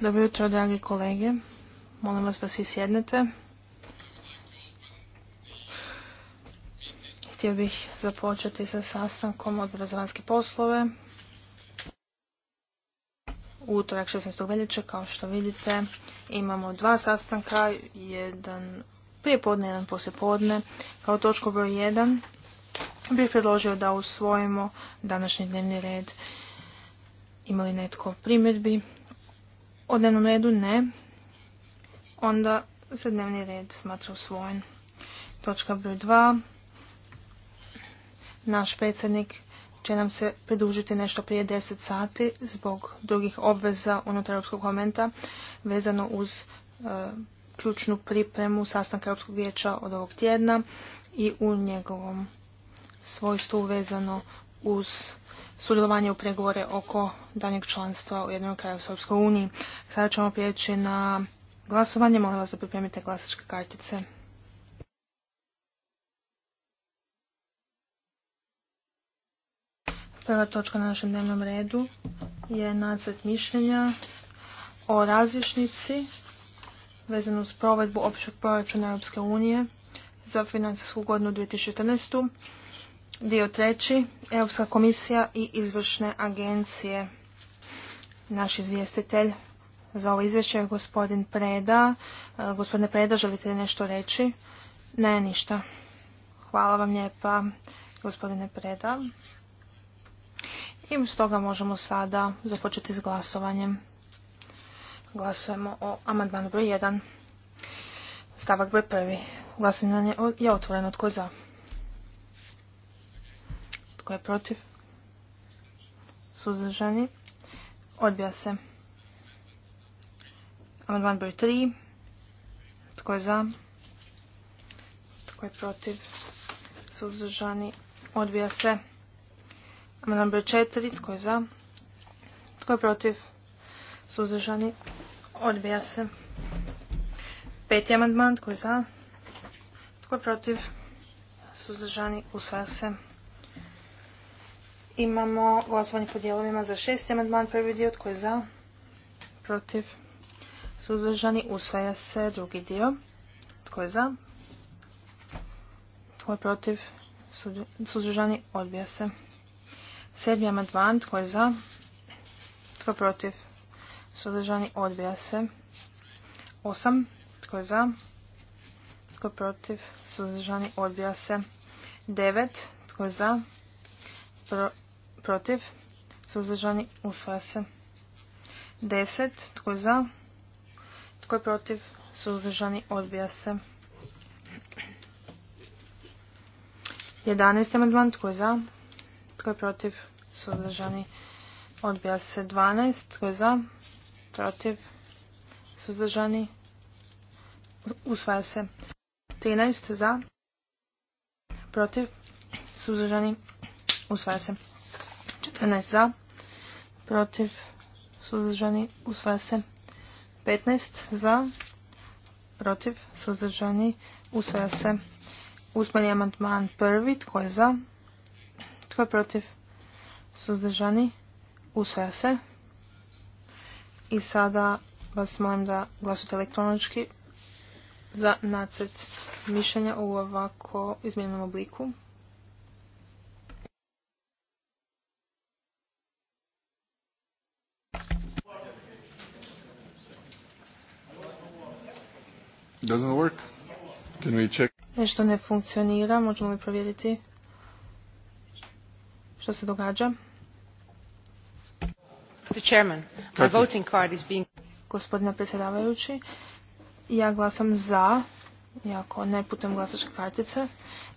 Dobro jutro, dragi kolege. Molim vas da svi sjednete. Htio bih započeti sa sastankom odbora za vanjske poslove. Utorak 16. veljače, kao što vidite, imamo dva sastanka, jedan prije podne, jedan poslije Kao točko broj 1 bih predložio da usvojimo današnji dnevni red. Imali netko primjedbi? O dnevnom redu ne. Onda se dnevni red smatra usvojen. Točka broj 2. Naš predsjednik će nam se pridružiti nešto prije 10 sati zbog drugih obveza unutar Europskog komenta vezano uz e, ključnu pripremu sastanka Europskog vijeća od ovog tjedna i u njegovom svojstvu vezano uz sudjelovanje u pregovore oko danjeg članstva u jednom kraju u Srpskoj uniji. Sada ćemo prijeći na glasovanje. Molim vas da pripremite glasačke kartice. Prva točka na našem dnevnom redu je nacrt mišljenja o različnici vezano uz provedbu općeg proračuna Europske unije za financijsku godinu 2014. Dio treći, Europska komisija i izvršne agencije. Naš izvjestitelj za ovo izvješće je gospodin Preda. E, gospodine Preda, želite li nešto reći? Ne, ništa. Hvala vam lijepa, gospodine Preda. I stoga možemo sada započeti s glasovanjem. Glasujemo o amandmanu broj 1. Stavak broj 1. Glasovanje je otvoreno. Tko je za? Tko je protiv? Suzdržani? Odbija se. Amandman broj 3. Tko je za? Tko je protiv? Suzdržani? Odbija se. Amandman broj 4. Tko je za? Tko je protiv? Suzdržani? Odbija se. Peti amandman. Tko je za? Tko je protiv? Suzdržani? Usvaja se. Imamo glasovanje po dijelovima za šest amandman, prvi dio tko je za, protiv, suzdržani, usvaja se drugi dio. Tko je za? Tko je protiv? Suzdržani, odbija se. Sedmi amandman, tko je za? Tko je protiv? Suzdržani, odbija se. Osam, tko je za? Tko je protiv? Suzdržani, odbija se. Devet, tko je za? Pro, protiv, suzdržani, usvaja se. Deset, Tko je za? Tko je protiv? Suzdržani, odbija se. 11. amandman. Tko je za? Tko je protiv? Suzdržani, odbija se. 12. Tko je za? Protiv? Suzdržani, usvaja se. 13. Za? Protiv? Suzdržani, usvaja se. 14 za, protiv, suzdržani, usvaja se. 15 za, protiv, suzdržani, usvaja se. Usmeni amandman prvi, tko je za, tko je protiv, suzdržani, usvaja se. I sada vas molim da glasujete elektronički za nacet mišljenja u ovako izmijenjenom obliku. Doesn't work? Can we check? Nešto ne funkcionira, možemo li provjeriti što se događa? Mr. Chairman, my voting card is being... Gospodine predsjedavajući, ja glasam za, jako ne putem glasačke kartice.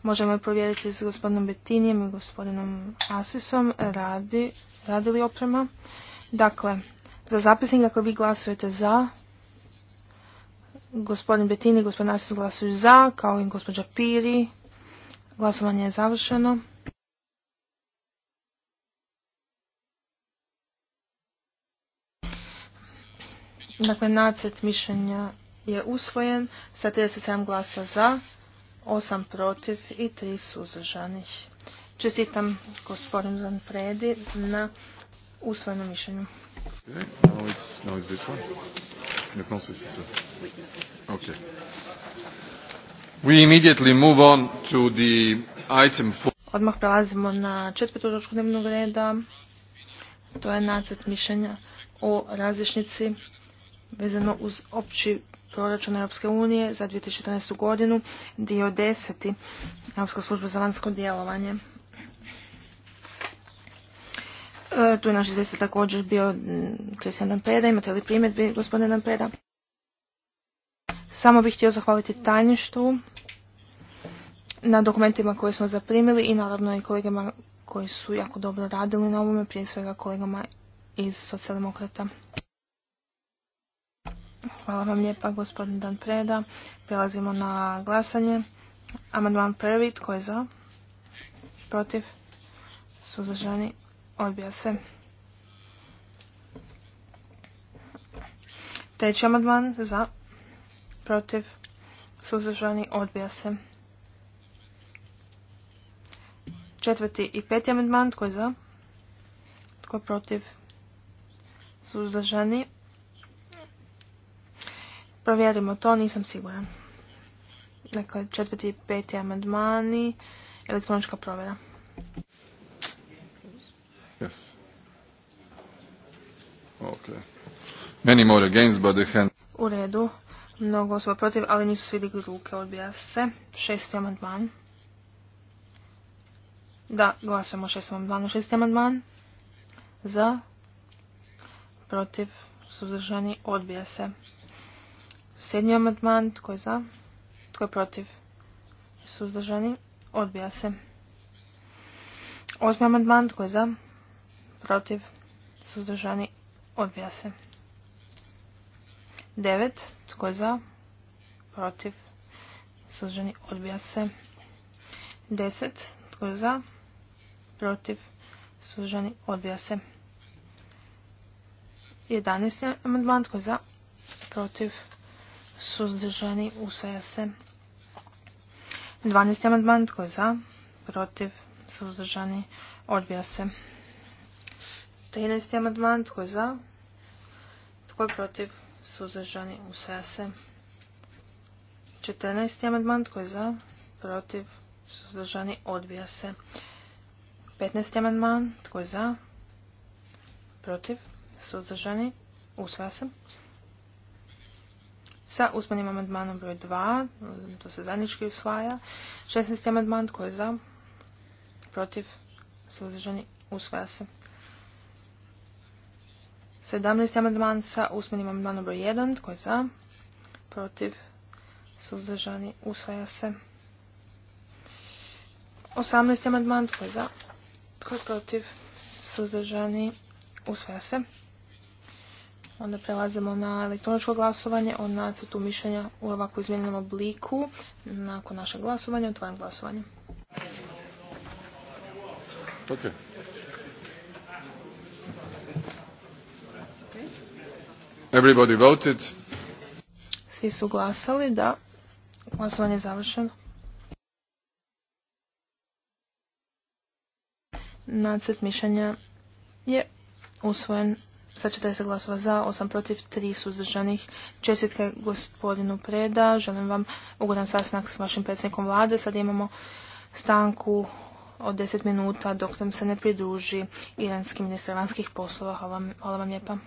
Možemo li provjeriti s gospodinom Bettinijem i gospodinom Asisom radi, li oprema. Dakle, za zapisnik, ako vi glasujete za, Gospodin Betini i gospodin Asis glasuju za, kao i gospođa Piri. Glasovanje je završeno. Dakle, nacrt mišljenja je usvojen sa 37 glasa za, 8 protiv i 3 suzdržanih. Čestitam gospodin Dan Predi na usvojenom mišljenju. Okay, Odmah prelazimo na četvrtu točku dnevnog reda. To je nacrt mišljenja o različnici vezano uz opći proračun Europske unije za 2014. godinu, dio deseti Europska služba za vanjsko djelovanje. E, tu je naš izvjestitelj također bio Kristijan Danpreda. Imate li primjedbi, gospodine Preda? Samo bih htio zahvaliti tajništvu na dokumentima koje smo zaprimili i naravno i kolegama koji su jako dobro radili na ovome, prije svega kolegama iz socijaldemokrata. Hvala vam lijepa, gospodin Dan Preda. Prelazimo na glasanje. Amandman prvi, tko je za? Protiv? Suzdržani? Odbija se. Treći amandman za, protiv, suzdržani, odbija se. Četvrti i peti amandman, tko je za, tko protiv, suzdržani. Provjerimo to, nisam siguran. Dakle, četvrti i peti amandmani, elektronička provjera. Yes. U redu. Mnogo osoba protiv, ali nisu svi digli ruke. Odbija se. Šesti amandman. Da, glasujemo šest amandman. Šesti amandman. Za. Protiv. Suzdržani. Odbija se. Sedmi amandman. Tko je za? Tko je protiv? Suzdržani. Odbija se. Osmi amandman. Tko je za? protiv, suzdržani, odbija se. 9. Tko je za? Protiv. Suzdržani, odbija se. 10. Tko je za? Protiv. Suzdržani, odbija se. 11. amandman. Tko je za? Protiv. Suzdržani, usvaja se. 12. amandman. Tko je za? Protiv. Suzdržani, odbija se. 13. amandman, tko je za? Tko je protiv? Suzdržani, usvaja se. 14. amandman, tko je za? Protiv? Suzdržani, odbija se. 15. amandman, tko je za? Protiv? Suzdržani, usvaja se. Sa usmenim amandmanom broj 2, to se zajednički usvaja. 16. amandman, tko je za? Protiv? Suzdržani, usvaja se. 17. amandman sa usmenim amandmanom broj 1. Tko je za? Protiv? Suzdržani? Usvaja se. 18. amandman. Tko je za? Tko je protiv? Suzdržani? Usvaja se. Onda prelazimo na elektroničko glasovanje o nacrtu mišljenja u ovako izmijenjenom obliku. Nakon našeg glasovanja otvaram glasovanje. Okay. Everybody voted. Svi su glasali, da. Glasovanje je završeno. Nacrt mišljenja je usvojen sa 40 glasova za, 8 protiv, 3 suzdržanih. Čestitke gospodinu Preda, želim vam ugodan sastanak s vašim predsjednikom vlade. Sad imamo stanku od 10 minuta dok nam se ne pridruži iranski ministar vanjskih poslova. hvala vam lijepa.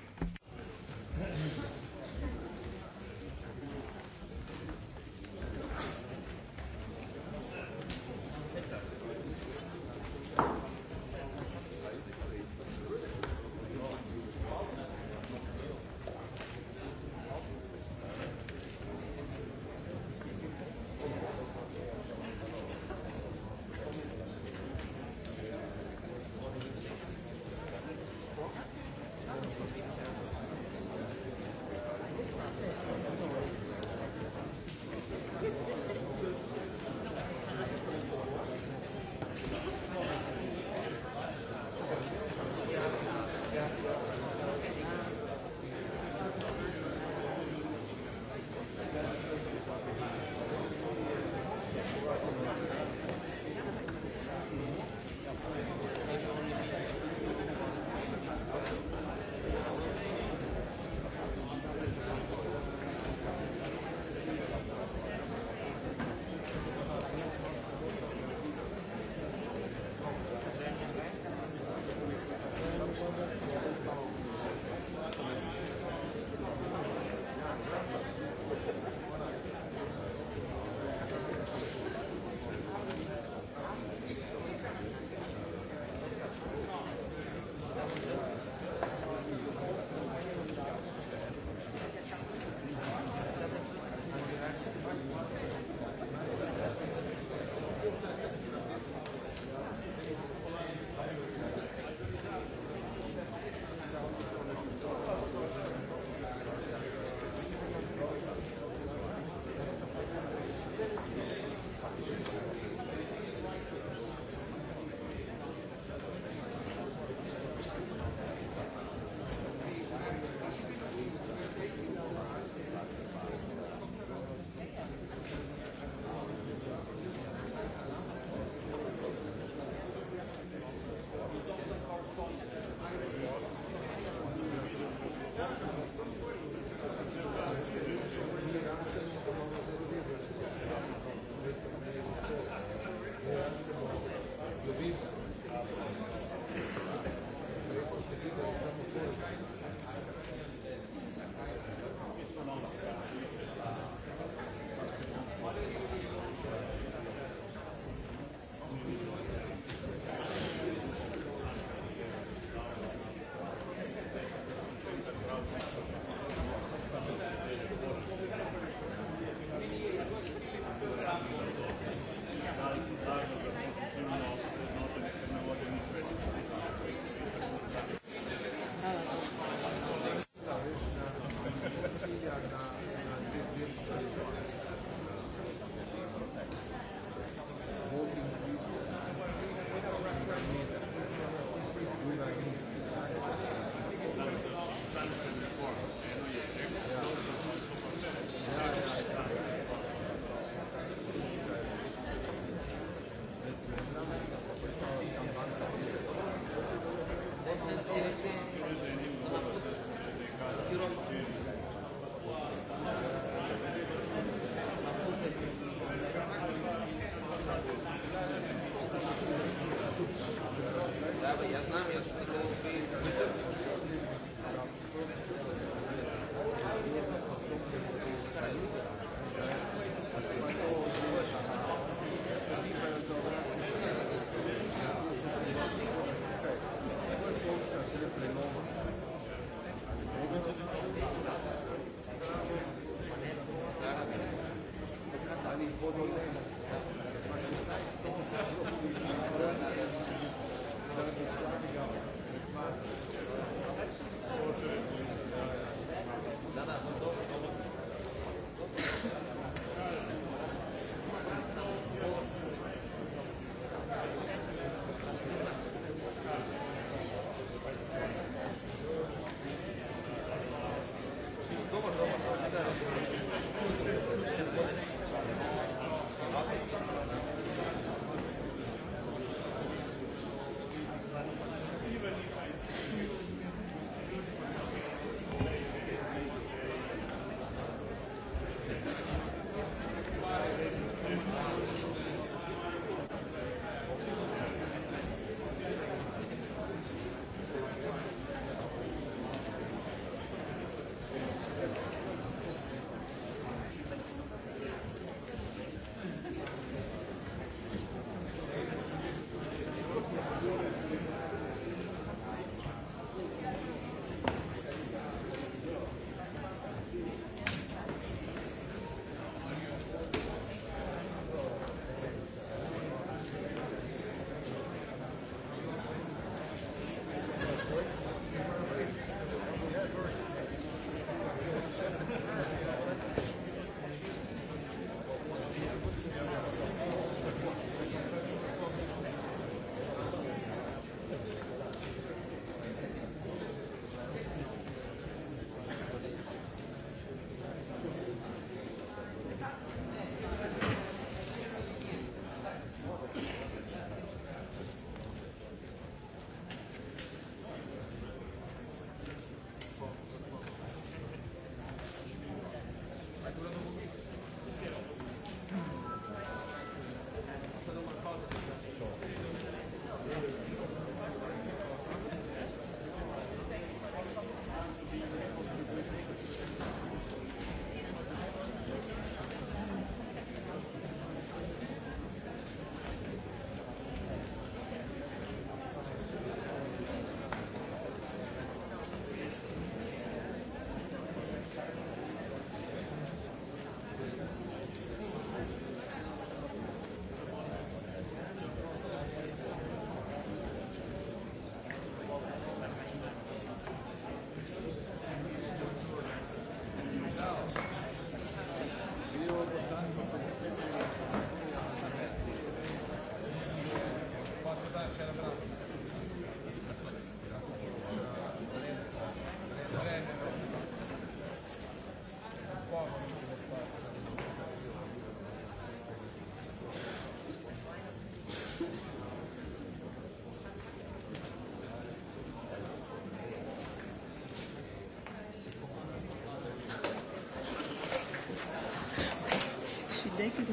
qui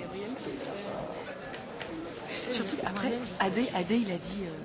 Gabriel euh, Surtout après Adé, Adé, il a dit... Euh,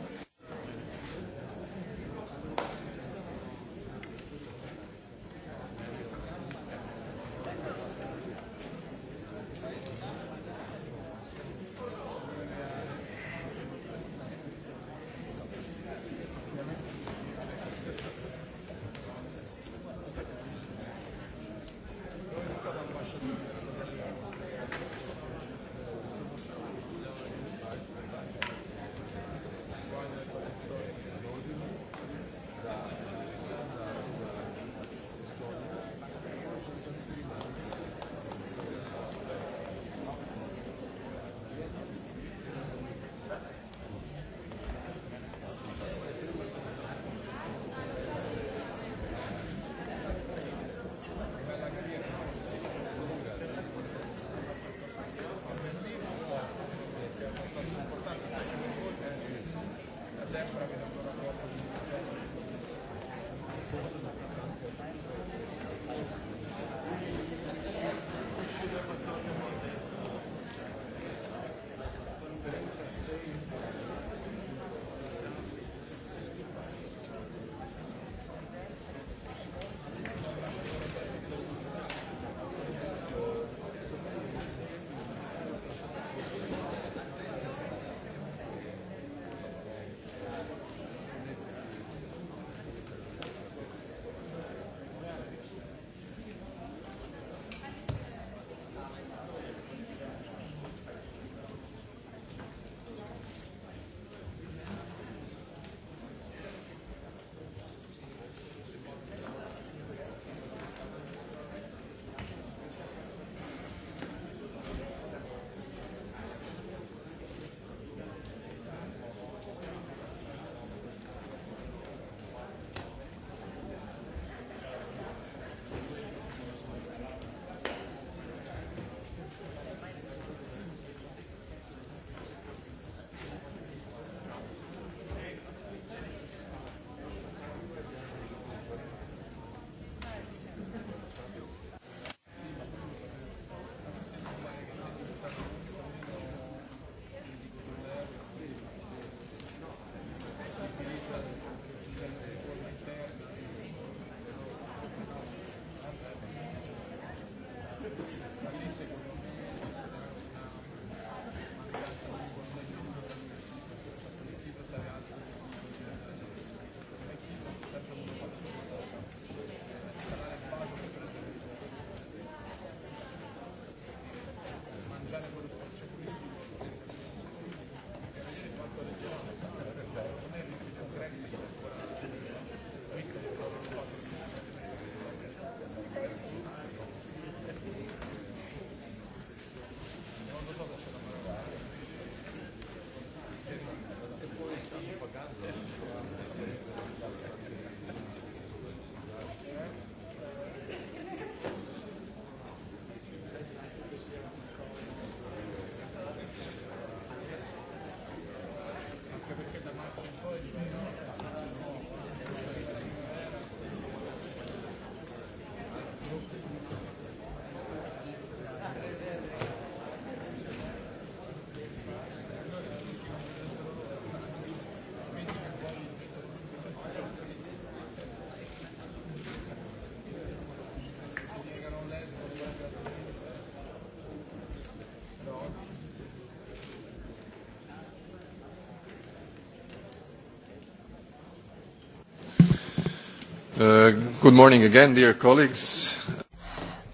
Uh,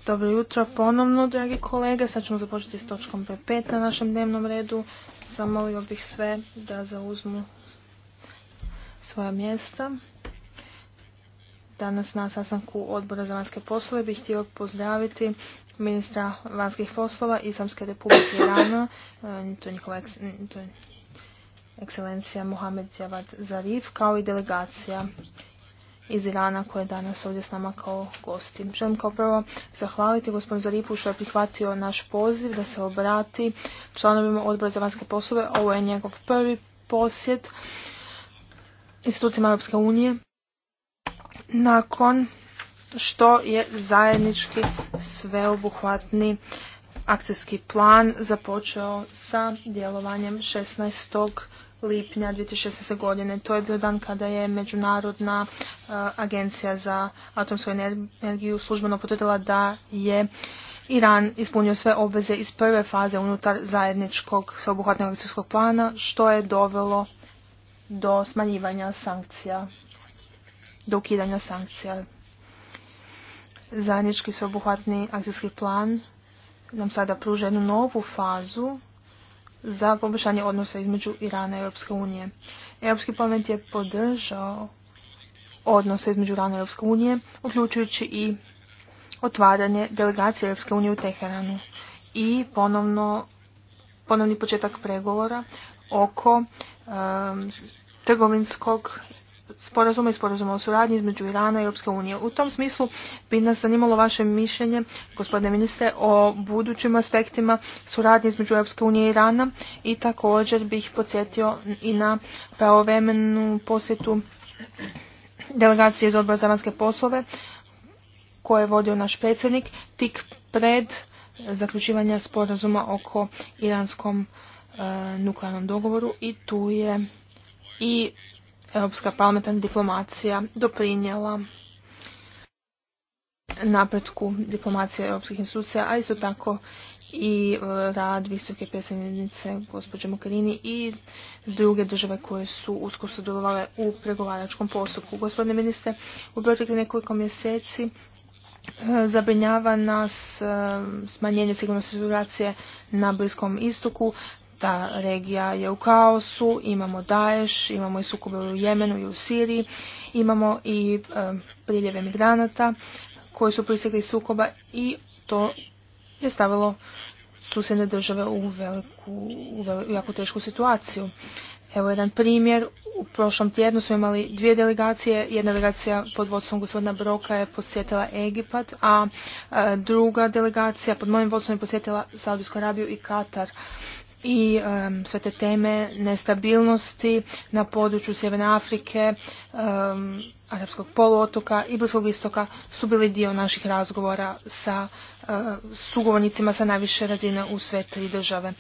Dobro jutro ponovno, dragi kolege. Sad ćemo započeti s točkom p na našem dnevnom redu. Zamolio bih sve da zauzmu svoja mjesta. Danas na sastanku odbora za vanjske poslove bih htio pozdraviti ministra vanjskih poslova Islamske republike Irana, um, to je njihova to ekscelencija Mohamed Javad Zarif, kao i delegacija iz Irana koji je danas ovdje s nama kao gosti. Želim kao prvo zahvaliti gospodinu Zaripu što je prihvatio naš poziv da se obrati članovima odbora za vanjske poslove. Ovo je njegov prvi posjet institucijama Europske unije nakon što je zajednički sveobuhvatni akcijski plan započeo sa djelovanjem 16 lipnja 2016. godine. To je bio dan kada je Međunarodna eh, agencija za atomsku energiju službeno potvrdila da je Iran ispunio sve obveze iz prve faze unutar zajedničkog sveobuhvatnog akcijskog plana, što je dovelo do smanjivanja sankcija, do ukidanja sankcija. Zajednički sveobuhvatni akcijski plan nam sada pruža jednu novu fazu za poboljšanje odnosa između Irana i Europske unije. Europski parlament je podržao odnose između Irana i Europske unije, uključujući i otvaranje delegacije Europske unije u Teheranu i ponovno, ponovni početak pregovora oko um, trgovinskog sporazuma i sporazuma o suradnji između Irana i Europske unije. U tom smislu bi nas zanimalo vaše mišljenje, gospodine ministre, o budućim aspektima suradnje između Europske unije i Irana i također bih podsjetio i na pravovremenu posjetu delegacije iz odbora za vanjske poslove koje je vodio naš predsjednik tik pred zaključivanja sporazuma oko iranskom e, nuklearnom dogovoru i tu je i europska parlamentarna diplomacija doprinjela napretku diplomacije europskih institucija, a isto tako i e, rad visoke predsjednice gospođe Mokerini i druge države koje su usko sudjelovale u pregovaračkom postupku. Gospodine ministre, u proteklih nekoliko mjeseci e, zabrinjava nas e, smanjenje sigurnosti situacije na Bliskom istoku, ta regija je u kaosu, imamo Daesh, imamo i sukobe u Jemenu i u Siriji, imamo i e, priljeve migranata koji su iz sukoba i to je stavilo susjedne države u, u jako tešku situaciju. Evo jedan primjer, u prošlom tjednu smo imali dvije delegacije, jedna delegacija pod vodstvom gospodina Broka je posjetila Egipat, a e, druga delegacija pod mojim vodstvom je posjetila Saudijsku Arabiju i Katar i sve te teme nestabilnosti na području Sjeverne Afrike, um, Arabskog poluotoka i Bliskog istoka su bili dio naših razgovora sa uh, sugovornicima sa najviše razine u sve tri države.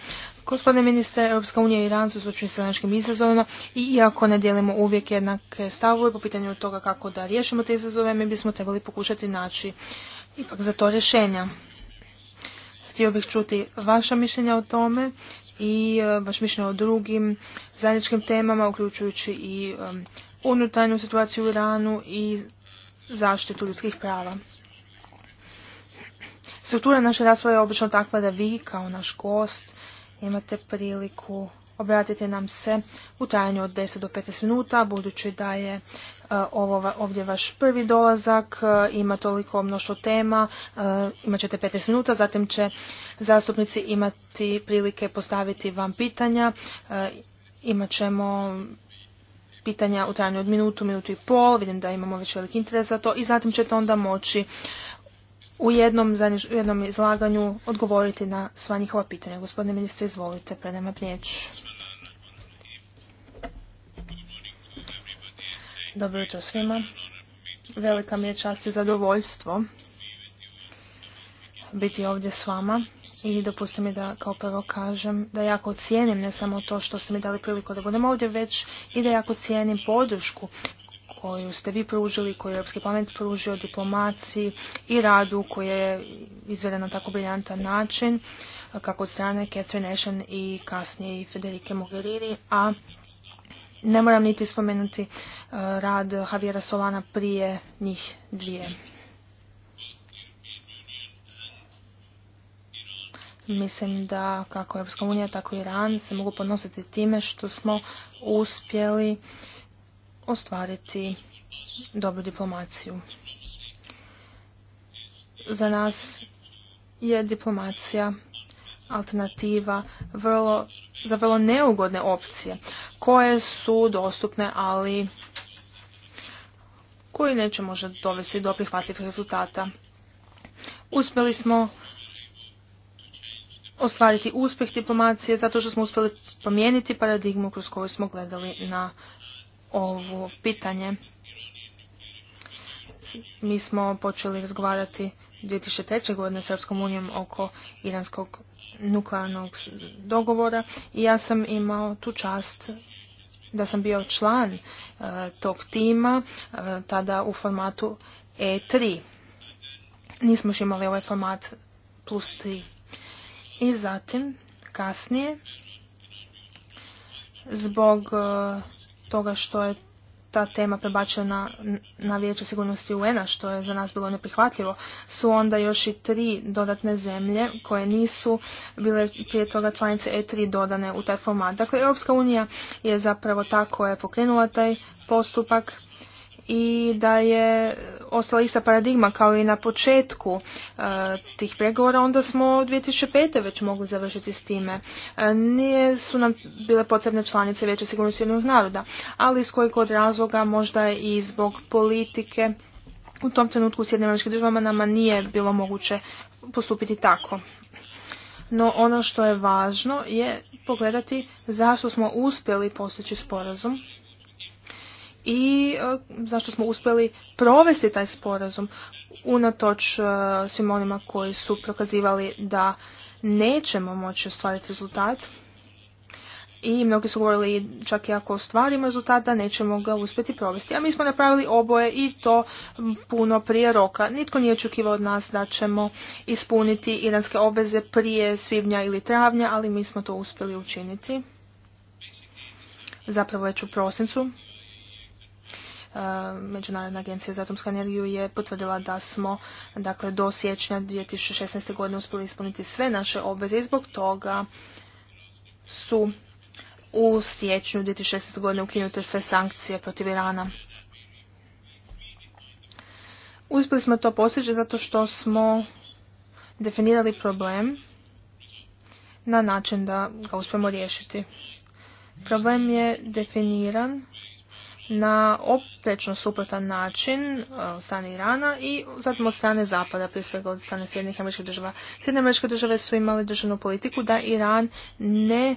Gospodine ministre, Europska unija i Iran su suočeni sa današnjim izazovima i iako ne dijelimo uvijek jednake stavove po pitanju toga kako da riješimo te izazove, mi bismo trebali pokušati naći ipak za to rješenja. Htio bih čuti vaša mišljenja o tome i e, baš mišljeno o drugim zajedničkim temama, uključujući i e, unutarnju situaciju u Iranu i zaštitu ljudskih prava. Struktura naše rasprave je obično takva da vi kao naš gost imate priliku obratite nam se u trajanju od 10 do 15 minuta, budući da je e, ovo ovdje vaš prvi dolazak, e, ima toliko mnoštvo tema, e, imat ćete 15 minuta, zatim će zastupnici imati prilike postaviti vam pitanja, imat ćemo pitanja u trajanju od minutu, minutu i pol, vidim da imamo već veliki interes za to i zatim ćete onda moći u jednom, u jednom izlaganju odgovoriti na sva njihova pitanja. Gospodine ministre, izvolite, predajem vam riječ. Dobro svima. Velika mi je čast i zadovoljstvo biti ovdje s vama i dopustite mi da kao prvo kažem da jako cijenim ne samo to što ste mi dali priliku da budem ovdje, već i da jako cijenim podršku koju ste vi pružili, koju je Europski parlament pružio diplomaciji i radu koji je izveden na tako briljantan način kako od strane Catherine Ashen i kasnije i Federike Mogherini, a ne moram niti spomenuti uh, rad Javiera Solana prije njih dvije. Mislim da kako Europska unija, tako i Iran se mogu ponositi time što smo uspjeli ostvariti dobru diplomaciju. Za nas je diplomacija alternativa vrlo, za vrlo neugodne opcije koje su dostupne, ali koji neće možda dovesti do prihvatljivih rezultata. Uspjeli smo ostvariti uspjeh diplomacije zato što smo uspjeli promijeniti paradigmu kroz koju smo gledali na ovo pitanje. Mi smo počeli razgovarati 2003. godine s Europskom unijom oko iranskog nuklearnog dogovora i ja sam imao tu čast da sam bio član e, tog tima e, tada u formatu E3. Nismo još imali ovaj format plus 3. I zatim, kasnije, zbog e, toga što je ta tema prebačena na Vijeće sigurnosti UN-a, što je za nas bilo neprihvatljivo, su onda još i tri dodatne zemlje koje nisu bile prije toga članice E3 dodane u taj format. Dakle, Europska unija je zapravo ta koja je pokrenula taj postupak i da je ostala ista paradigma kao i na početku e, tih pregovora, onda smo 2005. već mogli završiti s time. E, nije su nam bile potrebne članice veće sigurnosti jednog naroda, ali iz kojeg od razloga možda i zbog politike u tom trenutku jednim američkim državama nama nije bilo moguće postupiti tako. No ono što je važno je pogledati zašto smo uspjeli postići sporazum i e, zašto smo uspjeli provesti taj sporazum unatoč e, svim onima koji su prokazivali da nećemo moći ostvariti rezultat i mnogi su govorili čak i ako ostvarimo rezultat da nećemo ga uspjeti provesti. A mi smo napravili oboje i to puno prije roka. Nitko nije očekivao od nas da ćemo ispuniti iranske obveze prije svibnja ili travnja, ali mi smo to uspjeli učiniti. Zapravo već u prosincu E, Međunarodna agencija za atomsku energiju je potvrdila da smo dakle, do siječnja 2016. godine uspjeli ispuniti sve naše obveze i zbog toga su u siječnju 2016. godine ukinute sve sankcije protiv Irana. Uspjeli smo to postići zato što smo definirali problem na način da ga uspijemo riješiti. Problem je definiran na oprečno suprotan način e, od strane Irana i zatim od strane Zapada, prije svega od strane Sjednih američkih država. Sjedinih američke države su imale državnu politiku da Iran ne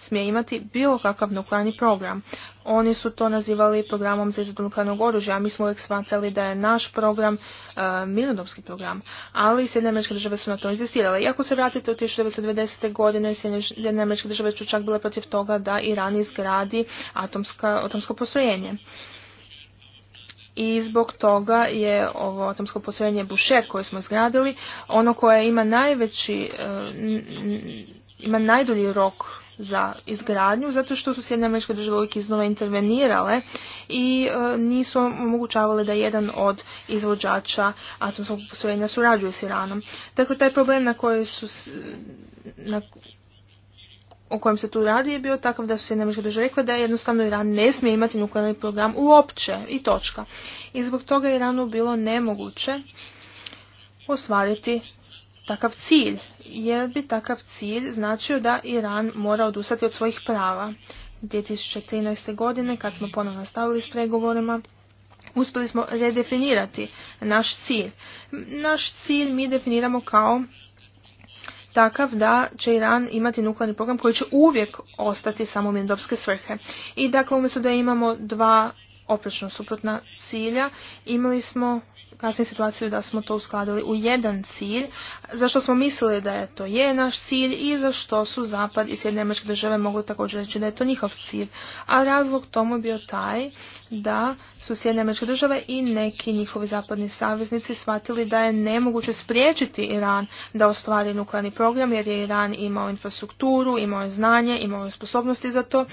smije imati bilo kakav nuklearni program. Oni su to nazivali programom za izradu nuklearnog oružja, a mi smo uvijek smatrali da je naš program e, program. Ali Sjedinje američke države su na to I Iako se vratite u 1990. godine, Sjedinje američke države su čak bile protiv toga da Iran izgradi atomska, atomsko postrojenje i zbog toga je ovo atomsko postrojenje Bušer koje smo zgradili, ono koje ima najveći e, ima najdulji rok za izgradnju, zato što su Sjedinjene američke države uvijek iznova intervenirale i e, nisu omogućavale da jedan od izvođača atomskog posvojenja surađuje s Iranom. Tako dakle, taj problem na koji su na, o kojem se tu radi je bio takav da su se američke da jednostavno Iran ne smije imati nuklearni program uopće i točka. I zbog toga je Iranu bilo nemoguće ostvariti takav cilj, jer bi takav cilj značio da Iran mora odustati od svojih prava. 2013. godine, kad smo ponovno nastavili s pregovorima, uspjeli smo redefinirati naš cilj. Naš cilj mi definiramo kao takav da će Iran imati nuklearni program koji će uvijek ostati samo Mjendopske svrhe. I dakle, umjesto da imamo dva oprečno suprotna cilja, imali smo kasnije situaciju da smo to uskladili u jedan cilj, zašto smo mislili da je to je naš cilj i za su Zapad i Sjedinemačke države mogli također reći da je to njihov cilj. A razlog tomu je bio taj da su sjedne američke države i neki njihovi zapadni saveznici shvatili da je nemoguće spriječiti Iran da ostvari nuklearni program jer je Iran imao infrastrukturu, imao je znanje, imao je sposobnosti za to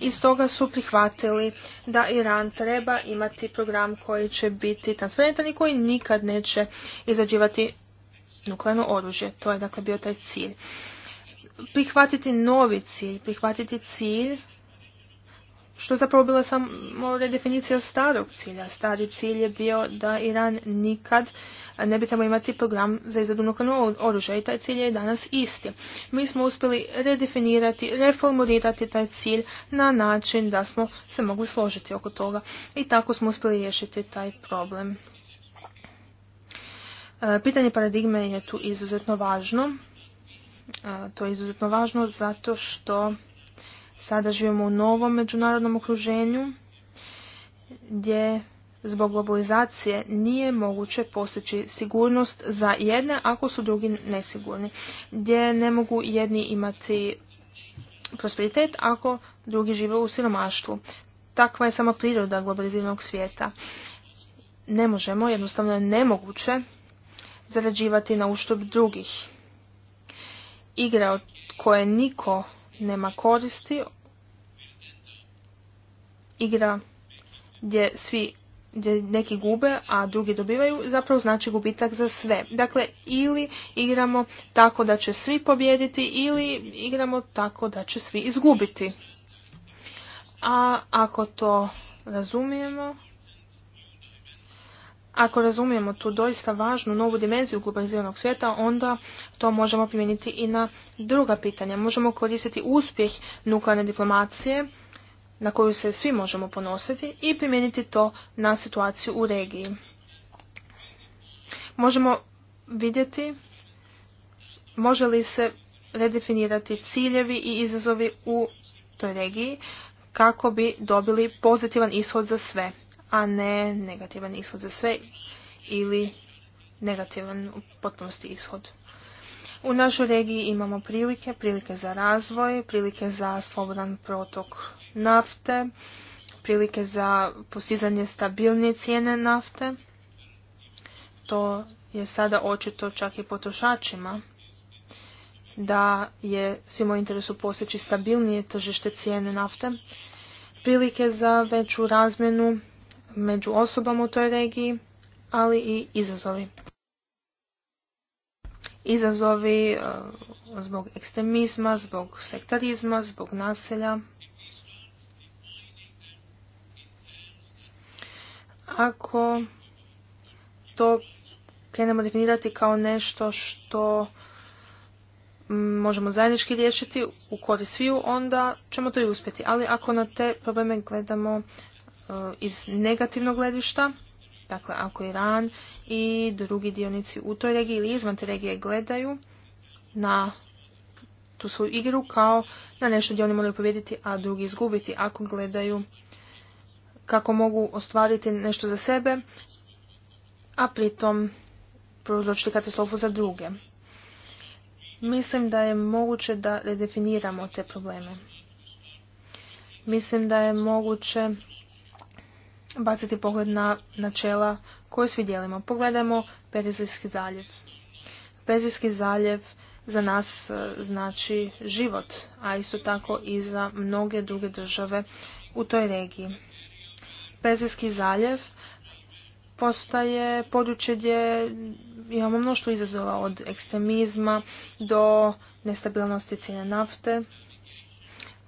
i stoga su prihvatili da Iran treba imati program koji će biti transparentan i koji nikad neće izađivati nuklearno oružje. To je dakle bio taj cilj. Prihvatiti novi cilj, prihvatiti cilj što zapravo bila samo redefinicija starog cilja. Stari cilj je bio da Iran nikad ne bi trebalo imati program za izradu nuklearnog oružja i taj cilj je danas isti. Mi smo uspjeli redefinirati, reformulirati taj cilj na način da smo se mogli složiti oko toga i tako smo uspjeli riješiti taj problem. E, pitanje paradigme je tu izuzetno važno. E, to je izuzetno važno zato što Sada živimo u novom međunarodnom okruženju gdje zbog globalizacije nije moguće postići sigurnost za jedne ako su drugi nesigurni. Gdje ne mogu jedni imati prosperitet ako drugi žive u siromaštvu. Takva je sama priroda globaliziranog svijeta. Ne možemo, jednostavno je nemoguće zarađivati na uštup drugih. Igra od koje niko nema koristi, igra gdje svi gdje neki gube, a drugi dobivaju, zapravo znači gubitak za sve. Dakle, ili igramo tako da će svi pobijediti, ili igramo tako da će svi izgubiti. A ako to razumijemo, ako razumijemo tu doista važnu novu dimenziju globaliziranog svijeta, onda to možemo primijeniti i na druga pitanja. Možemo koristiti uspjeh nuklearne diplomacije na koju se svi možemo ponositi i primijeniti to na situaciju u regiji. Možemo vidjeti može li se redefinirati ciljevi i izazovi u toj regiji kako bi dobili pozitivan ishod za sve a ne negativan ishod za sve ili negativan u potpunosti ishod. U našoj regiji imamo prilike, prilike za razvoj, prilike za slobodan protok nafte, prilike za postizanje stabilnije cijene nafte. To je sada očito čak i potrošačima da je svima u interesu postići stabilnije tržište cijene nafte, prilike za veću razmjenu među osobama u toj regiji, ali i izazovi. Izazovi e, zbog ekstremizma, zbog sektarizma, zbog naselja. Ako to krenemo definirati kao nešto što možemo zajednički riješiti u korist sviju, onda ćemo to i uspjeti. Ali ako na te probleme gledamo E, iz negativnog gledišta, dakle ako Iran i drugi dionici u toj regiji ili izvan te regije gledaju na tu svoju igru kao na nešto gdje oni moraju povijediti a drugi izgubiti ako gledaju kako mogu ostvariti nešto za sebe, a pritom prouzročiti katastrofu za druge. Mislim da je moguće da redefiniramo te probleme. Mislim da je moguće baciti pogled na načela koje svi dijelimo. Pogledajmo Perzijski zaljev. Perzijski zaljev za nas e, znači život, a isto tako i za mnoge druge države u toj regiji. Perzijski zaljev postaje područje gdje imamo mnoštvo izazova od ekstremizma do nestabilnosti cijene nafte,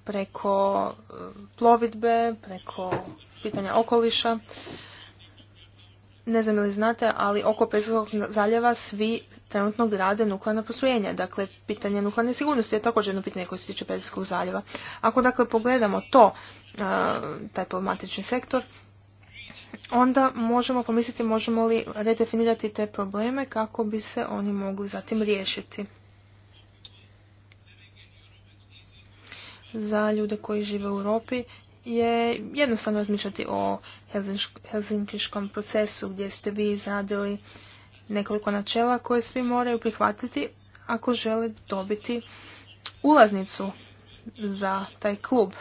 preko e, plovidbe, preko pitanja okoliša. Ne znam li znate, ali oko Pezovog zaljeva svi trenutno grade nuklearna postrojenja. Dakle, pitanje nuklearne sigurnosti je također jedno pitanje koje se tiče Pezovskog zaljeva. Ako dakle pogledamo to, taj problematični sektor, onda možemo pomisliti možemo li redefinirati te probleme kako bi se oni mogli zatim riješiti. Za ljude koji žive u Europi je jednostavno razmišljati o helsinkiškom procesu gdje ste vi izradili nekoliko načela koje svi moraju prihvatiti ako žele dobiti ulaznicu za taj klub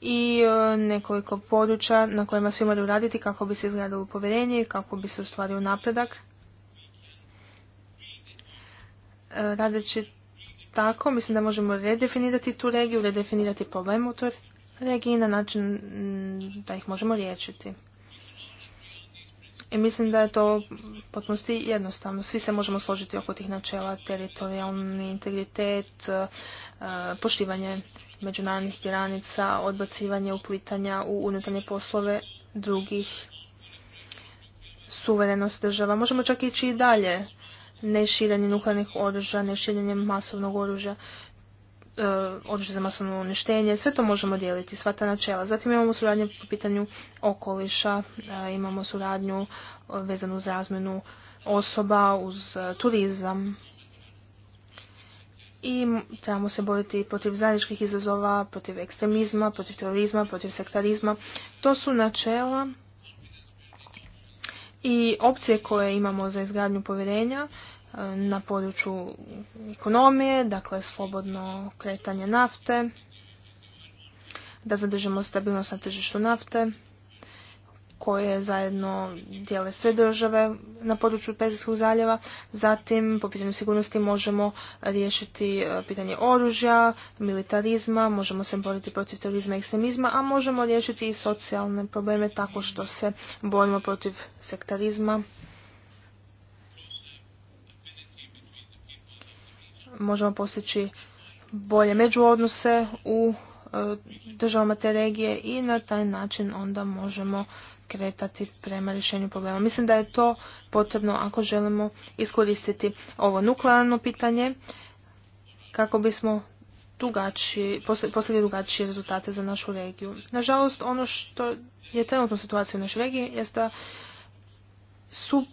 i e, nekoliko područja na kojima svi moraju raditi kako bi se izgradilo povjerenje i kako bi se ostvario napredak. E, radeći tako, mislim da možemo redefinirati tu regiju, redefinirati problem u regiji na način mm, da ih možemo liječiti I mislim da je to potpunosti jednostavno. Svi se možemo složiti oko tih načela, teritorijalni integritet, e, poštivanje međunarodnih granica, odbacivanje uplitanja u unutarnje poslove drugih suverenost država. Možemo čak ići i dalje, ne širenje nuklearnih oružja, ne masovnog oružja oružje za masovno uništenje, sve to možemo dijeliti, sva ta načela. Zatim imamo suradnju po pitanju okoliša, e, imamo suradnju e, vezanu uz razmjenu osoba, uz e, turizam. I trebamo se boriti protiv zajedničkih izazova, protiv ekstremizma, protiv terorizma, protiv sektarizma. To su načela i opcije koje imamo za izgradnju povjerenja na području ekonomije, dakle slobodno kretanje nafte, da zadržimo stabilnost na tržištu nafte koje zajedno dijele sve države na području Pezijskog zaljeva. Zatim, po pitanju sigurnosti možemo riješiti e, pitanje oružja, militarizma, možemo se boriti protiv terorizma i ekstremizma, a možemo riješiti i socijalne probleme tako što se borimo protiv sektarizma možemo postići bolje međuodnose u e, državama te regije i na taj način onda možemo kretati prema rješenju problema. Mislim da je to potrebno ako želimo iskoristiti ovo nuklearno pitanje kako bismo drugačiji, postavili drugačije rezultate za našu regiju. Nažalost, ono što je trenutno situacija u našoj regiji je da su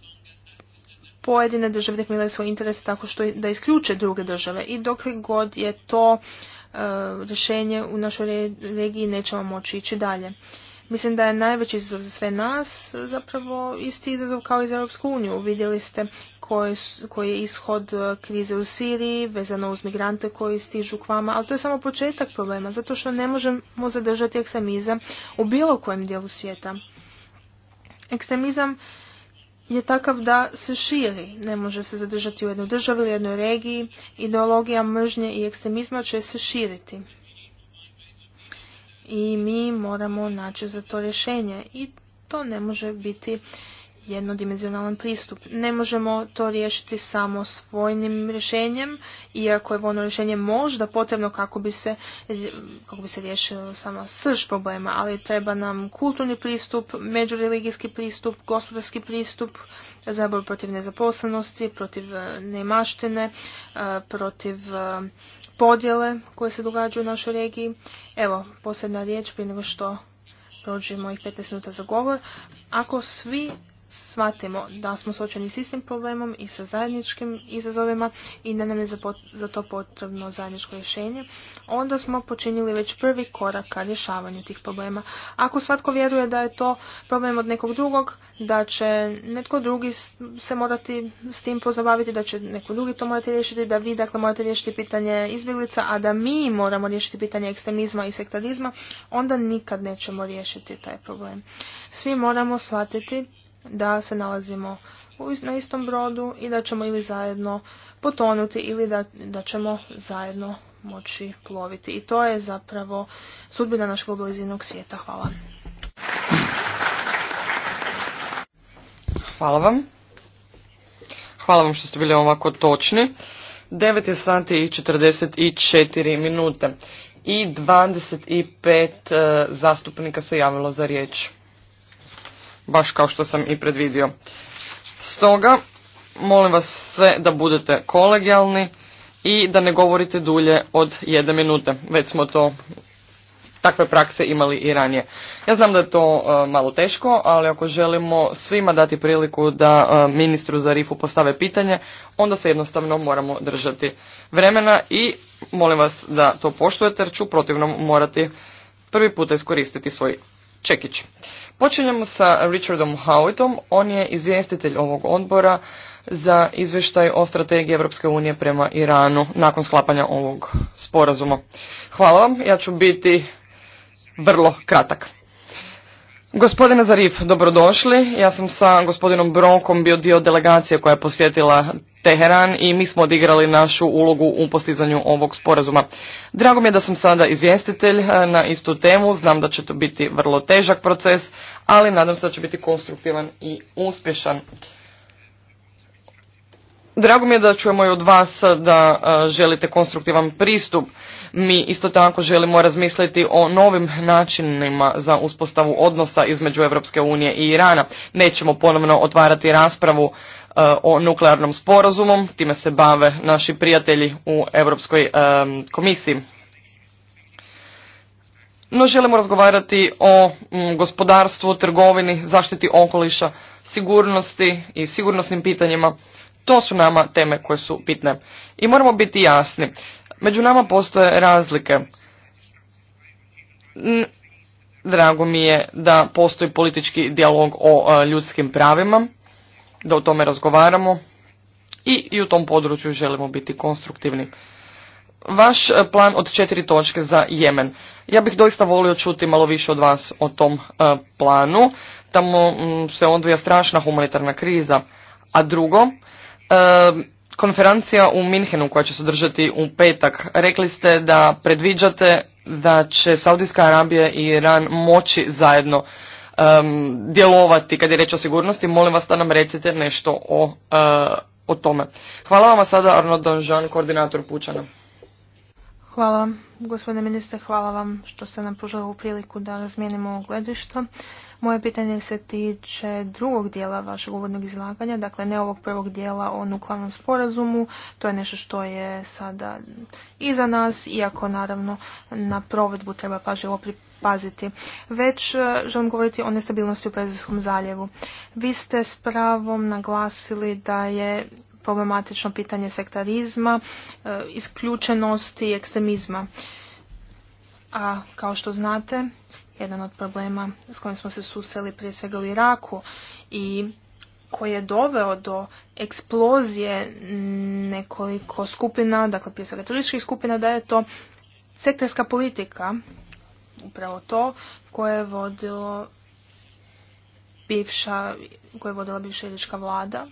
pojedine države definirale svoje interese tako što da isključe druge države i dok god je to e, rješenje u našoj regiji nećemo moći ići dalje. Mislim da je najveći izazov za sve nas zapravo isti izazov kao i za Europsku uniju. Vidjeli ste koji je ishod e, krize u Siriji vezano uz migrante koji stižu k vama, ali to je samo početak problema, zato što ne možemo zadržati ekstremizam u bilo kojem dijelu svijeta. Ekstremizam je takav da se širi, ne može se zadržati u jednoj državi ili jednoj regiji, ideologija mržnje i ekstremizma će se širiti. I mi moramo naći za to rješenje i to ne može biti jednodimenzionalan pristup. Ne možemo to riješiti samo svojnim rješenjem, iako je ono rješenje možda potrebno kako bi se, kako bi se riješio samo srž problema, ali treba nam kulturni pristup, međureligijski pristup, gospodarski pristup, zabor protiv nezaposlenosti, protiv e, nemaštine, e, protiv e, podjele koje se događaju u našoj regiji. Evo, posljedna riječ prije nego što prođemo i 15 minuta za govor. Ako svi shvatimo da smo suočeni s istim problemom i sa zajedničkim izazovima i da nam je za to potrebno zajedničko rješenje, onda smo počinili već prvi korak ka rješavanju tih problema. Ako svatko vjeruje da je to problem od nekog drugog, da će netko drugi se morati s tim pozabaviti, da će neko drugi to morati riješiti, da vi dakle morate riješiti pitanje izbjeglica, a da mi moramo riješiti pitanje ekstremizma i sektarizma, onda nikad nećemo riješiti taj problem. Svi moramo shvatiti da se nalazimo na istom brodu i da ćemo ili zajedno potonuti ili da, ćemo zajedno moći ploviti. I to je zapravo sudbina našeg globalizirnog svijeta. Hvala. Hvala vam. Hvala vam što ste bili ovako točni. 9 je sati i 44 minute i 25 eh, zastupnika se javilo za riječ baš kao što sam i predvidio. Stoga, molim vas sve da budete kolegijalni i da ne govorite dulje od jedne minute. Već smo to takve prakse imali i ranije. Ja znam da je to e, malo teško, ali ako želimo svima dati priliku da e, ministru za rifu postave pitanje, onda se jednostavno moramo držati vremena i molim vas da to poštujete jer ću protivno morati prvi puta iskoristiti svoj čekić. Počinjemo sa Richardom Howittom, on je izvjestitelj ovog odbora za izvještaj o strategiji Europske unije prema Iranu nakon sklapanja ovog sporazuma. Hvala vam, ja ću biti vrlo kratak. Gospodine Zarif, dobrodošli. Ja sam sa gospodinom Bronkom bio dio delegacije koja je posjetila Teheran i mi smo odigrali našu ulogu u postizanju ovog sporazuma. Drago mi je da sam sada izvjestitelj e, na istu temu, znam da će to biti vrlo težak proces, ali nadam se da će biti konstruktivan i uspješan. Drago mi je da čujemo i od vas da e, želite konstruktivan pristup. Mi isto tako želimo razmisliti o novim načinima za uspostavu odnosa između Europske unije i Irana. Nećemo ponovno otvarati raspravu E, o nuklearnom sporazumom, time se bave naši prijatelji u Europskoj e, komisiji. No želimo razgovarati o gospodarstvu, trgovini, zaštiti okoliša, sigurnosti i sigurnosnim pitanjima. To su nama teme koje su bitne. I moramo biti jasni. Među nama postoje razlike. Drago mi je da postoji politički dijalog o e, ljudskim pravima da o tome razgovaramo i, i u tom području želimo biti konstruktivni. Vaš e, plan od četiri točke za Jemen. Ja bih doista volio čuti malo više od vas o tom e, planu. Tamo se odvija strašna humanitarna kriza. A drugo, e, konferencija u Minhenu koja će se držati u petak. Rekli ste da predviđate da će Saudijska Arabija i Iran moći zajedno um, djelovati kad je reč o sigurnosti, molim vas da nam recite nešto o, uh, o tome. Hvala vam sada Arno koordinator Pučana. Hvala vam, gospodine ministre, hvala vam što ste nam pružili ovu priliku da razmijenimo gledišta. Moje pitanje se tiče drugog dijela vašeg uvodnog izlaganja, dakle ne ovog prvog dijela o nuklearnom sporazumu, to je nešto što je sada iza nas, iako naravno na provedbu treba pažljivo pripaziti. Već e, želim govoriti o nestabilnosti u Perzijskom zaljevu. Vi ste s pravom naglasili da je problematično pitanje sektarizma, e, isključenosti i ekstremizma. A kao što znate, jedan od problema s kojim smo se susreli prije svega u Iraku i koji je doveo do eksplozije nekoliko skupina, dakle prije svega turističkih skupina, da je to sektorska politika, upravo to, koje je vodilo bivša, koje je vodila bivša ilička vlada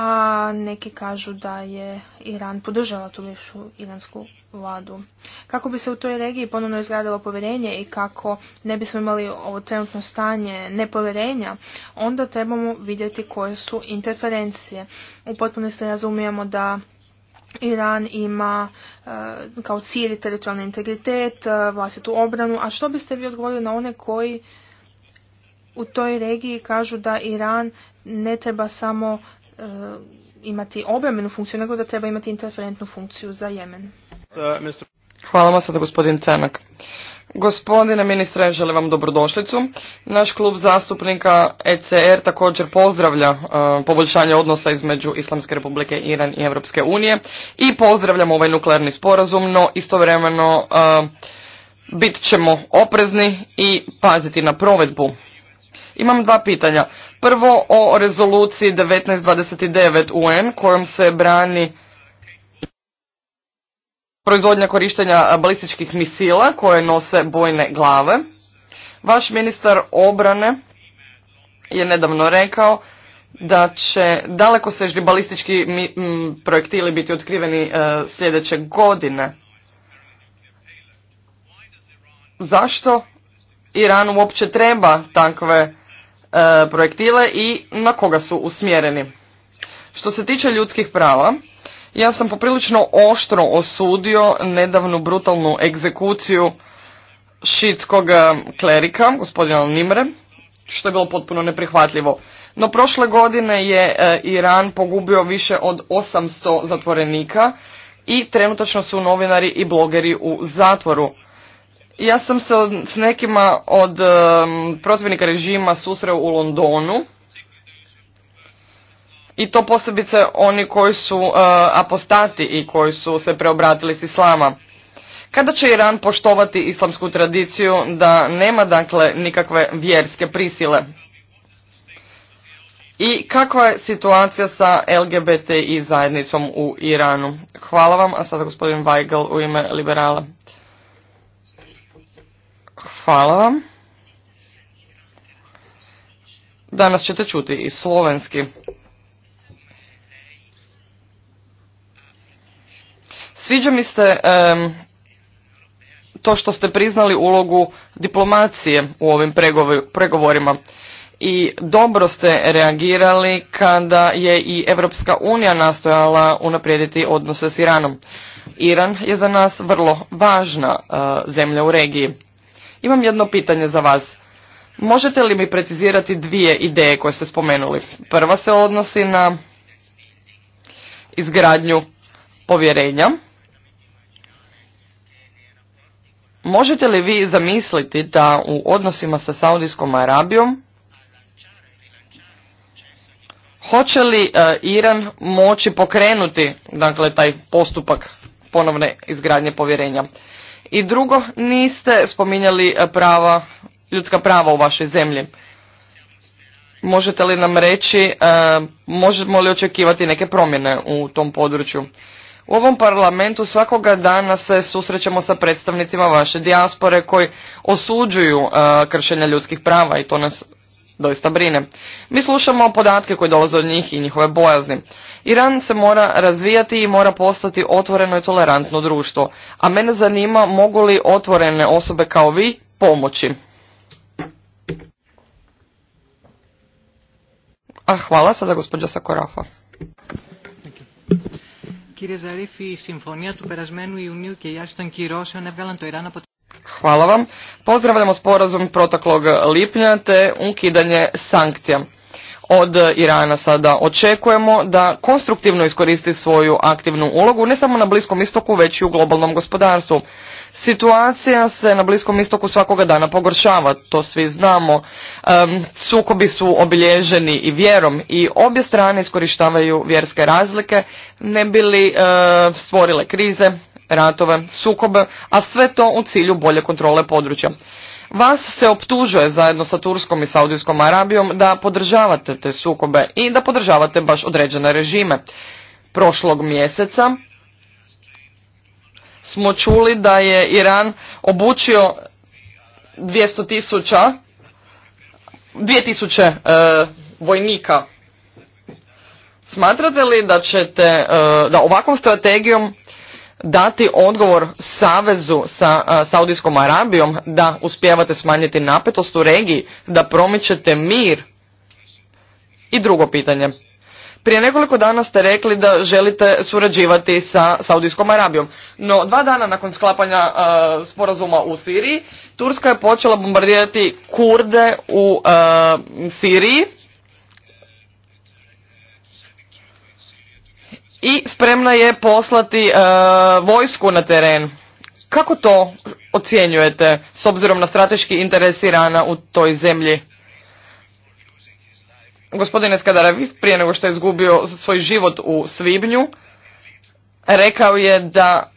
a neki kažu da je Iran podržala tu bivšu iransku vladu. Kako bi se u toj regiji ponovno izgradilo povjerenje i kako ne bismo imali ovo trenutno stanje nepovjerenja, onda trebamo vidjeti koje su interferencije. U potpunosti razumijemo da Iran ima e, kao cilj teritorijalni integritet, e, vlastitu obranu, a što biste vi odgovorili na one koji u toj regiji kažu da Iran ne treba samo Eh, imati objemenu funkciju, nego da treba imati interferentnu funkciju za Jemen. Eh, Hvala vam sada gospodin Cenak. Gospodine ministre, želim vam dobrodošlicu. Naš klub zastupnika ECR također pozdravlja eh, poboljšanje odnosa između Islamske republike Iran i Europske unije i pozdravljamo ovaj nuklearni sporazum, no istovremeno bit ćemo oprezni i paziti na provedbu. Imam dva pitanja. Prvo o rezoluciji 1929 UN kojom se brani proizvodnja korištenja balističkih misila koje nose bojne glave. Vaš ministar obrane je nedavno rekao da će dalekosežni balistički projektili biti otkriveni e, sljedeće godine. Zašto Iran uopće treba takve E, projektile i na koga su usmjereni. Što se tiče ljudskih prava, ja sam poprilično oštro osudio nedavnu brutalnu egzekuciju šitskog e, klerika, gospodina Nimre, što je bilo potpuno neprihvatljivo. No prošle godine je e, Iran pogubio više od 800 zatvorenika i trenutačno su novinari i blogeri u zatvoru. Ja sam se s nekima od protivnika režima susreo u Londonu i to posebice oni koji su e, apostati i koji su se preobratili s islama. Kada će Iran poštovati islamsku tradiciju da nema dakle nikakve vjerske prisile? I kakva je situacija sa i zajednicom u Iranu? Hvala vam, a sada gospodin Weigel u ime liberala. Hvala vam. Danas ćete čuti i slovenski. Sviđa mi ste to što ste priznali ulogu diplomacije u ovim pregovorima i dobro ste reagirali kada je i Europska unija nastojala unaprijediti odnose s Iranom. Iran je za nas vrlo važna eh, zemlja u regiji. Imam jedno pitanje za vas. Možete li mi precizirati dvije ideje koje ste spomenuli? Prva se odnosi na izgradnju povjerenja. Možete li vi zamisliti da u odnosima sa Saudijskom Arabijom hoće li e, Iran moći pokrenuti dakle taj postupak ponovne izgradnje povjerenja? I drugo, niste spominjali e, prava, ljudska prava u vašoj zemlji. Možete li nam reći, e, možemo li očekivati neke promjene u tom području? U ovom parlamentu svakoga dana se susrećemo sa predstavnicima vaše dijaspore koji osuđuju e, kršenja ljudskih prava i to nas doista brine. Mi slušamo podatke koji dolaze od njih i njihove bojazni. Iran se mora razvijati i mora postati otvoreno i tolerantno društvo. A mene zanima mogu li otvorene osobe kao vi pomoći. A hvala sada gospođa Sakorafa. Hvala vam. Pozdravljamo sporazum protoklog lipnja te ukidanje sankcija od Irana sada očekujemo da konstruktivno iskoristi svoju aktivnu ulogu ne samo na Bliskom istoku već i u globalnom gospodarstvu. Situacija se na Bliskom istoku svakoga dana pogoršava, to svi znamo. sukobi su obilježeni i vjerom i obje strane iskorištavaju vjerske razlike ne bili uh, e, stvorile krize, ratove, sukobe, a sve to u cilju bolje kontrole područja. Vas se optužuje zajedno sa Turskom i Saudijskom Arabijom da podržavate te sukobe i da podržavate baš određene režime. Prošlog mjeseca smo čuli da je Iran obučio 200 tisuća, dvije tisuće e, vojnika. Smatrate li da ćete, e, da ovakvom strategijom dati odgovor savezu sa Saudijskom Arabijom da uspijevate smanjiti napetost u regiji, da promičete mir? I drugo pitanje. Prije nekoliko dana ste rekli da želite surađivati sa Saudijskom Arabijom, no dva dana nakon sklapanja sporazuma u Siriji, Turska je počela bombardirati Kurde u Siriji i spremna je poslati e, vojsku na teren. Kako to ocjenjujete s obzirom na strateški interes Irana u toj zemlji? Gospodine Skadaravi, prije nego što je izgubio svoj život u Svibnju, rekao je da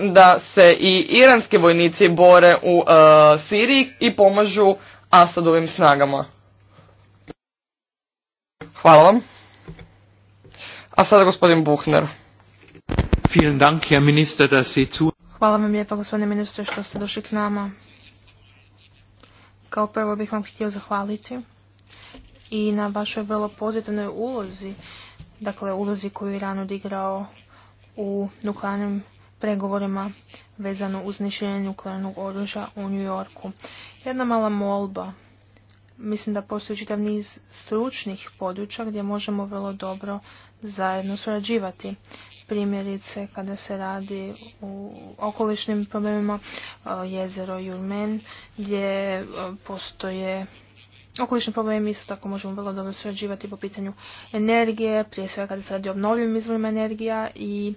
da se i iranski vojnici bore u e, Siriji i pomažu Asadovim snagama. Hvala vam. A sada gospodin Hvala vam lijepa gospodine ministre što ste došli k nama. Kao prvo bih vam htio zahvaliti i na vašoj vrlo pozitivnoj ulozi, dakle ulozi koju je Iran odigrao u nuklearnim pregovorima vezano uz nišenje nuklearnog oružja u New Yorku. Jedna mala molba. Mislim da postoji čitav niz stručnih područja gdje možemo vrlo dobro zajedno surađivati. Primjerice kada se radi u okolišnim problemima e, jezero Jurmen gdje e, postoje okolišni problemi isto tako možemo vrlo dobro surađivati po pitanju energije, prije svega kada se radi o obnovljivim izvorima energija i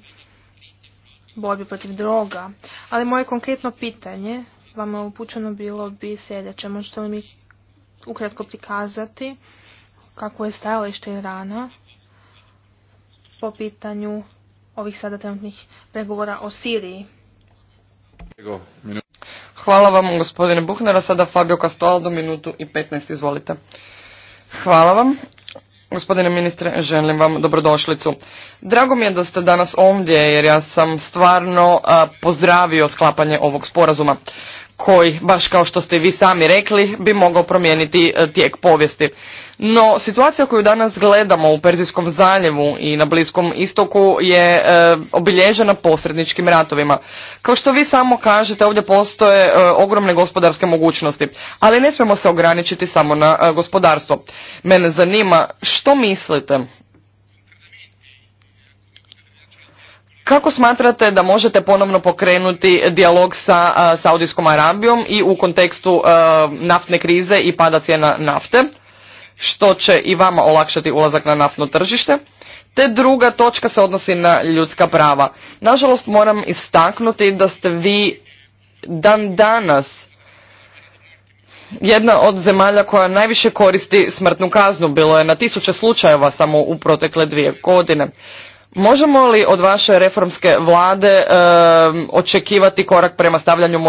borbi protiv droga. Ali moje konkretno pitanje vama upućeno bilo bi sljedeće. Možete li mi ukratko prikazati kako je stajalište Irana po pitanju ovih sada trenutnih pregovora o Siriji. Hvala vam gospodine Buhnera, sada Fabio Castaldo, minutu i 15, izvolite. Hvala vam. Gospodine ministre, želim vam dobrodošlicu. Drago mi je da ste danas ovdje jer ja sam stvarno pozdravio sklapanje ovog sporazuma koji, baš kao što ste vi sami rekli, bi mogao promijeniti e, tijek povijesti. No, situacija koju danas gledamo u Perzijskom zaljevu i na Bliskom istoku je e, obilježena posredničkim ratovima. Kao što vi samo kažete, ovdje postoje e, ogromne gospodarske mogućnosti, ali ne smijemo se ograničiti samo na gospodarstvo. Mene zanima što mislite Kako smatrate da možete ponovno pokrenuti dijalog sa Saudijskom Arabijom i u kontekstu naftne krize i pada cijena nafte, što će i vama olakšati ulazak na naftno tržište? Te druga točka se odnosi na ljudska prava. Nažalost moram istaknuti da ste vi dan danas jedna od zemalja koja najviše koristi smrtnu kaznu. Bilo je na tisuće slučajeva samo u protekle dvije godine. Možemo li od vaše reformske vlade očekivati korak prema stavljanju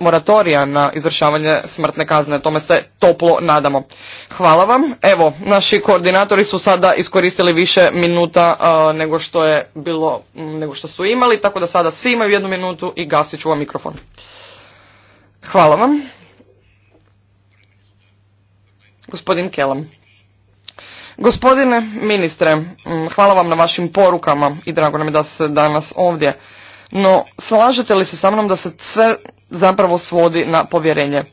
moratorija na izvršavanje smrtne kazne? Tome se toplo nadamo. Hvala vam. Evo, naši koordinatori su sada iskoristili više minuta e, nego što je bilo, nego što su imali, tako da sada svi imaju jednu minutu i gasit ću vam mikrofon. Hvala vam. Gospodin Kelam. Gospodine ministre, mm, hvala vam na vašim porukama i drago nam je da ste danas ovdje. No, slažete li se sa mnom da se sve zapravo svodi na povjerenje?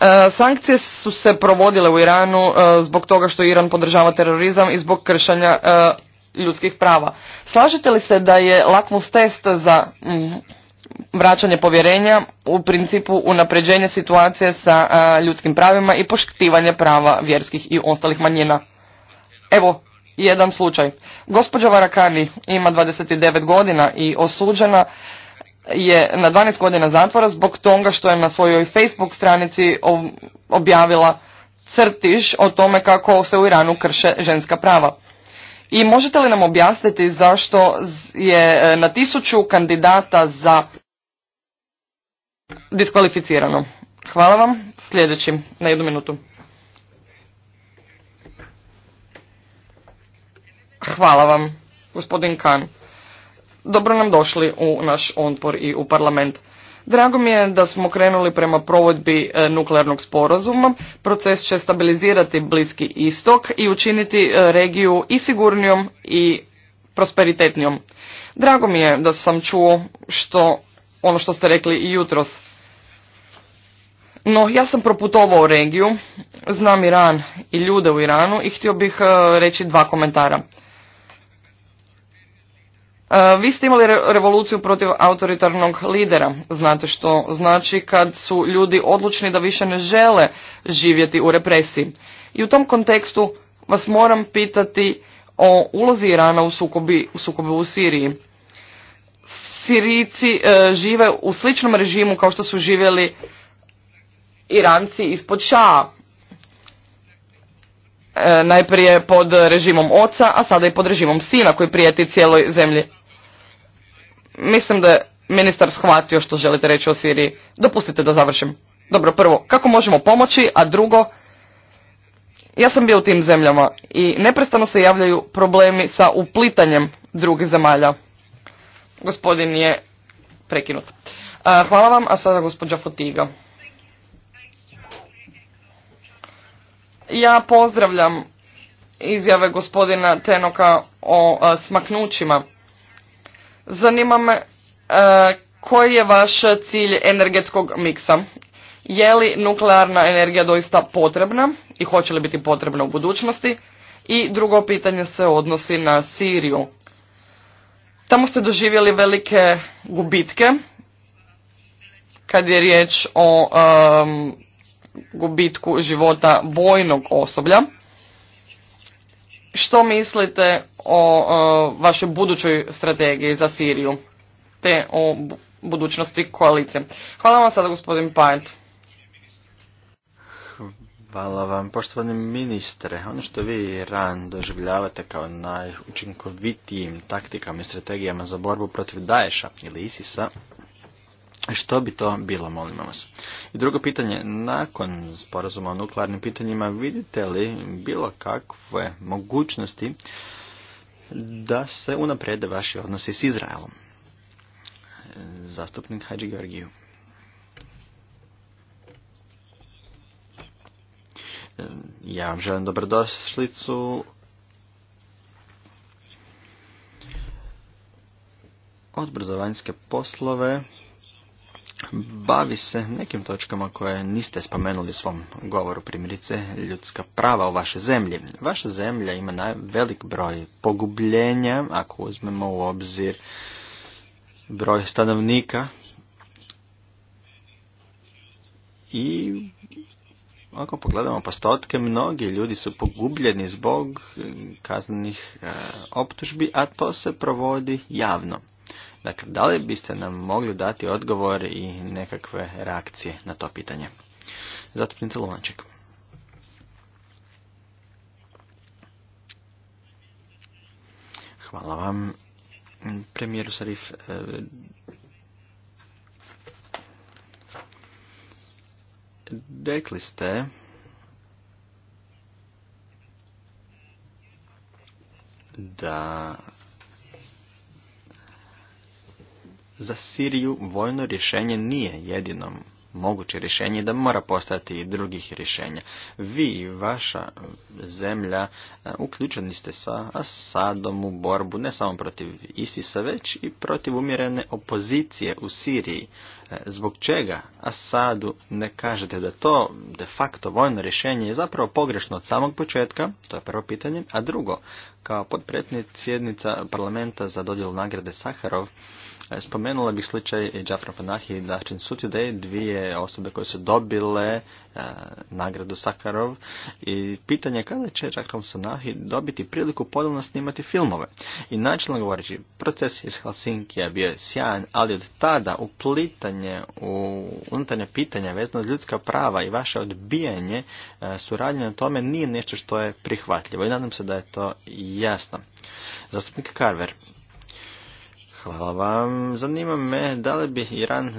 E, sankcije su se provodile u Iranu e, zbog toga što Iran podržava terorizam i zbog kršenja e, ljudskih prava. Slažete li se da je lakmus test za mm, vraćanje povjerenja, u principu unapređenje situacije sa ljudskim pravima i poštivanje prava vjerskih i ostalih manjina. Evo, jedan slučaj. Gospođa Varakani ima 29 godina i osuđena je na 12 godina zatvora zbog toga što je na svojoj Facebook stranici objavila crtiš o tome kako se u Iranu krše ženska prava. I možete li nam objasniti zašto je e, na tisuću kandidata za diskvalificirano. Hvala vam. Sljedeći, na jednu minutu. Hvala vam, gospodin Kan. Dobro nam došli u naš onpor i u parlament. Drago mi je da smo krenuli prema provodbi e, nuklearnog sporazuma. Proces će stabilizirati Bliski istok i učiniti e, regiju i sigurnijom i prosperitetnijom. Drago mi je da sam čuo što ono što ste rekli i jutros. No, ja sam proputovao regiju, znam Iran i ljude u Iranu i htio bih e, reći dva komentara. E, vi ste imali revoluciju protiv autoritarnog lidera. Znate što znači kad su ljudi odlučni da više ne žele živjeti u represiji. I u tom kontekstu vas moram pitati o ulozi Irana u sukobi u, sukobi u Siriji. Sirici e, žive u sličnom režimu kao što su živjeli Iranci ispod Šaa. E, najprije pod režimom oca, a sada i pod režimom sina koji prijeti cijeloj zemlji. Mislim da je ministar shvatio što želite reći o Siriji. Dopustite da završim. Dobro, prvo, kako možemo pomoći, a drugo, ja sam bio u tim zemljama i neprestano se javljaju problemi sa uplitanjem drugih zemalja. Gospodin je prekinut. E, hvala vam, a sada gospođa Fotiga. Ja pozdravljam izjave gospodina Tenoka o e, smaknućima. Zanima me e, koji je vaš cilj energetskog miksa? Je li nuklearna energija doista potrebna i hoće li biti potrebna u budućnosti? I drugo pitanje se odnosi na Siriju. Tamo ste doživjeli velike gubitke kad je riječ o gubitku života vojnog osoblja. Što mislite o, e, vašoj budućoj strategiji za Siriju te o budućnosti koalicije? Hvala vam sada gospodin Pajt. Hvala vam, poštovani ministre. Ono što vi ran doživljavate kao najučinkovitijim taktikama i strategijama za borbu protiv Daesha ili Isisa, što bi to bilo, molim vas? I drugo pitanje, nakon sporazuma o nuklearnim pitanjima, vidite li bilo kakve mogućnosti da se unaprede vaši odnosi s Izraelom? Zastupnik Hadži Georgiju. Ja vam želim dobrodošlicu. Odbor za vanjske poslove bavi se nekim točkama koje niste spomenuli u svom govoru, primjerice ljudska prava u vašoj zemlji. Vaša zemlja ima velik broj pogubljenja, ako uzmemo u obzir broj stanovnika i ako pogledamo postotke, mnogi ljudi su pogubljeni zbog eh, kaznenih eh, optužbi, a to se provodi javno. Dakle, da li biste nam mogli dati odgovor i nekakve reakcije na to pitanje? Zastupnica Lunaček. Hvala vam. Premijeru Sarif, eh, Rekli ste da za Siriju vojno rješenje nije jedino moguće rješenje da mora postati i drugih rješenja. Vi i vaša zemlja e, uključeni ste sa Asadom u borbu ne samo protiv ISIS-a, već i protiv umjerene opozicije u Siriji. E, zbog čega Asadu ne kažete da to de facto vojno rješenje je zapravo pogrešno od samog početka, to je prvo pitanje, a drugo, kao sjednica parlamenta za dodjelu nagrade Saharov, e, spomenula bih slučaj Džafra Panahi i Dačin Sutjude, dvije osobe koje su dobile E, nagradu Sakarov i pitanje kada će Čakram Sanahi dobiti priliku ponovno snimati filmove. I načelno govoreći, proces iz Helsinkija bio je sjajan, ali od tada uplitanje u unutarnje pitanja vezano za ljudska prava i vaše odbijanje e, suradnje na tome nije nešto što je prihvatljivo i nadam se da je to jasno. Zastupnik Carver, Hvala vam. Zanima me da li bi Iran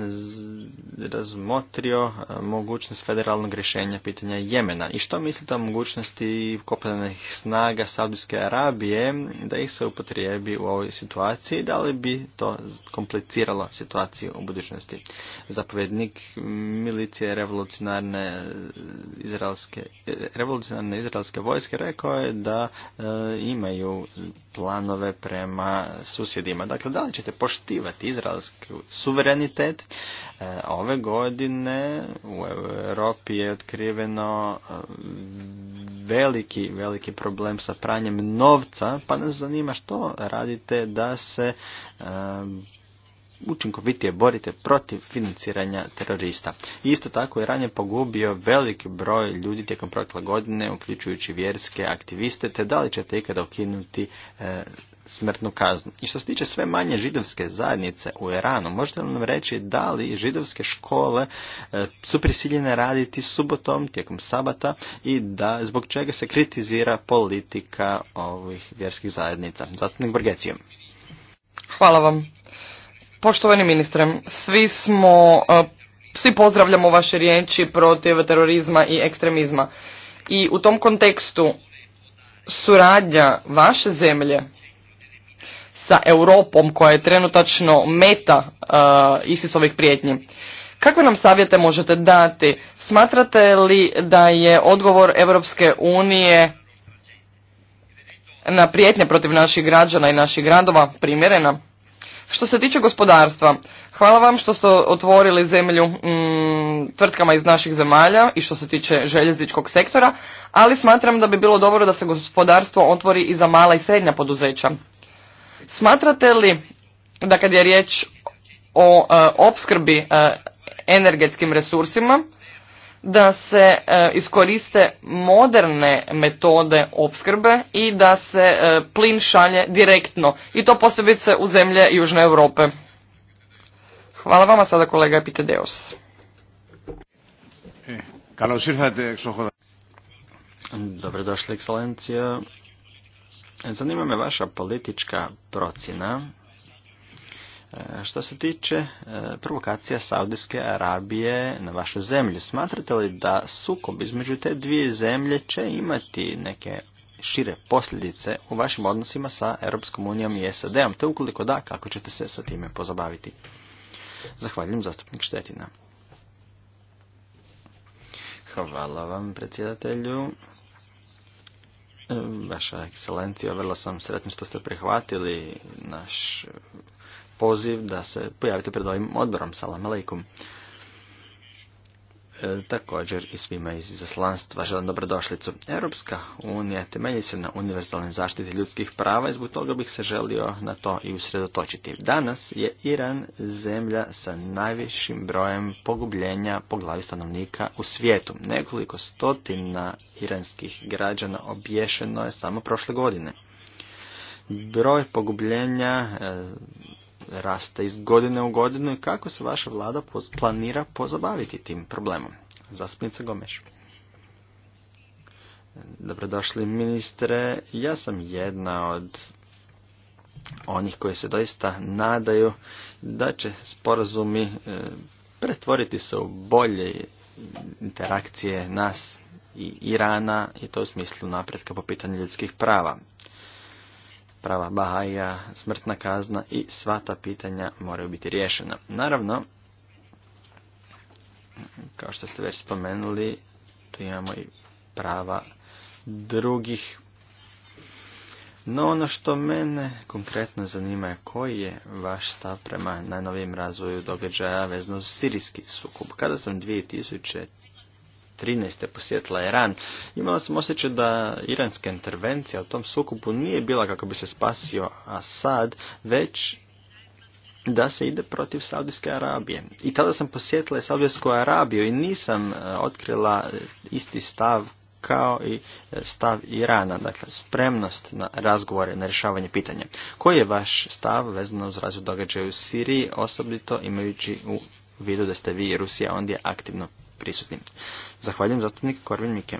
razmotrio e, mogućnost federalnog rješenja pitanja Jemena i što mislite o mogućnosti kopljenih snaga Saudijske Arabije da ih se upotrijebi u ovoj situaciji da li bi to kompliciralo situaciju u budućnosti. Zapovjednik milicije revolucionarne izraelske, e, revolucionarne izraelske vojske rekao je da e, imaju planove prema susjedima. Dakle, da li ćete poštivati izraelski suverenitet? E, ove godine u Europi je otkriveno e, veliki, veliki problem sa pranjem novca, pa nas zanima što radite da se e, učinkovitije borite protiv financiranja terorista. Isto tako je ranje pogubio veliki broj ljudi tijekom protekle godine, uključujući vjerske aktiviste, te da li ćete ikada ukinuti smrtnu kaznu. I što se tiče sve manje židovske zajednice u Iranu, možete li nam reći da li židovske škole e, su prisiljene raditi subotom tijekom sabata i da zbog čega se kritizira politika ovih vjerskih zajednica. Zastupnik Borgecijom. Hvala vam. Poštovani ministre, svi smo, e, svi pozdravljamo vaše riječi protiv terorizma i ekstremizma. I u tom kontekstu suradnja vaše zemlje sa Europom koja je trenutačno meta uh, ISIS-ovih prijetnji. Kakve nam savjete možete dati? Smatrate li da je odgovor Europske unije na prijetnje protiv naših građana i naših gradova primjerena? Što se tiče gospodarstva, hvala vam što ste otvorili zemlju mm, tvrtkama iz naših zemalja i što se tiče željezničkog sektora, ali smatram da bi bilo dobro da se gospodarstvo otvori i za mala i srednja poduzeća. Smatrate li da kad je riječ o e, opskrbi e, energetskim resursima, da se e, iskoriste moderne metode opskrbe i da se plin šalje direktno i to posebice u zemlje Južne Europe. Hvala vama sada kolega Epitedeos. Eh, Dobrodošli, ekscelencija. Zanima me vaša politička procjena e, što se tiče e, provokacija Saudijske Arabije na vašu zemlju, smatrate li da sukob između te dvije zemlje će imati neke šire posljedice u vašim odnosima sa Europskom unijom i SAD-om, te ukoliko da, kako ćete se sa time pozabaviti? Zahvaljujem zastupnik Štetina. Hvala vam predsjedatelju. Vaša ekscelencija, vrlo sam sretni što ste prihvatili naš poziv da se pojavite pred ovim odborom. Salam aleikum. E, također i svima iz izaslanstva želim dobrodošlicu. Europska unija temelji se na univerzalnoj zaštiti ljudskih prava i zbog toga bih se želio na to i usredotočiti. Danas je Iran zemlja sa najvišim brojem pogubljenja po glavi stanovnika u svijetu. Nekoliko stotina iranskih građana obješeno je samo prošle godine. Broj pogubljenja e, raste iz godine u godinu i kako se vaša vlada planira pozabaviti tim problemom? Zastupnica Gomeš. Dobrodošli ministre, ja sam jedna od onih koji se doista nadaju da će sporazumi e, pretvoriti se u bolje interakcije nas i Irana i to u smislu napretka po pitanju ljudskih prava prava Bahaja, smrtna kazna i sva ta pitanja moraju biti riješena. Naravno, kao što ste već spomenuli, tu imamo i prava drugih. No ono što mene konkretno zanima je koji je vaš stav prema najnovijem razvoju događaja vezno uz sirijski sukob. Kada sam 2013. posjetila Iran, imala sam osjećaj da iranska intervencija u tom sukupu nije bila kako bi se spasio Asad, već da se ide protiv Saudijske Arabije. I tada sam posjetila Saudijsku Arabiju i nisam e, otkrila isti stav kao i e, stav Irana, dakle spremnost na razgovore, na rješavanje pitanja. Koji je vaš stav vezano uz razvoj događaja u Siriji, osobito imajući u vidu da ste vi i Rusija ondje aktivno prisutni. Zahvaljujem zastupnik Korvin Mike.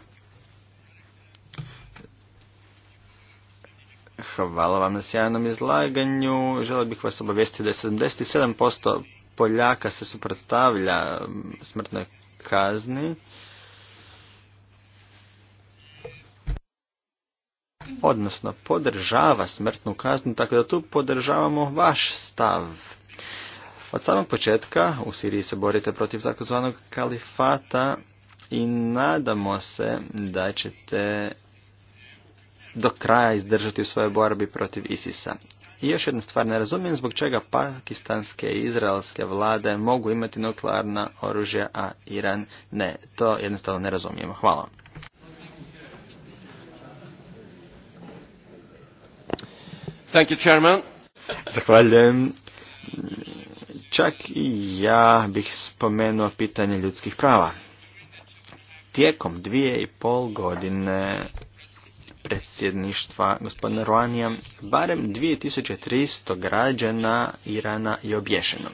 Hvala vam na sjajnom izlaganju. Želio bih vas obavijestiti da je 77% Poljaka se suprotstavlja smrtnoj kazni. Odnosno, podržava smrtnu kaznu, tako da tu podržavamo vaš stav od samog početka u Siriji se borite protiv takozvanog kalifata i nadamo se da ćete do kraja izdržati u svojoj borbi protiv ISIS-a. I još jedna stvar, ne razumijem zbog čega pakistanske i izraelske vlade mogu imati nuklearna oružja, a Iran ne. To jednostavno ne razumijemo. Hvala. Thank you, Zahvaljujem Čak i ja bih spomenuo pitanje ljudskih prava. Tijekom dvije i pol godine predsjedništva gospodina Ruanija, barem 2300 građana Irana je obješeno.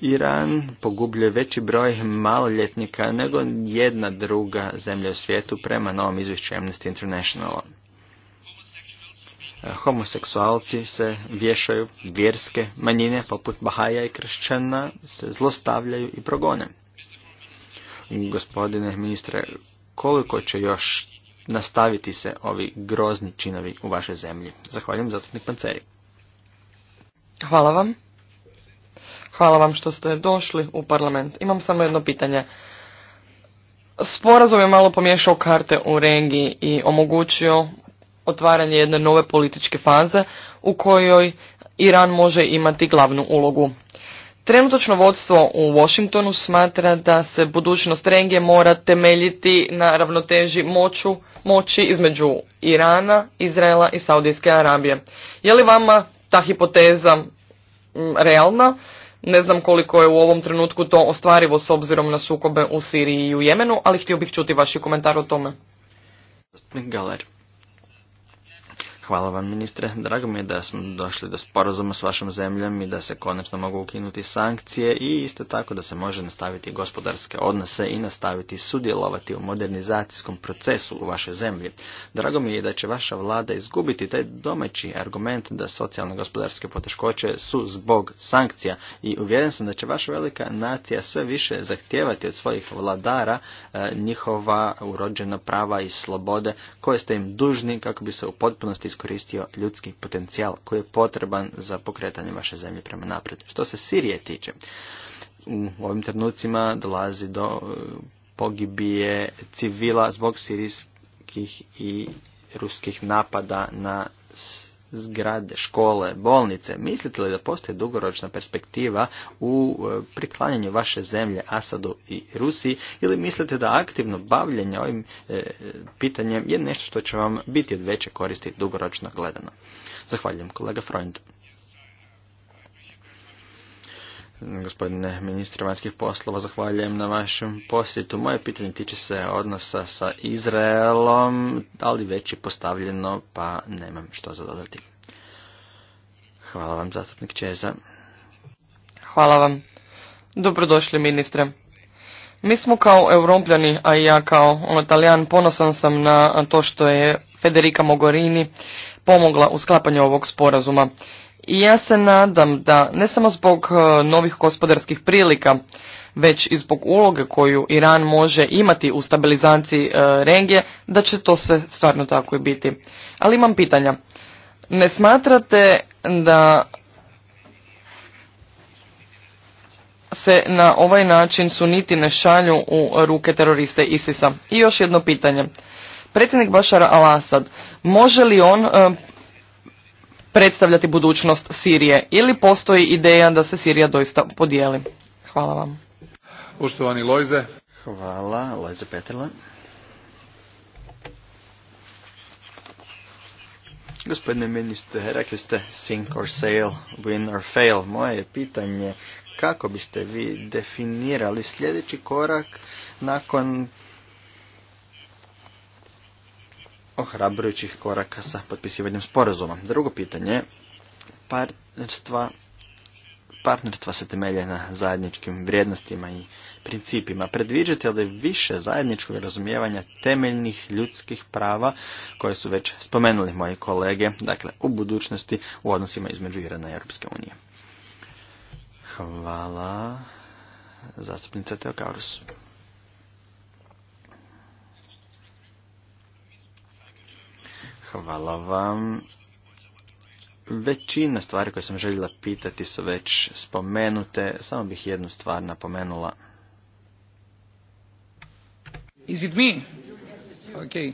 Iran pogubljuje veći broj maloljetnika nego jedna druga zemlja u svijetu prema novom izvješću Amnesty International homoseksualci se vješaju, vjerske manjine poput Bahaja i Kršćana se zlostavljaju i progone. Gospodine ministre, koliko će još nastaviti se ovi grozni činovi u vašoj zemlji? Zahvaljujem zastupnik Panceri. Hvala vam. Hvala vam što ste došli u parlament. Imam samo jedno pitanje. Sporazum je malo pomiješao karte u regiji i omogućio otvaranje jedne nove političke faze u kojoj Iran može imati glavnu ulogu. Trenutačno vodstvo u Washingtonu smatra da se budućnost regije mora temeljiti na ravnoteži moću, moći između Irana, Izraela i Saudijske Arabije. Je li vama ta hipoteza mm, realna? Ne znam koliko je u ovom trenutku to ostvarivo s obzirom na sukobe u Siriji i u Jemenu, ali htio bih čuti vaši komentar o tome. Hvala vam ministre, drago mi je da smo došli do sporazuma s vašom zemljom i da se konačno mogu ukinuti sankcije i isto tako da se može nastaviti gospodarske odnose i nastaviti sudjelovati u modernizacijskom procesu u vašoj zemlji. Drago mi je da će vaša vlada izgubiti taj domaći argument da socijalne gospodarske poteškoće su zbog sankcija i uvjeren sam da će vaša velika nacija sve više zahtijevati od svojih vladara e, njihova urođena prava i slobode koje ste im dužni kako bi se u potpunosti iskoristio ljudski potencijal koji je potreban za pokretanje vaše zemlje prema naprijed. Što se Sirije tiče, u ovim trenucima dolazi do e, pogibije civila zbog sirijskih i ruskih napada na zgrade, škole, bolnice. Mislite li da postoji dugoročna perspektiva u e, priklanjanju vaše zemlje Asadu i Rusiji ili mislite da aktivno bavljenje ovim e, pitanjem je nešto što će vam biti od veće koristi dugoročno gledano? Zahvaljujem kolega Freund. Gospodine ministre vanjskih poslova, zahvaljujem na vašem posjetu. Moje pitanje tiče se odnosa sa Izraelom, ali već je postavljeno, pa nemam što zadodati. Hvala vam, zastupnik Čeza. Hvala vam. Dobrodošli, ministre. Mi smo kao europljani, a i ja kao italijan, ono, ponosan sam na to što je Federica Mogorini pomogla u sklapanju ovog sporazuma i ja se nadam da ne samo zbog e, novih gospodarskih prilika, već i zbog uloge koju Iran može imati u stabilizaciji e, regije, da će to sve stvarno tako i biti. Ali imam pitanja. Ne smatrate da se na ovaj način suniti ne šalju u ruke teroriste ISIS-a? I još jedno pitanje. Predsjednik Bašara Al-Assad, može li on e, predstavljati budućnost Sirije ili postoji ideja da se Sirija doista podijeli? Hvala vam. Poštovani Lojze. Hvala, Lojze Petrla. Gospodine ministre, rekli ste sink or sail, win or fail. Moje je pitanje kako biste vi definirali sljedeći korak nakon ohrabrujućih koraka sa potpisivanjem sporazuma. Drugo pitanje, partnerstva, partnerstva se temelje na zajedničkim vrijednostima i principima. Predviđate li više zajedničkog razumijevanja temeljnih ljudskih prava koje su već spomenuli moji kolege, dakle u budućnosti u odnosima između Irana i Europske unije? Hvala. Zastupnica Teokaurus. Hvala vam. Većina stvari koje sam željela pitati su već spomenute. Samo bih jednu stvar napomenula. Is it me? Okay.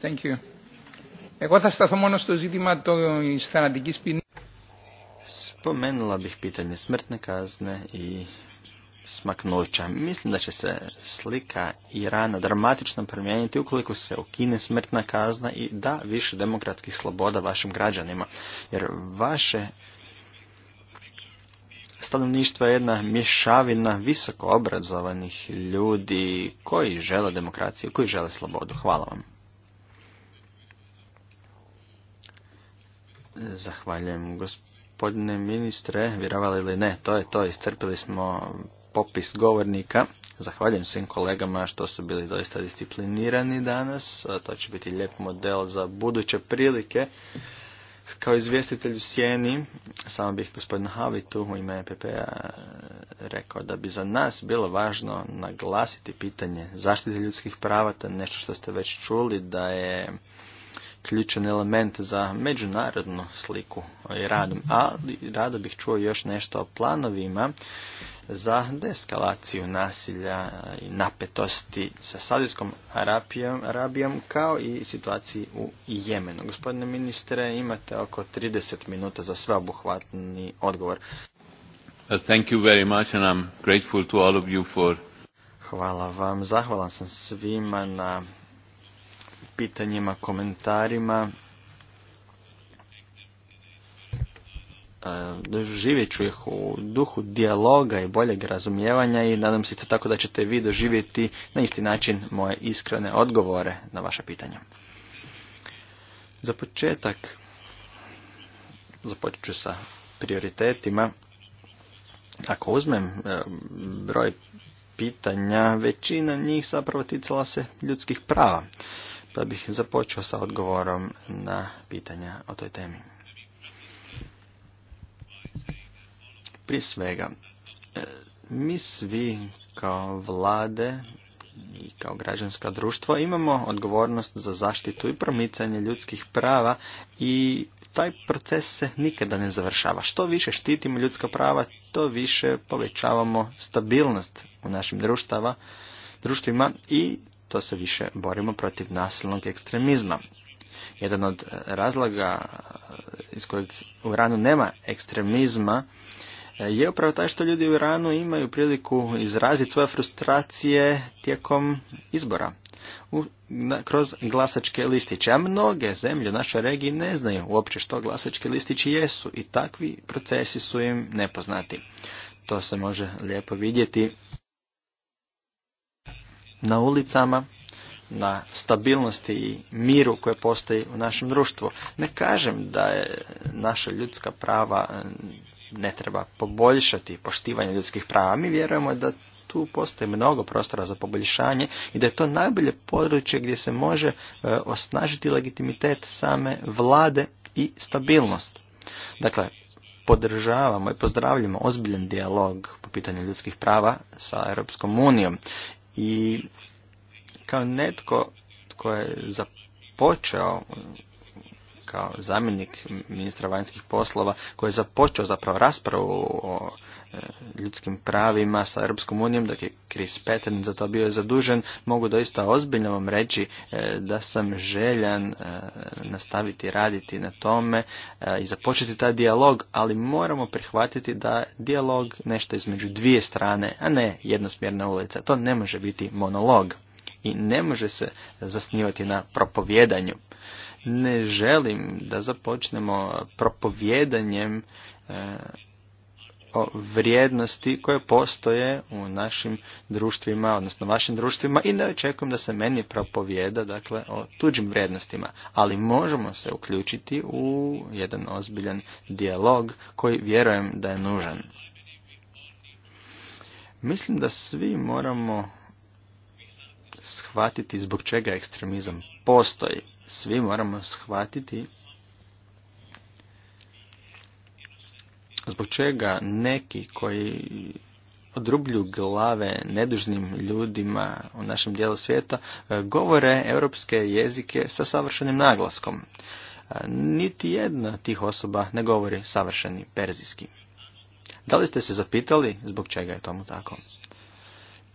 Thank you. Εγώ θα Spomenula bih pitanje smrtne kazne i smaknuća. Mislim da će se slika Irana dramatično promijeniti ukoliko se ukine smrtna kazna i da više demokratskih sloboda vašim građanima. Jer vaše stanovništvo je jedna mješavina visoko obrazovanih ljudi koji žele demokraciju, koji žele slobodu. Hvala vam. Zahvaljujem gospodine ministre, vjerovali li ne, to je to, iscrpili smo popis govornika. Zahvaljujem svim kolegama što su bili doista disciplinirani danas. To će biti lijep model za buduće prilike. Kao izvjestitelj u Sjeni, samo bih gospodin Havitu u ime epp p-a, e, rekao da bi za nas bilo važno naglasiti pitanje zaštite ljudskih prava, to je nešto što ste već čuli, da je ključan element za međunarodnu sliku i radu. ali rado bih čuo još nešto o planovima za deeskalaciju nasilja i napetosti sa Saudijskom Arabijom, kao i situaciji u Jemenu. Gospodine ministre, imate oko 30 minuta za sveobuhvatni odgovor. Uh, thank you very much and I'm grateful to all of you for Hvala vam. Zahvalan sam svima na pitanjima, komentarima. Doživjet e, ću ih u duhu dijaloga i boljeg razumijevanja i nadam se tako da ćete vi doživjeti na isti način moje iskrene odgovore na vaša pitanja. Za početak započet ću sa prioritetima. Ako uzmem e, broj pitanja, većina njih zapravo ticala se ljudskih prava pa bih započeo sa odgovorom na pitanja o toj temi. Prije svega, e, mi svi kao vlade i kao građanska društva imamo odgovornost za zaštitu i promicanje ljudskih prava i taj proces se nikada ne završava. Što više štitimo ljudska prava, to više povećavamo stabilnost u našim društava, društvima i to se više borimo protiv nasilnog ekstremizma. Jedan od e, razloga e, iz kojeg u Iranu nema ekstremizma e, je upravo taj što ljudi u Iranu imaju priliku izraziti svoje frustracije tijekom izbora u, kroz glasačke listiće. A mnoge zemlje u našoj regiji ne znaju uopće što glasački listići jesu i takvi procesi su im nepoznati. To se može lijepo vidjeti na ulicama, na stabilnosti i miru koje postoji u našem društvu. Ne kažem da je naša ljudska prava e, ne treba poboljšati poštivanje ljudskih prava. Mi vjerujemo da tu postoji mnogo prostora za poboljšanje i da je to najbolje područje gdje se može e, osnažiti legitimitet same vlade i stabilnost. Dakle, podržavamo i pozdravljamo ozbiljan dijalog po pitanju ljudskih prava sa Europskom unijom i kao netko tko je započeo kao zamjenik ministra vanjskih poslova koji je započeo zapravo raspravu o e, ljudskim pravima sa Europskom unijom, dok je Chris Patton za to bio je zadužen, mogu doista ozbiljno vam reći e, da sam željan e, nastaviti raditi na tome i započeti taj dijalog, ali moramo prihvatiti da dijalog nešto između dvije strane, a ne jednosmjerna ulica. To ne može biti monolog i ne može se zasnivati na propovjedanju ne želim da započnemo propovjedanjem e, o vrijednosti koje postoje u našim društvima, odnosno vašim društvima i ne očekujem da se meni propovjeda dakle, o tuđim vrijednostima. Ali možemo se uključiti u jedan ozbiljan dijalog koji vjerujem da je nužan. Mislim da svi moramo shvatiti zbog čega ekstremizam postoji svi moramo shvatiti zbog čega neki koji odrublju glave nedužnim ljudima u našem dijelu svijeta e, govore europske jezike sa savršenim naglaskom. E, niti jedna tih osoba ne govori savršeni perzijski. Da li ste se zapitali zbog čega je tomu tako?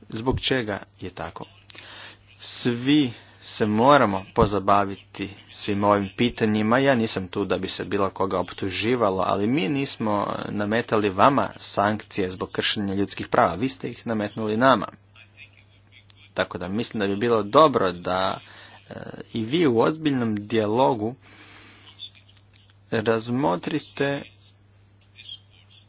Zbog čega je tako? Svi se moramo pozabaviti svim ovim pitanjima. Ja nisam tu da bi se bilo koga optuživalo, ali mi nismo nametali vama sankcije zbog kršenja ljudskih prava. Vi ste ih nametnuli nama. Tako da mislim da bi bilo dobro da e, i vi u ozbiljnom dijalogu razmotrite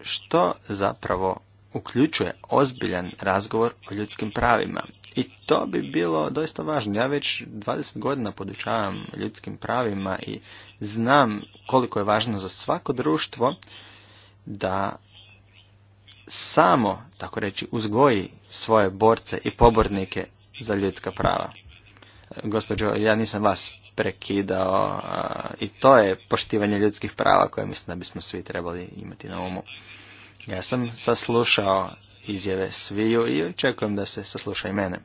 što zapravo uključuje ozbiljan razgovor o ljudskim pravima. I to bi bilo doista važno. Ja već 20 godina podučavam ljudskim pravima i znam koliko je važno za svako društvo da samo, tako reći, uzgoji svoje borce i pobornike za ljudska prava. Gospođo, ja nisam vas prekidao i to je poštivanje ljudskih prava koje mislim da bismo svi trebali imati na umu. Ja sam saslušao izjave sviju i očekujem da se sasluša i mene.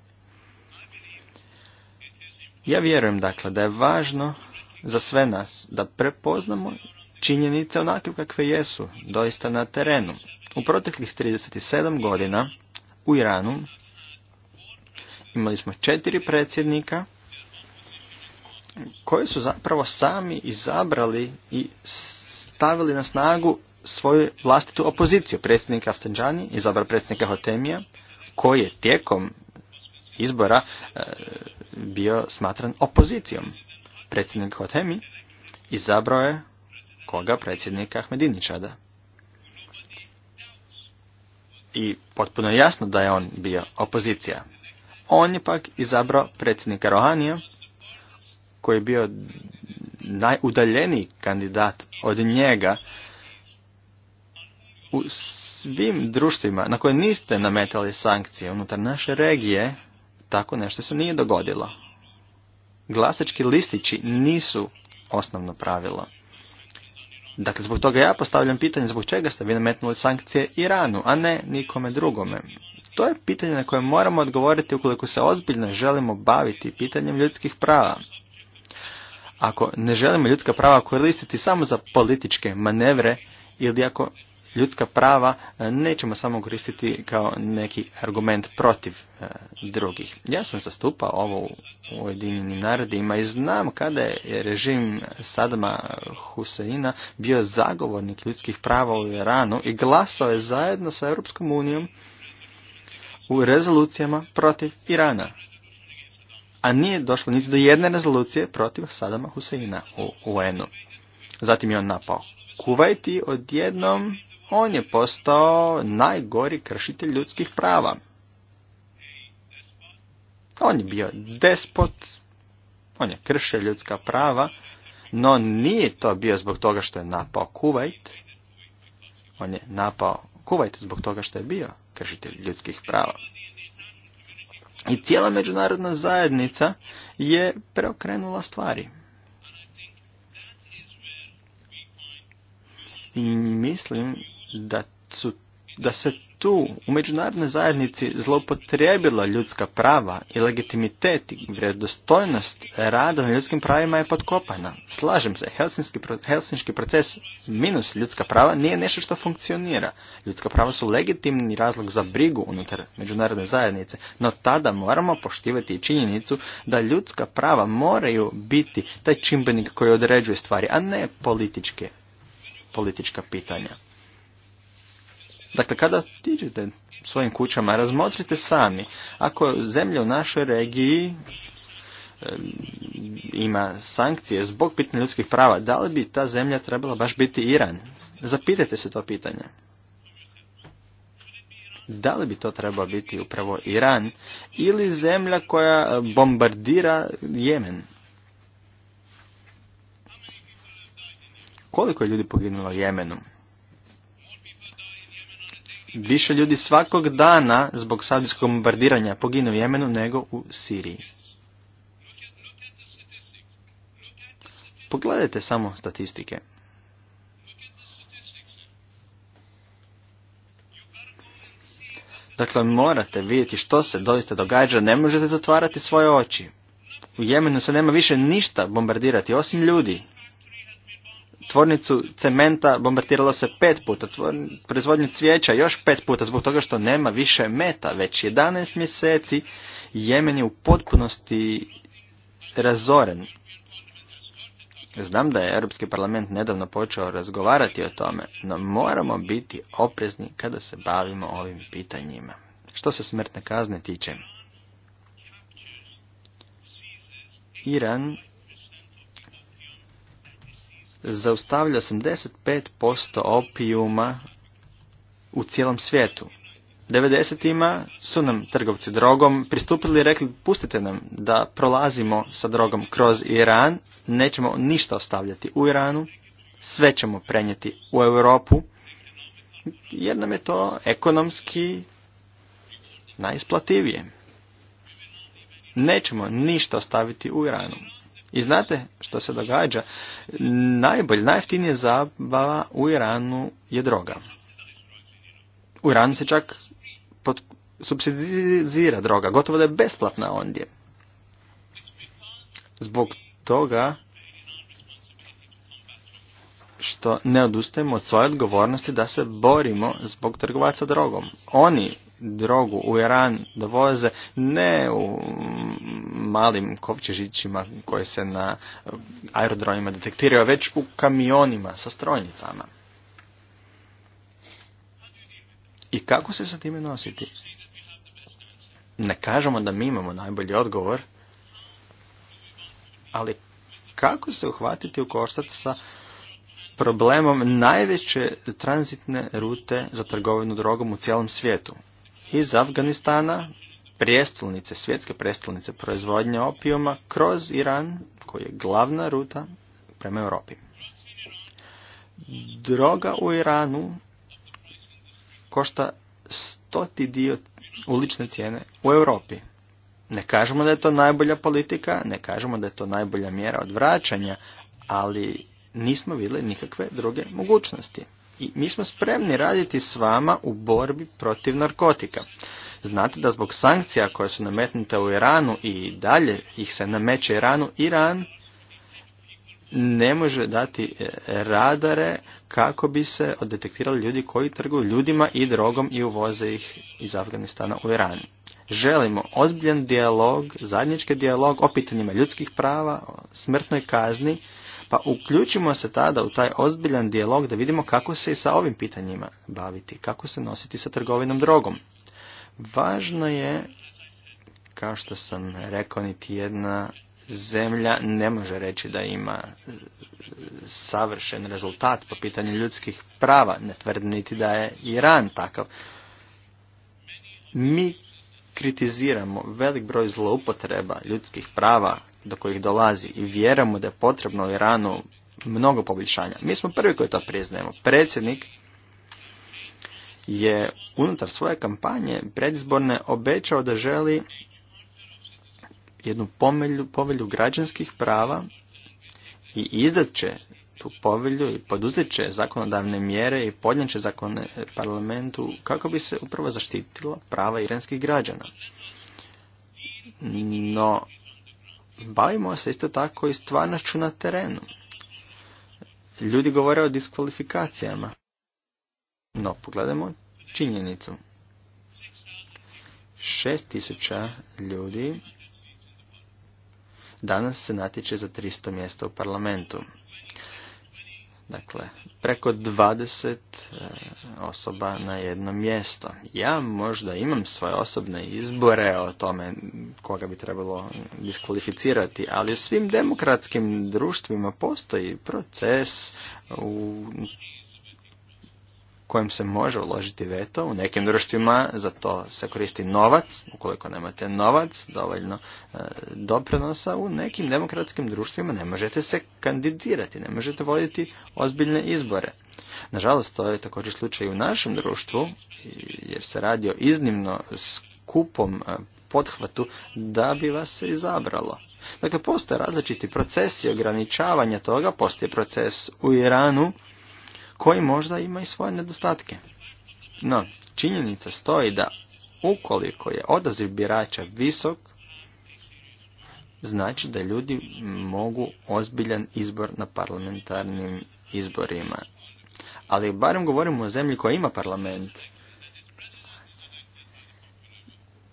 Ja vjerujem dakle da je važno za sve nas da prepoznamo činjenice onakve kakve jesu, doista na terenu. U proteklih 37 godina u Iranu imali smo četiri predsjednika koji su zapravo sami izabrali i stavili na snagu svoju vlastitu opoziciju predsjednika i izabrao predsjednika Hotemija, koji je tijekom izbora e, bio smatran opozicijom. Predsjednik Hotemi izabrao je koga predsjednika Ahmediničada. I potpuno je jasno da je on bio opozicija. On je pak izabrao predsjednika Rohanija, koji je bio najudaljeniji kandidat od njega u svim društvima na koje niste nametali sankcije unutar naše regije, tako nešto se nije dogodilo. Glasački listići nisu osnovno pravilo. Dakle, zbog toga ja postavljam pitanje zbog čega ste vi nametnuli sankcije Iranu, a ne nikome drugome. To je pitanje na koje moramo odgovoriti ukoliko se ozbiljno želimo baviti pitanjem ljudskih prava. Ako ne želimo ljudska prava koristiti samo za političke manevre ili ako ljudska prava e, nećemo samo koristiti kao neki argument protiv e, drugih. Ja sam zastupao ovo u Ujedinjenim narodima i znam kada je režim Sadama Huseina bio zagovornik ljudskih prava u Iranu i glasao je zajedno sa Europskom unijom u rezolucijama protiv Irana. A nije došlo niti do jedne rezolucije protiv Sadama Huseina u UN-u. Zatim je on napao Kuvajti odjednom on je postao najgori kršitelj ljudskih prava. On je bio despot, on je kršio ljudska prava, no nije to bio zbog toga što je napao Kuvajt. On je napao Kuvajt zbog toga što je bio kršitelj ljudskih prava. I cijela međunarodna zajednica je preokrenula stvari. I mislim da, su, da se tu u međunarodnoj zajednici zloupotrijebila ljudska prava i legitimitet i vredostojnost rada na ljudskim pravima je podkopana. Slažem se, helsinski, proces minus ljudska prava nije nešto što funkcionira. Ljudska prava su legitimni razlog za brigu unutar međunarodne zajednice, no tada moramo poštivati i činjenicu da ljudska prava moraju biti taj čimbenik koji određuje stvari, a ne političke, politička pitanja. Dakle, kada tiđete svojim kućama, razmotrite sami. Ako zemlja u našoj regiji ima sankcije zbog pitanja ljudskih prava, da li bi ta zemlja trebala baš biti Iran? Zapitajte se to pitanje. Da li bi to trebao biti upravo Iran ili zemlja koja bombardira Jemen? Koliko je ljudi poginulo Jemenom? Jemenu? više ljudi svakog dana zbog saudijskog bombardiranja poginu u Jemenu nego u Siriji. Pogledajte samo statistike. Dakle, morate vidjeti što se doista događa, ne možete zatvarati svoje oči. U Jemenu se nema više ništa bombardirati, osim ljudi tvornicu cementa bombardiralo se pet puta, proizvodnju cvijeća još pet puta zbog toga što nema više meta. Već 11 mjeseci Jemen je u potpunosti razoren. Znam da je Europski parlament nedavno počeo razgovarati o tome, no moramo biti oprezni kada se bavimo ovim pitanjima. Što se smrtne kazne tiče, Iran zaustavlja 85% opijuma u cijelom svijetu. 90-ima su nam trgovci drogom pristupili i rekli pustite nam da prolazimo sa drogom kroz Iran, nećemo ništa ostavljati u Iranu, sve ćemo prenijeti u Europu, jer nam je to ekonomski najisplativije. Nećemo ništa ostaviti u Iranu. I znate što se događa? Najbolj, najjeftinija zabava u Iranu je droga. U Iranu se čak pod, subsidizira droga, gotovo da je besplatna ondje. Zbog toga što ne odustajemo od svoje odgovornosti da se borimo zbog trgovaca drogom. Oni drogu u Iran dovoze ne u malim kovčežićima koje se na eh, aerodromima detektiraju, već u kamionima sa strojnicama. I kako se sa time nositi? Ne kažemo da mi imamo najbolji odgovor, ali kako se uhvatiti u koštac sa problemom najveće tranzitne rute za trgovinu drogom u cijelom svijetu. Iz Afganistana prijestolnice, svjetske prijestolnice proizvodnje opijuma kroz Iran, koji je glavna ruta prema Europi. Droga u Iranu košta stoti dio ulične cijene u Europi. Ne kažemo da je to najbolja politika, ne kažemo da je to najbolja mjera odvraćanja, ali nismo vidjeli nikakve druge mogućnosti. I mi smo spremni raditi s vama u borbi protiv narkotika. Znate da zbog sankcija koje su nametnute u Iranu i dalje ih se nameće Iranu, Iran ne može dati e, radare kako bi se odetektirali ljudi koji trguju ljudima i drogom i uvoze ih iz Afganistana u Iran. Želimo ozbiljan dijalog, zajednički dijalog o pitanjima ljudskih prava, o smrtnoj kazni, pa uključimo se tada u taj ozbiljan dijalog da vidimo kako se i sa ovim pitanjima baviti, kako se nositi sa trgovinom drogom. Važno je, kao što sam rekao, niti jedna zemlja ne može reći da ima savršen rezultat po pitanju ljudskih prava, ne tvrdi niti da je Iran takav. Mi kritiziramo velik broj zloupotreba ljudskih prava do kojih dolazi i vjerujemo da je potrebno Iranu mnogo poboljšanja. Mi smo prvi koji to priznajemo. Predsjednik je unutar svoje kampanje predizborne obećao da želi jednu pomelju, povelju građanskih prava i izdat će tu povelju i poduzet će zakonodavne mjere i podnijet će zakone parlamentu kako bi se upravo zaštitilo prava iranskih građana. No, bavimo se isto tako i stvarnošću na terenu. Ljudi govore o diskvalifikacijama. No, pogledajmo činjenicu. tisuća ljudi danas se natječe za 300 mjesta u parlamentu. Dakle, preko 20 eh, osoba na jedno mjesto. Ja možda imam svoje osobne izbore o tome koga bi trebalo diskvalificirati, ali u svim demokratskim društvima postoji proces u kojem se može uložiti veto. U nekim društvima za to se koristi novac, ukoliko nemate novac, dovoljno e, doprinosa. U nekim demokratskim društvima ne možete se kandidirati, ne možete voditi ozbiljne izbore. Nažalost, to je također slučaj i u našem društvu, jer se radi o iznimno skupom e, pothvatu da bi vas se izabralo. Dakle, postoje različiti procesi ograničavanja toga, postoji proces u Iranu, koji možda ima i svoje nedostatke. No, činjenica stoji da ukoliko je odaziv birača visok, znači da ljudi mogu ozbiljan izbor na parlamentarnim izborima. Ali barem govorimo o zemlji koja ima parlament.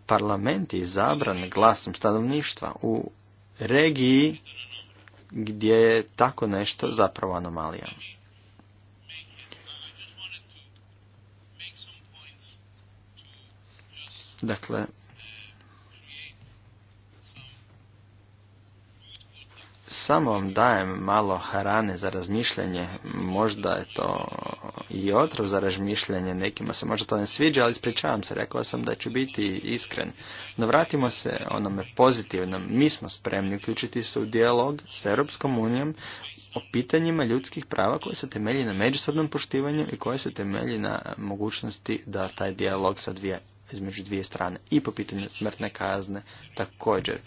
Parlament je izabran glasom stanovništva u regiji gdje je tako nešto zapravo anomalija. Dakle, samo vam dajem malo harane za razmišljanje, možda je to i otrov za razmišljanje, nekima se možda to ne sviđa, ali ispričavam se, rekao sam da ću biti iskren. No vratimo se onome pozitivnom, mi smo spremni uključiti se u dijalog s Europskom unijom o pitanjima ljudskih prava koje se temelji na međusobnom poštivanju i koje se temelji na mogućnosti da taj dijalog sadvije između dvije strane i po pitanju smrtne kazne također.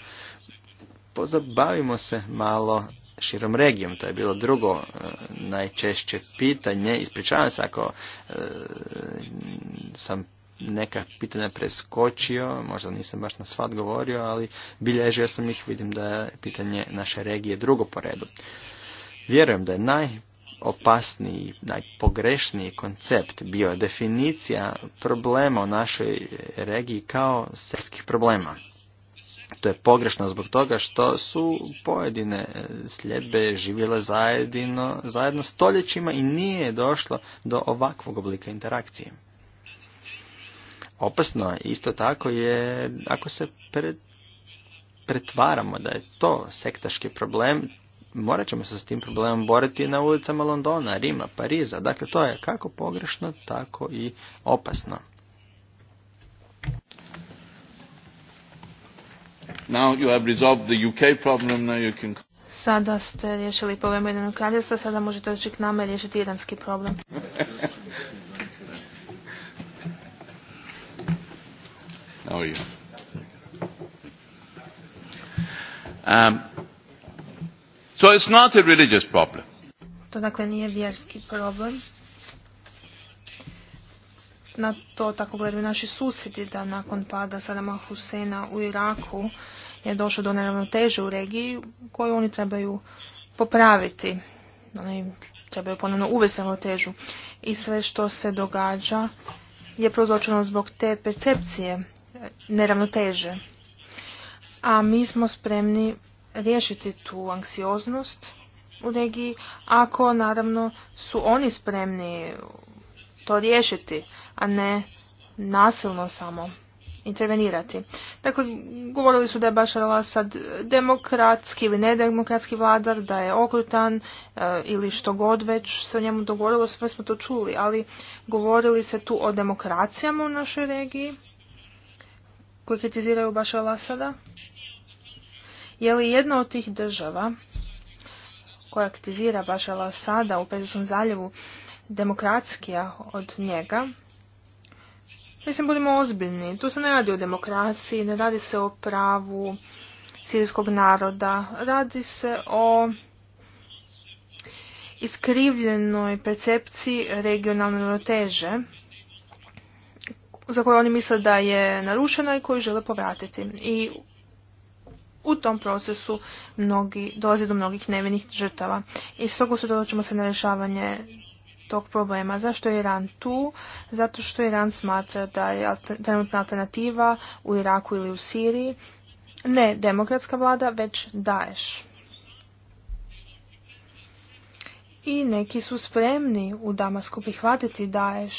Pozabavimo se malo širom regijom. To je bilo drugo e, najčešće pitanje. Ispričavam se ako e, sam neka pitanja preskočio, možda nisam baš na svat govorio, ali bilježio sam ih, vidim da je pitanje naše regije drugo po redu. Vjerujem da je naj najopasniji, najpogrešniji koncept bio je definicija problema u našoj regiji kao srpskih problema. To je pogrešno zbog toga što su pojedine sljedbe živjele zajedno, zajedno stoljećima i nije došlo do ovakvog oblika interakcije. Opasno isto tako je ako se pretvaramo da je to sektaški problem, morat ćemo se s tim problemom boriti na ulicama Londona, Rima, Pariza. Dakle, to je kako pogrešno, tako i opasno. Now you have resolved the UK problem, now you can... Sada ste riješili problem jednog kraljevstva, sada možete doći k nama i riješiti iranski problem. Now you. Um, So it's not a religious problem. To dakle nije vjerski problem. Na to tako gledaju naši susjedi da nakon pada Sadama Husena u Iraku je došlo do neravnoteže u regiji koju oni trebaju popraviti. Oni trebaju ponovno uvesti ravnotežu. I sve što se događa je prozočeno zbog te percepcije neravnoteže. A mi smo spremni riješiti tu anksioznost u regiji, ako naravno su oni spremni to riješiti, a ne nasilno samo intervenirati. Dakle, govorili su da je Bašar al demokratski ili nedemokratski vladar, da je okrutan e, ili što god već se o njemu dogovorilo, sve smo to čuli, ali govorili se tu o demokracijama u našoj regiji koji kritiziraju Bašar al-Assada je li jedna od tih država koja kritizira baš al u Pezijskom zaljevu demokratskija od njega? Mislim, budimo ozbiljni. Tu se ne radi o demokraciji, ne radi se o pravu sirijskog naroda. Radi se o iskrivljenoj percepciji regionalne roteže za koju oni misle da je narušena i koju žele povratiti. I u tom procesu mnogi, dolazi do mnogih nevinih žrtava. I stoga se dođemo se na rješavanje tog problema. Zašto je Iran tu? Zato što Iran smatra da je trenutna alternativa u Iraku ili u Siriji ne demokratska vlada, već Daesh. I neki su spremni u Damasku prihvatiti Daesh.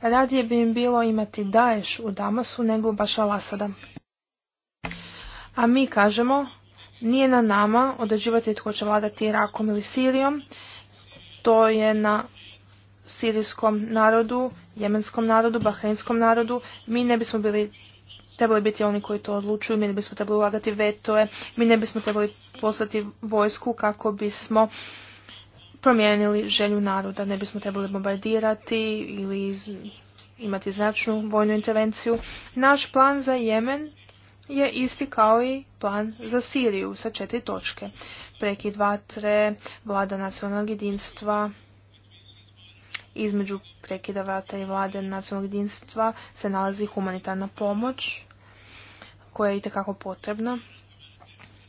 Radije bi im bilo imati Daesh u Damasu nego baš Al-Asada. A mi kažemo, nije na nama određivati tko će vladati Irakom ili Sirijom, to je na sirijskom narodu, jemenskom narodu, bahrenjskom narodu. Mi ne bismo bili trebali biti oni koji to odlučuju, mi ne bismo trebali ulagati vetoje, mi ne bismo trebali poslati vojsku kako bismo promijenili želju naroda, ne bismo trebali bombardirati ili imati značnu vojnu intervenciju. Naš plan za Jemen je isti kao i plan za Siriju sa četiri točke. Prekid vatre, vlada nacionalnog jedinstva, između prekida i vlade nacionalnog jedinstva se nalazi humanitarna pomoć koja je itekako potrebna.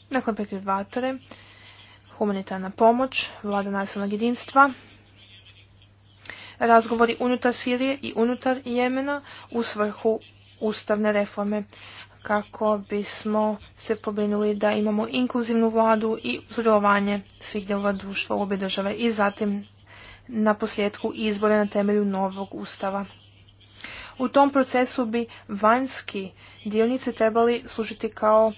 Dakle, prekid vatre, humanitarna pomoć, vlada nacionalnog jedinstva, razgovori unutar Sirije i unutar Jemena u svrhu ustavne reforme kako bismo se pobrinuli da imamo inkluzivnu vladu i sudjelovanje svih dijelova društva u obje države i zatim na posljedku izbore na temelju novog ustava. U tom procesu bi vanjski dionici trebali služiti kao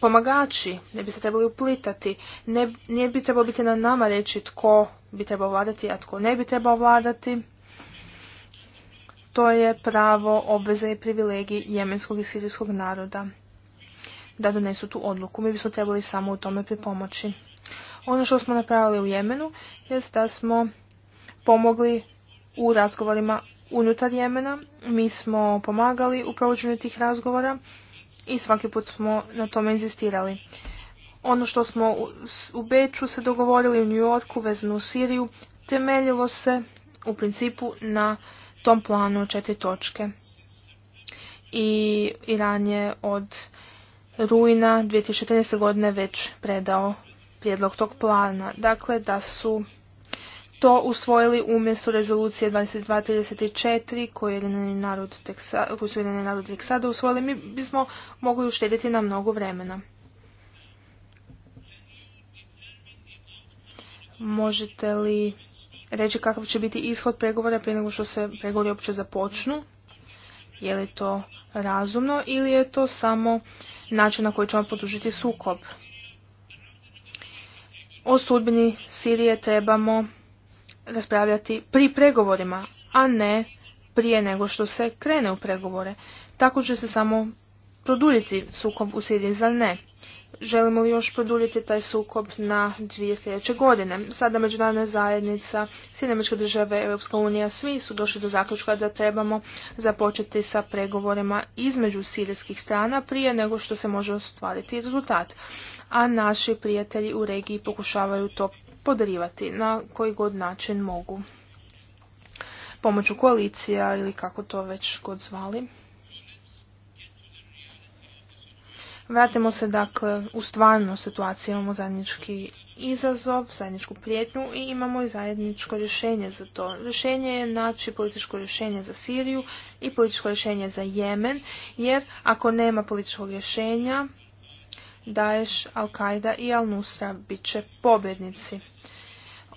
pomagači, ne bi se trebali uplitati, ne, nije bi trebalo biti na nama reći tko bi trebao vladati, a tko ne bi trebao vladati. To je pravo, obveze i privilegij jemenskog i sirijskog naroda da donesu tu odluku. Mi bismo trebali samo u tome pripomoći. Ono što smo napravili u Jemenu je da smo pomogli u razgovorima unutar Jemena. Mi smo pomagali u provođenju tih razgovora i svaki put smo na tome inzistirali. Ono što smo u Beču se dogovorili u New Yorku vezano u Siriju temeljilo se u principu na tom planu četiri točke. I Iran je od rujna 2014. godine već predao prijedlog tog plana. Dakle, da su to usvojili umjesto rezolucije 2234 koju je narod su Irani narod tek sada usvojili, mi bismo mogli uštedjeti na mnogo vremena. Možete li reći kakav će biti ishod pregovora prije nego što se pregovori uopće započnu. Je li to razumno ili je to samo način na koji ćemo podružiti sukob? O sudbini Sirije trebamo raspravljati pri pregovorima, a ne prije nego što se krene u pregovore. Tako će se samo produljiti sukob u Siriji, zar ne? želimo li još produljiti taj sukob na dvije sljedeće godine. Sada međunarodna zajednica, Sjedinamečke države, Europska unija, svi su došli do zaključka da trebamo započeti sa pregovorima između sirijskih strana prije nego što se može ostvariti rezultat. A naši prijatelji u regiji pokušavaju to podarivati na koji god način mogu. Pomoću koalicija ili kako to već god zvali. Vratimo se dakle u stvarnu situaciju, imamo zajednički izazov, zajedničku prijetnju i imamo i zajedničko rješenje za to. Rješenje je naći političko rješenje za Siriju i političko rješenje za Jemen, jer ako nema političkog rješenja, Daesh, Al-Qaida i Al-Nusra bit će pobjednici.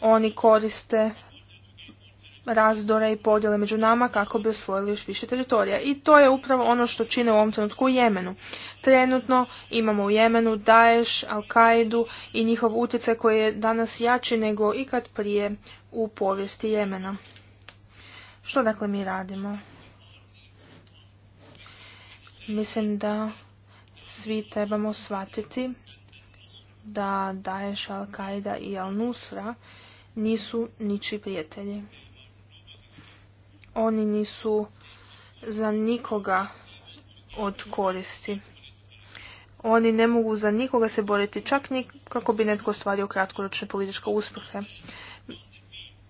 Oni koriste razdore i podjele među nama kako bi osvojili još više teritorija. I to je upravo ono što čine u ovom trenutku u Jemenu. Trenutno imamo u Jemenu Daesh, al qaidu i njihov utjecaj koji je danas jači nego ikad prije u povijesti Jemena. Što dakle mi radimo? Mislim da svi trebamo shvatiti da Daesh, Al-Qaida i Al-Nusra nisu niči prijatelji oni nisu za nikoga od koristi. Oni ne mogu za nikoga se boriti, čak ni kako bi netko ostvario kratkoročne političke uspjehe.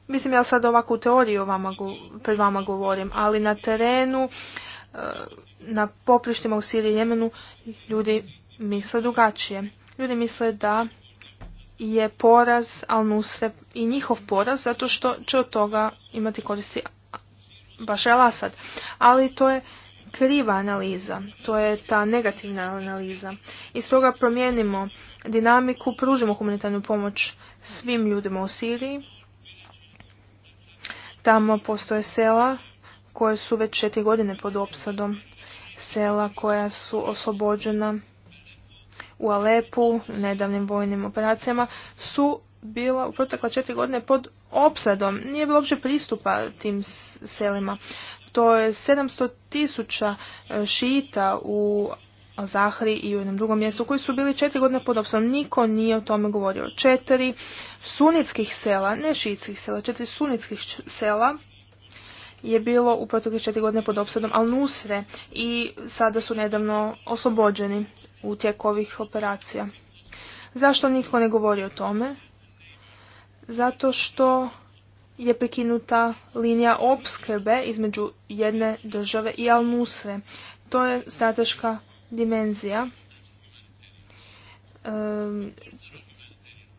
Mislim, ja sad ovako u teoriji vama, pred vama govorim, ali na terenu, e, na poprištima u Siriji i Jemenu, ljudi misle drugačije. Ljudi misle da je poraz Al-Nusre i njihov poraz zato što će od toga imati koristi baš je Ali to je kriva analiza, to je ta negativna analiza. I stoga promijenimo dinamiku, pružimo humanitarnu pomoć svim ljudima u Siriji. Tamo postoje sela koje su već četiri godine pod opsadom. Sela koja su oslobođena u Alepu, nedavnim vojnim operacijama, su bila u protekla četiri godine pod opsadom. Nije bilo uopće pristupa tim selima. To je 700 tisuća e, šita u Zahri i u jednom drugom mjestu koji su bili četiri godine pod opsadom. Niko nije o tome govorio. Četiri sunitskih sela, ne šitskih sela, četiri sunitskih sela je bilo u protekle četiri godine pod opsadom Al-Nusre i sada su nedavno oslobođeni u tijeku ovih operacija. Zašto nitko ne govori o tome? zato što je prekinuta linija opskrbe između jedne države i Al-Nusre. To je strateška dimenzija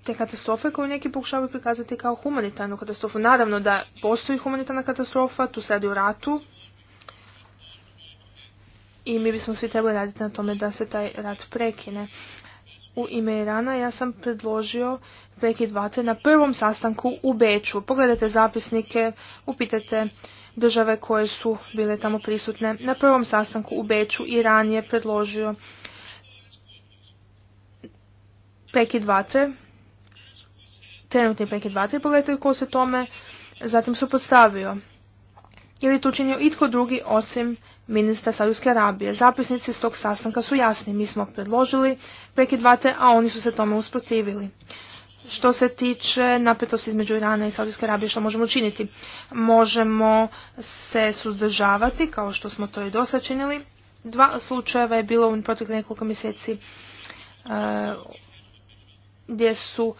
te katastrofe koju neki pokušavaju prikazati kao humanitarnu katastrofu. Naravno da postoji humanitarna katastrofa, tu se radi o ratu i mi bismo svi trebali raditi na tome da se taj rat prekine u ime Irana ja sam predložio prekid vatre na prvom sastanku u Beču. Pogledajte zapisnike, upitajte države koje su bile tamo prisutne. Na prvom sastanku u Beču Iran je predložio prekid vatre, trenutni prekid vatre, pogledajte ko se tome zatim suprotstavio. Je Ili to učinio itko drugi osim ministra Saudijske Arabije. Zapisnici s tog sastanka su jasni. Mi smo predložili prekid a oni su se tome usprotivili. Što se tiče napetosti između Irana i Saudijske Arabije, što možemo učiniti? Možemo se suzdržavati, kao što smo to i dosta činili. Dva slučajeva je bilo u proteklih nekoliko mjeseci e, gdje su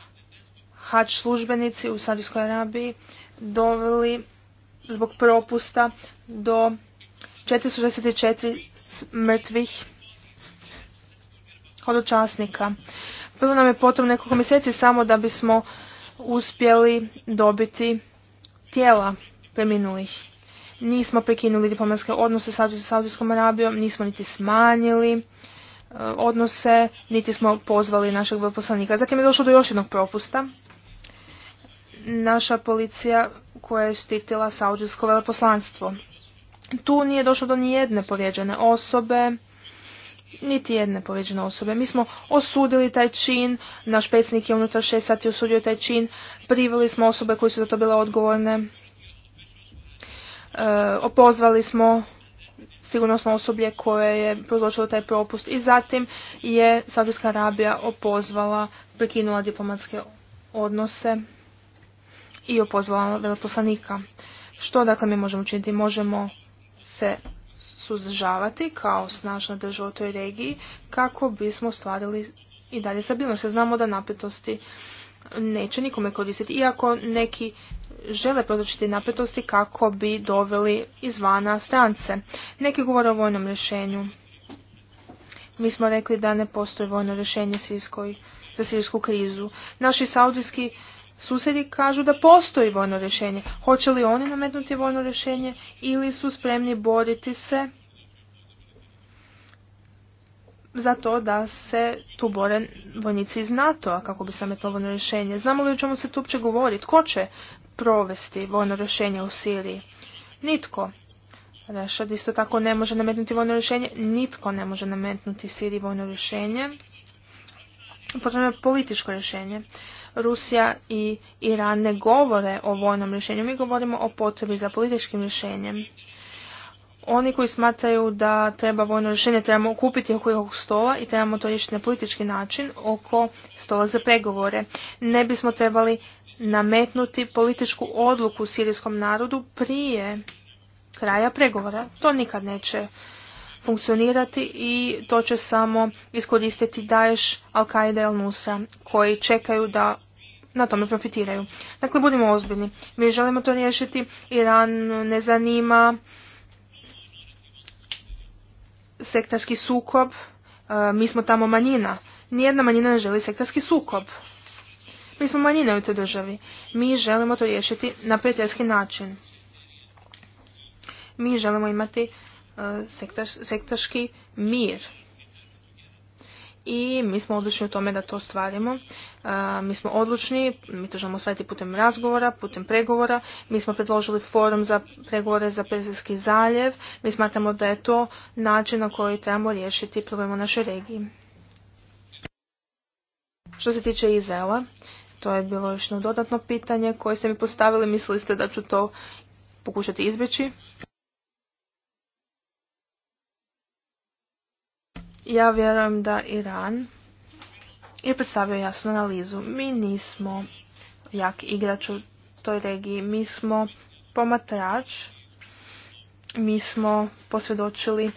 hač službenici u Saudijskoj Arabiji doveli zbog propusta do 464 mrtvih hodočasnika. Bilo nam je potrebno nekoliko mjeseci samo da bismo uspjeli dobiti tijela preminulih. Nismo prekinuli diplomatske odnose sa Saudijskom Arabijom, nismo niti smanjili e, odnose, niti smo pozvali našeg veleposlanika. Zatim je došlo do još jednog propusta. Naša policija koja je štitila saudijsko veleposlanstvo. Tu nije došlo do nijedne povrijeđene osobe, niti jedne povrijeđene osobe. Mi smo osudili taj čin, naš predsjednik je unutar šest sati osudio taj čin, priveli smo osobe koje su za to bile odgovorne, e, opozvali smo sigurnosno osoblje koje je prozločilo taj propust i zatim je Saudijska Arabija opozvala, prekinula diplomatske odnose i opozvala veleposlanika. Što dakle mi možemo učiniti? Možemo se suzdržavati kao snažna država u toj regiji kako bismo stvarili i dalje stabilnost. Ja znamo da napetosti neće nikome koristiti, iako neki žele prozračiti napetosti kako bi doveli izvana strance. Neki govore o vojnom rješenju. Mi smo rekli da ne postoji vojno rješenje za sirijsku krizu. Naši saudijski susjedi kažu da postoji vojno rješenje. Hoće li oni nametnuti vojno rješenje ili su spremni boriti se za to da se tu bore vojnici iz NATO-a kako bi se nametnulo vojno rješenje. Znamo li o čemu se tu uopće govori? Tko će provesti vojno rješenje u Siriji? Nitko. Rešad isto tako ne može nametnuti vojno rješenje. Nitko ne može nametnuti Siriji vojno rješenje. Potrebno je političko rješenje. Rusija i Iran ne govore o vojnom rješenju. Mi govorimo o potrebi za političkim rješenjem. Oni koji smatraju da treba vojno rješenje trebamo okupiti oko ovog stola i trebamo to riješiti na politički način oko stola za pregovore. Ne bismo trebali nametnuti političku odluku sirijskom narodu prije kraja pregovora. To nikad neće funkcionirati i to će samo iskoristiti Daesh, Al-Qaida i Al-Nusra koji čekaju da na tome profitiraju. Dakle, budimo ozbiljni. Mi želimo to riješiti. Iran ne zanima sektarski sukob. E, mi smo tamo manjina. Nijedna manjina ne želi sektarski sukob. Mi smo manjina u toj državi. Mi želimo to riješiti na prijateljski način. Mi želimo imati e, sektaški mir i mi smo odlučni u tome da to stvarimo. Mi smo odlučni, mi to želimo ostvariti putem razgovora, putem pregovora. Mi smo predložili forum za pregovore za Perzijski zaljev. Mi smatramo da je to način na koji trebamo riješiti problem u našoj regiji. Što se tiče Izela, to je bilo još jedno dodatno pitanje koje ste mi postavili. Mislili ste da ću to pokušati izbjeći. Ja vjerujem da Iran je predstavio jasnu analizu. Mi nismo jak igrač u toj regiji. Mi smo pomatrač. Mi smo posvjedočili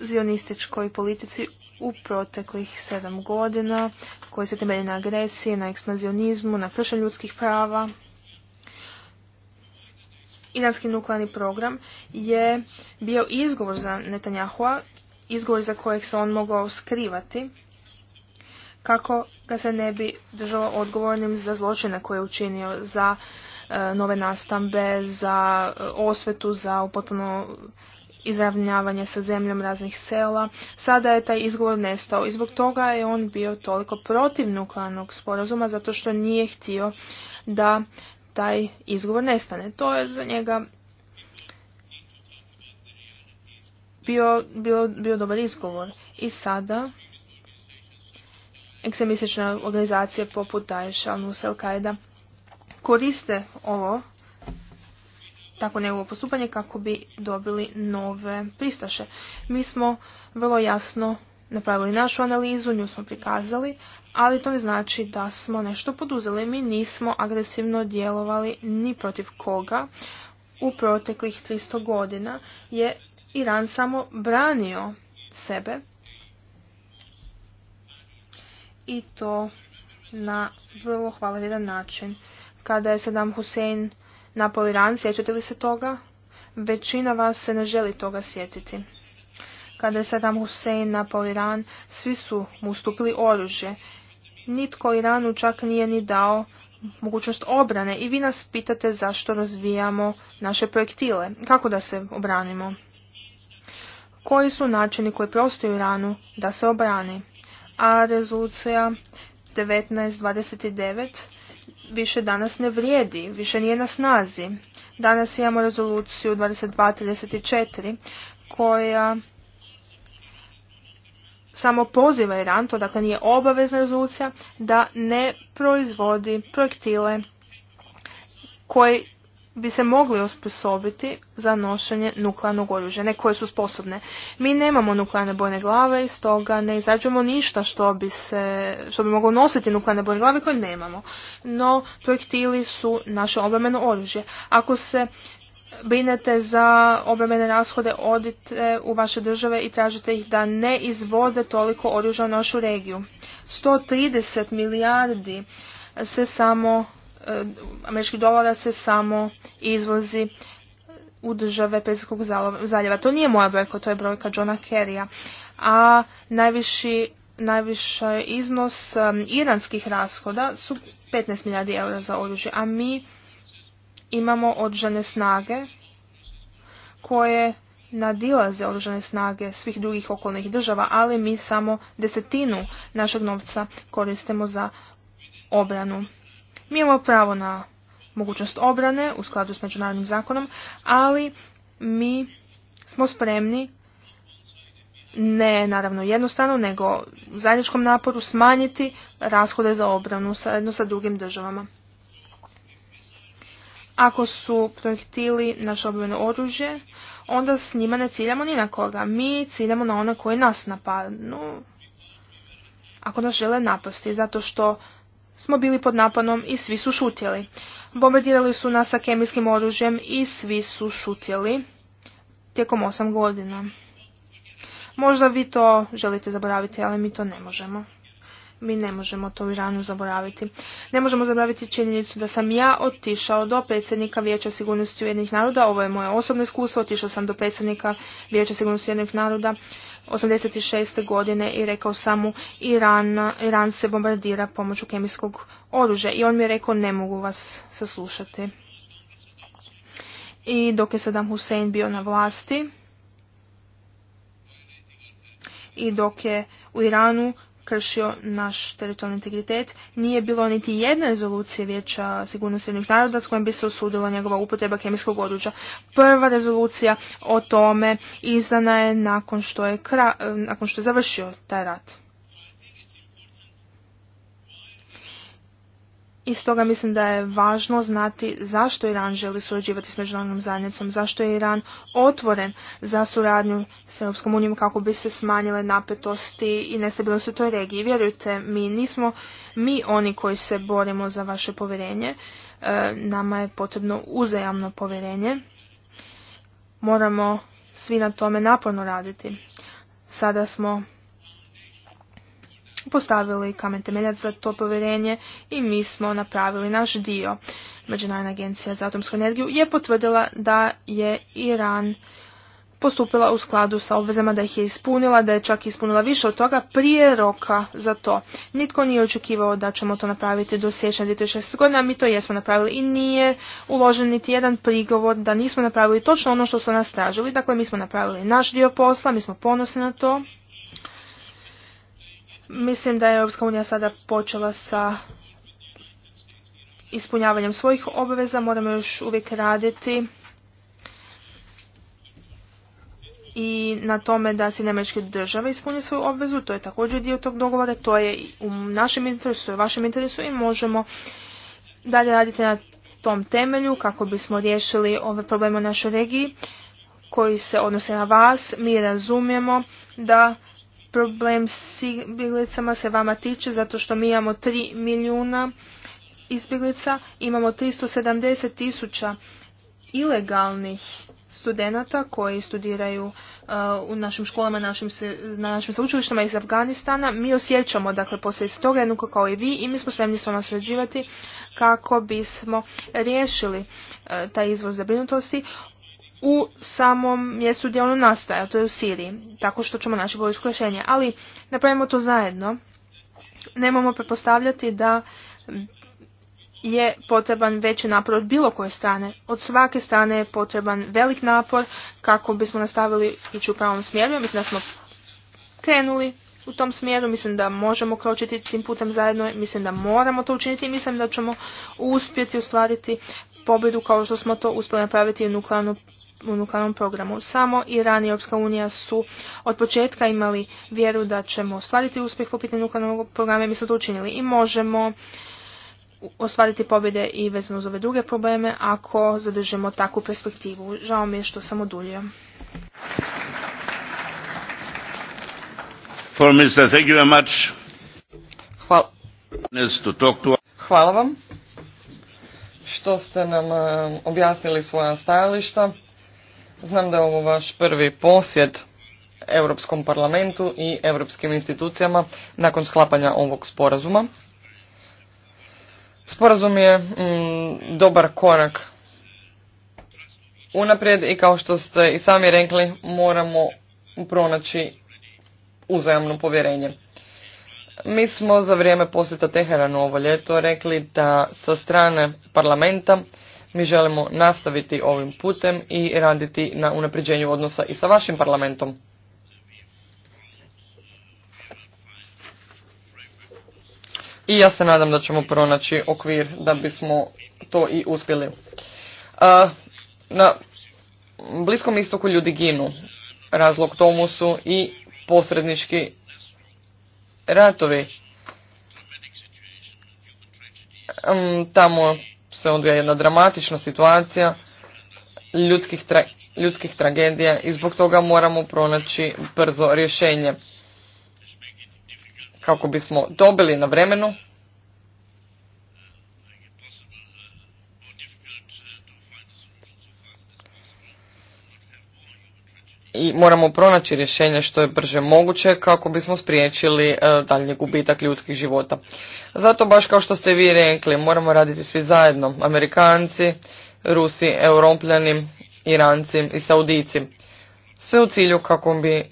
zionističkoj politici u proteklih sedam godina koji se temelji na agresiji, na ekspanzionizmu, na kršenju ljudskih prava. Iranski nuklearni program je bio izgovor za Netanjahua izgovor za kojeg se on mogao skrivati kako ga se ne bi držao odgovornim za zločine koje je učinio, za e, nove nastambe, za e, osvetu, za potpuno izravnjavanje sa zemljom raznih sela. Sada je taj izgovor nestao i zbog toga je on bio toliko protiv nuklearnog sporazuma zato što nije htio da taj izgovor nestane. To je za njega bio, dobar izgovor. I sada ekstremistične organizacije poput Daesh, al nusra al koriste ovo tako njegovo postupanje kako bi dobili nove pristaše. Mi smo vrlo jasno napravili našu analizu, nju smo prikazali, ali to ne znači da smo nešto poduzeli. Mi nismo agresivno djelovali ni protiv koga. U proteklih 300 godina je Iran samo branio sebe i to na vrlo hvalevjedan način. Kada je Saddam Hussein napao Iran, sjećate li se toga? Većina vas se ne želi toga sjetiti. Kada je Saddam Hussein napao Iran, svi su mu ustupili oružje. Nitko Iranu čak nije ni dao mogućnost obrane i vi nas pitate zašto razvijamo naše projektile, kako da se obranimo koji su načini koji prostoju ranu da se obrani. A rezolucija 1929 više danas ne vrijedi, više nije na snazi. Danas imamo rezoluciju 2234 koja samo poziva Iran, to dakle nije obavezna rezolucija, da ne proizvodi projektile koji bi se mogli osposobiti za nošenje nuklearnog oružja, ne koje su sposobne. Mi nemamo nuklearne bojne glave i stoga ne izađemo ništa što bi, se, što bi moglo nositi nuklearne bojne glave koje nemamo. No, projektili su naše obrambeno oružje. Ako se brinete za obrambene rashode, odite u vaše države i tražite ih da ne izvode toliko oružja u našu regiju. 130 milijardi se samo Eh, američkih dolara se samo izvozi u države Pezijskog zaljeva. To nije moja brojka, to je brojka Johna Kerrya. A najviši, najviši iznos iranskih rashoda su 15 milijardi eura za oružje, a mi imamo oružane snage koje nadilaze oružane snage svih drugih okolnih država, ali mi samo desetinu našeg novca koristimo za obranu. Mi imamo pravo na mogućnost obrane u skladu s međunarodnim zakonom, ali mi smo spremni ne naravno jednostavno, nego u zajedničkom naporu smanjiti rashode za obranu zajedno sa drugim državama. Ako su projektili naše obrveno oružje, onda s njima ne ciljamo ni na koga. Mi ciljamo na one koji nas napadnu, ako nas žele napasti, zato što smo bili pod napadom i svi su šutjeli. Bombardirali su nas sa kemijskim oružjem i svi su šutjeli tijekom osam godina. Možda vi to želite zaboraviti, ali mi to ne možemo. Mi ne možemo to u Iranu zaboraviti. Ne možemo zaboraviti činjenicu da sam ja otišao do predsjednika Vijeća sigurnosti ujednih naroda. Ovo je moje osobno iskustvo. Otišao sam do predsjednika Vijeća sigurnosti ujednih naroda 86. godine i rekao sam mu Iran, Iran se bombardira pomoću kemijskog oružja i on mi je rekao ne mogu vas saslušati. I dok je Saddam Hussein bio na vlasti i dok je u Iranu kršio naš teritorijalni integritet. Nije bilo niti jedne rezolucije vijeća sigurnosti jednog naroda s kojom bi se osudila njegova upotreba kemijskog oruđa. Prva rezolucija o tome izdana je nakon što je, eh, nakon što je završio taj rat. I stoga mislim da je važno znati zašto Iran želi surađivati s međunarodnom zajednicom, zašto je Iran otvoren za suradnju s Europskom unijom kako bi se smanjile napetosti i nestabilnost u toj regiji. Vjerujte, mi nismo mi oni koji se borimo za vaše povjerenje. E, nama je potrebno uzajamno povjerenje. Moramo svi na tome naporno raditi. Sada smo postavili kamen temeljac za to povjerenje i mi smo napravili naš dio. Međunarodna agencija za atomsku energiju je potvrdila da je Iran postupila u skladu sa obvezama da ih je ispunila, da je čak ispunila više od toga prije roka za to. Nitko nije očekivao da ćemo to napraviti do siječnja 2006. godina. mi to jesmo napravili i nije uložen niti jedan prigovor da nismo napravili točno ono što su nas tražili. Dakle, mi smo napravili naš dio posla, mi smo ponosni na to. Mislim da je Europska unija sada počela sa ispunjavanjem svojih obaveza. Moramo još uvijek raditi i na tome da nemečke države ispunje svoju obvezu, to je također dio tog dogovora, to je u našem interesu i vašem interesu i možemo dalje raditi na tom temelju kako bismo riješili ove probleme u našoj regiji koji se odnose na vas. Mi razumijemo da problem s izbjeglicama se vama tiče zato što mi imamo 3 milijuna izbjeglica, imamo 370 tisuća ilegalnih studenata koji studiraju uh, u našim školama, na našim sveučilištima iz Afganistana. Mi osjećamo dakle posljedice toga jednako kao i vi i mi smo spremni s vama surađivati kako bismo riješili uh, taj izvoz zabrinutosti u samom mjestu gdje ono nastaje, to je u Siriji, tako što ćemo naći bolje rješenje. Ali napravimo to zajedno. Nemamo prepostavljati da je potreban veći napor od bilo koje strane. Od svake strane je potreban velik napor kako bismo nastavili ići u pravom smjeru. mislim da smo krenuli u tom smjeru, mislim da možemo kročiti tim putem zajedno, mislim da moramo to učiniti i mislim da ćemo uspjeti ostvariti pobjedu kao što smo to uspjeli napraviti u nuklearnu u nuklearnom programu. Samo Iran i Europska unija su od početka imali vjeru da ćemo ostvariti uspjeh po pitanju nuklearnog programa i mi smo to učinili i možemo ostvariti pobjede i vezano uz ove druge probleme ako zadržimo takvu perspektivu. Žao mi je što sam oduljio. Hvala. vam što ste nam eh, objasnili svoja stajališta. Znam da je ovo vaš prvi posjet Europskom parlamentu i europskim institucijama nakon sklapanja ovog sporazuma. Sporazum je mm, dobar korak unaprijed i kao što ste i sami rekli moramo pronaći uzajamno povjerenje. Mi smo za vrijeme posjeta Teheranu ovo ljeto rekli da sa strane parlamenta mi želimo nastaviti ovim putem i raditi na unapređenju odnosa i sa vašim parlamentom. I ja se nadam da ćemo pronaći okvir da bismo to i uspjeli. E, na Bliskom istoku ljudi ginu. Razlog tomu su i posrednički ratovi. Mm, tamo se odvija jedna dramatična situacija ljudskih, tra, ljudskih tragedija i zbog toga moramo pronaći brzo rješenje kako bismo dobili na vremenu i moramo pronaći rješenje što je brže moguće kako bismo spriječili e, daljnji gubitak ljudskih života. Zato baš kao što ste vi rekli, moramo raditi svi zajedno, Amerikanci, Rusi, Europljani, Iranci i Saudici. Sve u cilju kako bi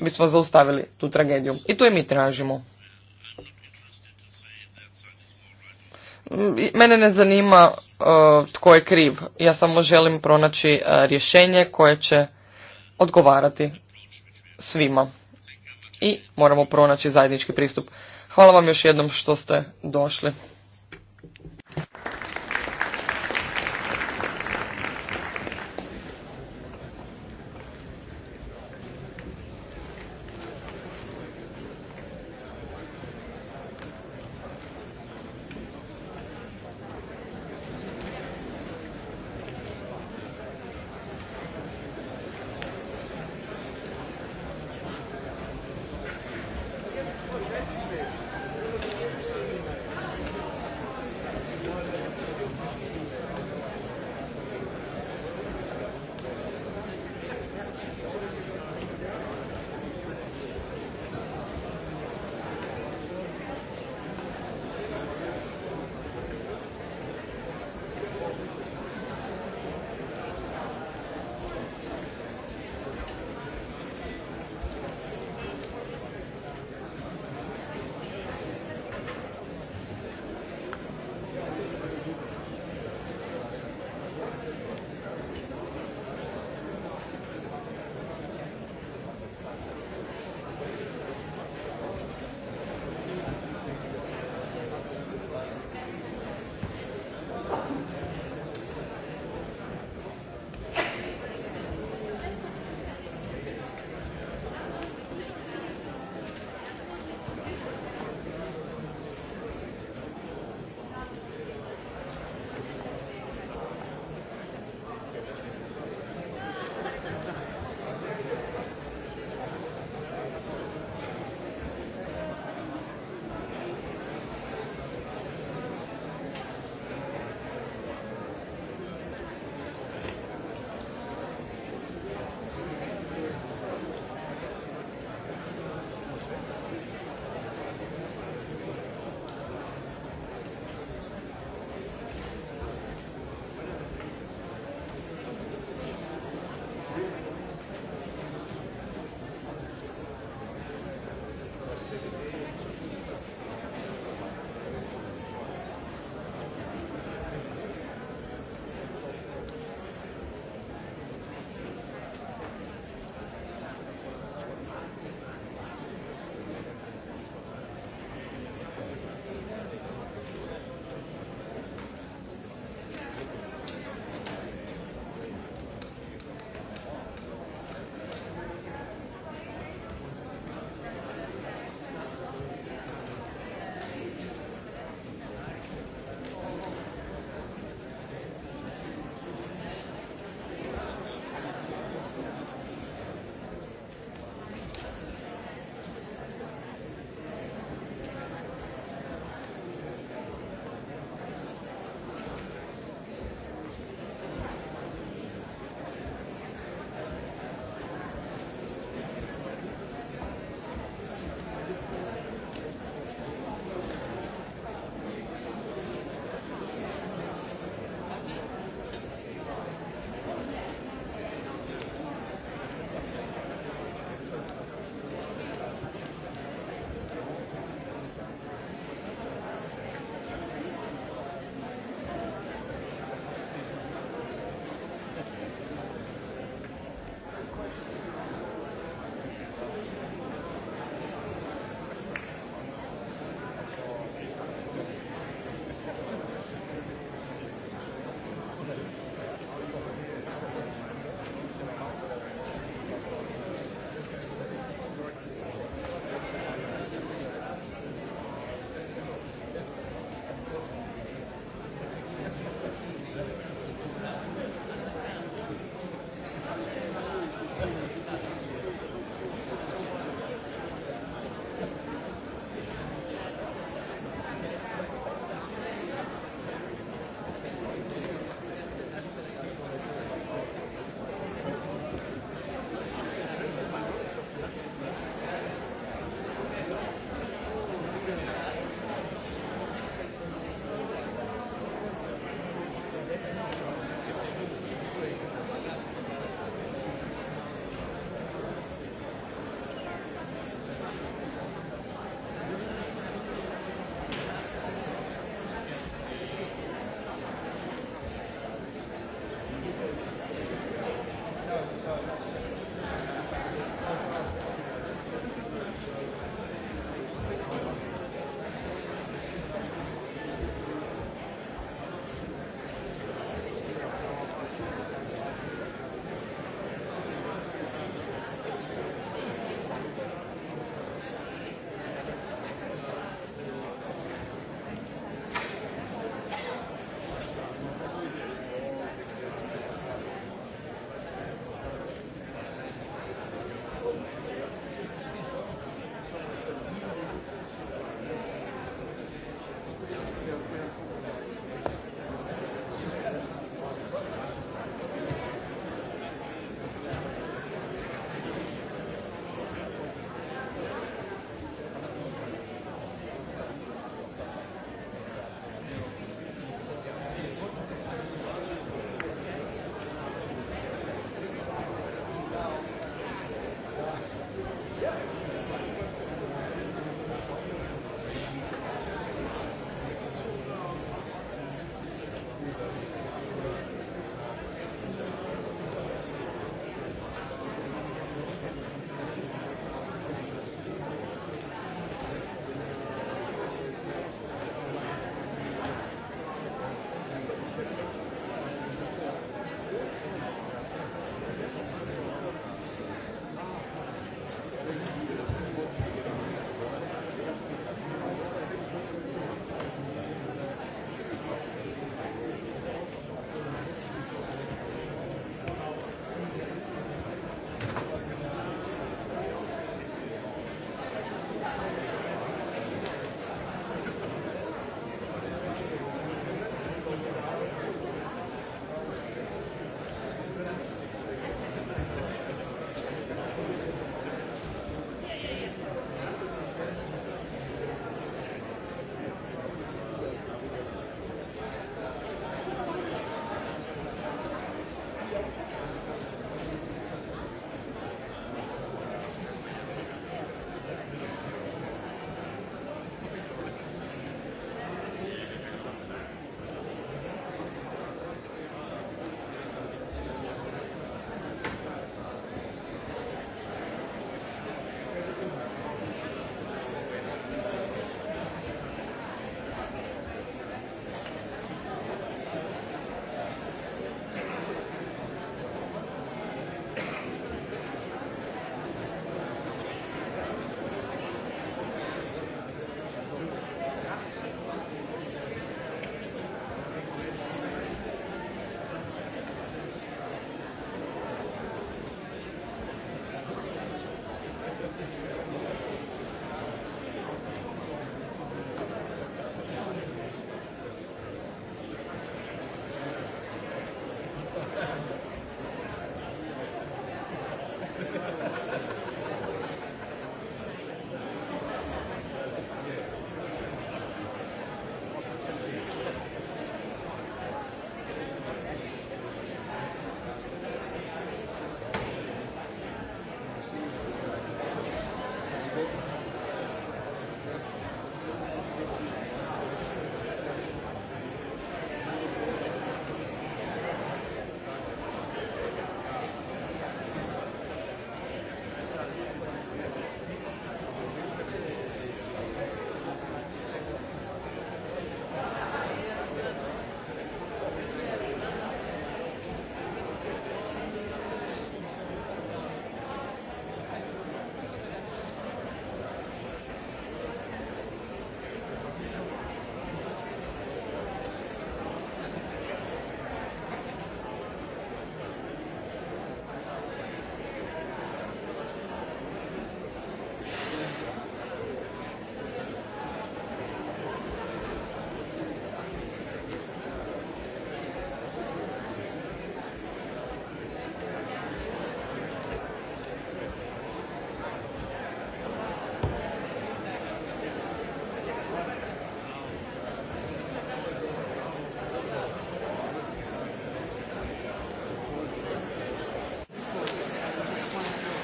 bismo zaustavili tu tragediju. I to i mi tražimo. Mm, mene ne zanima e, tko je kriv. Ja samo želim pronaći e, rješenje koje će odgovarati svima i moramo pronaći zajednički pristup. Hvala vam još jednom što ste došli.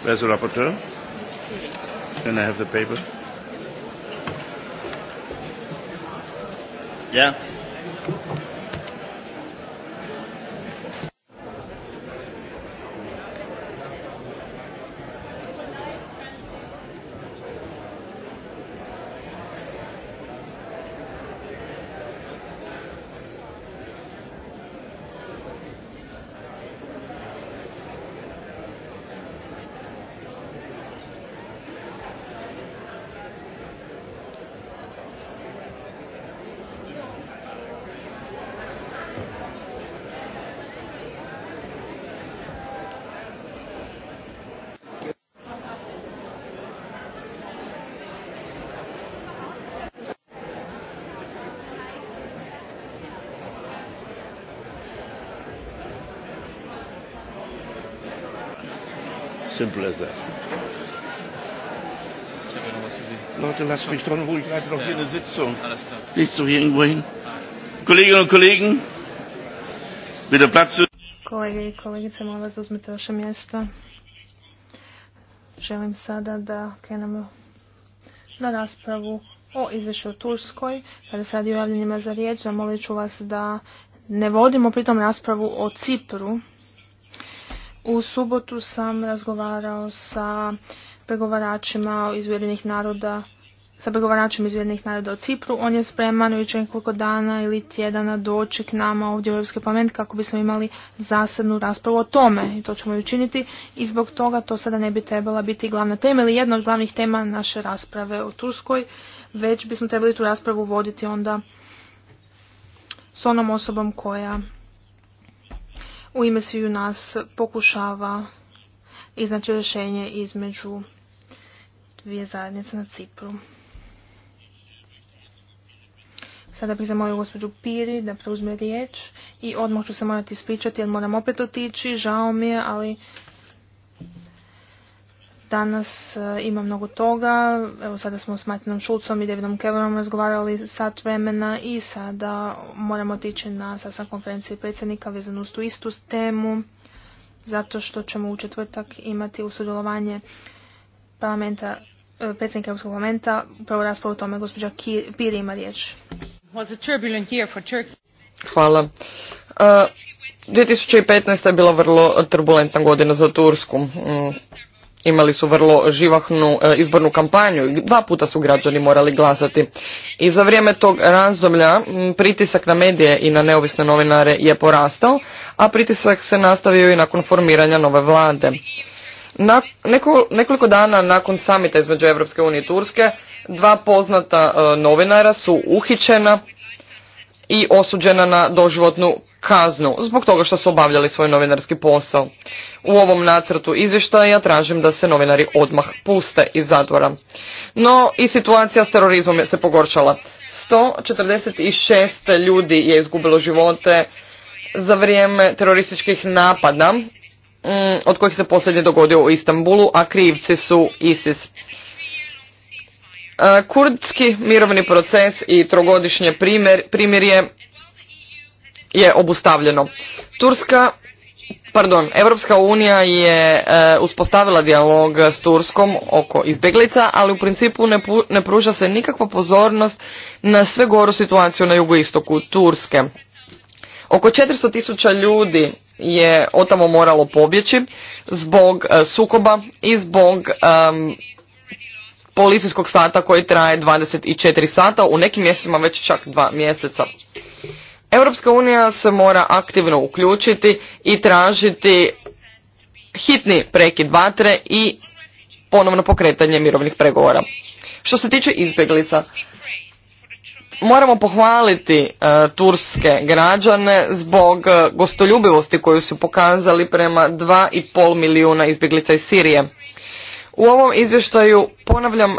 as a rapporteur? Can I have the paper? Yeah. Bläser. Ich habe ja noch was gesehen. Leute, lasst mich doch in Ruhe, ich leite noch ja. hier eine Sitzung. Alles klar. Nicht so hier irgendwo hin. Kolleginnen und Kollegen, bitte Platz. zu. Kolege i kolegice, molim vas da uzmete vaše mjesto. Želim sada da krenemo na raspravu o izvješću o Turskoj. Kada se radi o javljenjima za riječ, zamolit ću vas da ne vodimo pritom raspravu o Cipru. U subotu sam razgovarao sa pregovaračima iz naroda sa pregovaračem iz naroda o Cipru. On je spreman u nekoliko dana ili tjedana doći k nama ovdje u Europski parlament kako bismo imali zasebnu raspravu o tome. I to ćemo i učiniti i zbog toga to sada ne bi trebala biti glavna tema ili jedna od glavnih tema naše rasprave o Turskoj. Već bismo trebali tu raspravu voditi onda s onom osobom koja u ime sviju nas pokušava iznaći rješenje između dvije zajednice na Cipru. Sada bih zamolio gospođu Piri da preuzme riječ i odmah ću se morati ispričati jer moram opet otići, žao mi je, ali Danas e, ima mnogo toga. Evo sada smo s Martinom Šulcom i Davidom Kevorom razgovarali sat vremena i sada moramo otići na sastanak konferencije predsjednika vezanu uz tu istu temu zato što ćemo u četvrtak imati u sudjelovanje parlamenta, e, predsjednika Europskog parlamenta. Prvo raspravu o tome gospođa Piri ima riječ. Hvala. 2015. E, je bila vrlo turbulentna godina za Tursku. Mm imali su vrlo živahnu e, izbornu kampanju i dva puta su građani morali glasati. I za vrijeme tog razdoblja pritisak na medije i na neovisne novinare je porastao, a pritisak se nastavio i nakon formiranja nove vlade. Na, nekoliko dana nakon samita između Europske unije i Turske, dva poznata e, novinara su uhićena i osuđena na doživotnu kaznu zbog toga što su obavljali svoj novinarski posao. U ovom nacrtu izvještaja tražim da se novinari odmah puste iz zatvora. No i situacija s terorizmom se pogoršala. 146 ljudi je izgubilo živote za vrijeme terorističkih napada mm, od kojih se posljednje dogodio u Istanbulu, a krivci su ISIS. E, kurdski mirovni proces i trogodišnje primjer, primjer je je obustavljeno. Turska, pardon, Europska unija je e, uspostavila dijalog s Turskom oko izbjeglica, ali u principu ne, ne pruža se nikakva pozornost na sve goru situaciju na jugoistoku Turske. Oko 400 tisuća ljudi je otamo moralo pobjeći zbog e, sukoba i zbog policijskog sata koji traje 24 sata, u nekim mjestima već čak dva mjeseca. Europska unija se mora aktivno uključiti i tražiti hitni prekid vatre i ponovno pokretanje mirovnih pregovora. Što se tiče izbjeglica, moramo pohvaliti e, turske građane zbog e, gostoljubivosti koju su pokazali prema 2,5 milijuna izbjeglica iz Sirije. U ovom izvještaju ponavljam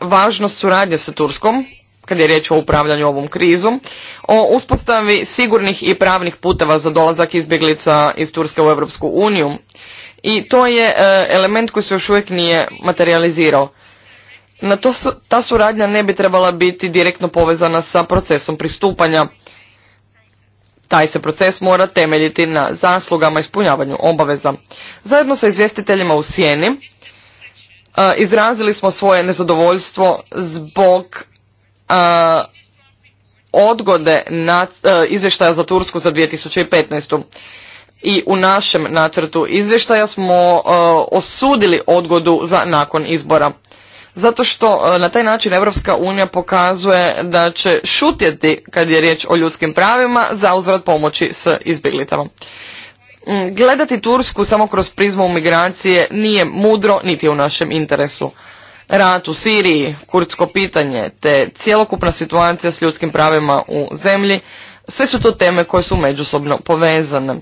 važnost suradnje sa Turskom kad je riječ o upravljanju ovom krizom, o uspostavi sigurnih i pravnih puteva za dolazak izbjeglica iz Turske u Europsku uniju. I to je e, element koji se još uvijek nije materializirao. Na to ta suradnja ne bi trebala biti direktno povezana sa procesom pristupanja. Taj se proces mora temeljiti na zaslugama ispunjavanju obaveza. Zajedno sa izvjestiteljima u Sjeni e, izrazili smo svoje nezadovoljstvo zbog odgode izvještaja za Tursku za 2015. I u našem nacrtu izvještaja smo osudili odgodu za nakon izbora. Zato što na taj način Europska unija pokazuje da će šutjeti kad je riječ o ljudskim pravima za uzvrat pomoći s izbjeglicama. Mm, gledati Tursku samo kroz prizmu migracije nije mudro niti u našem interesu rat u Siriji, kurdsko pitanje, te cjelokupna situacija s ljudskim pravima u zemlji, sve su to teme koje su međusobno povezane.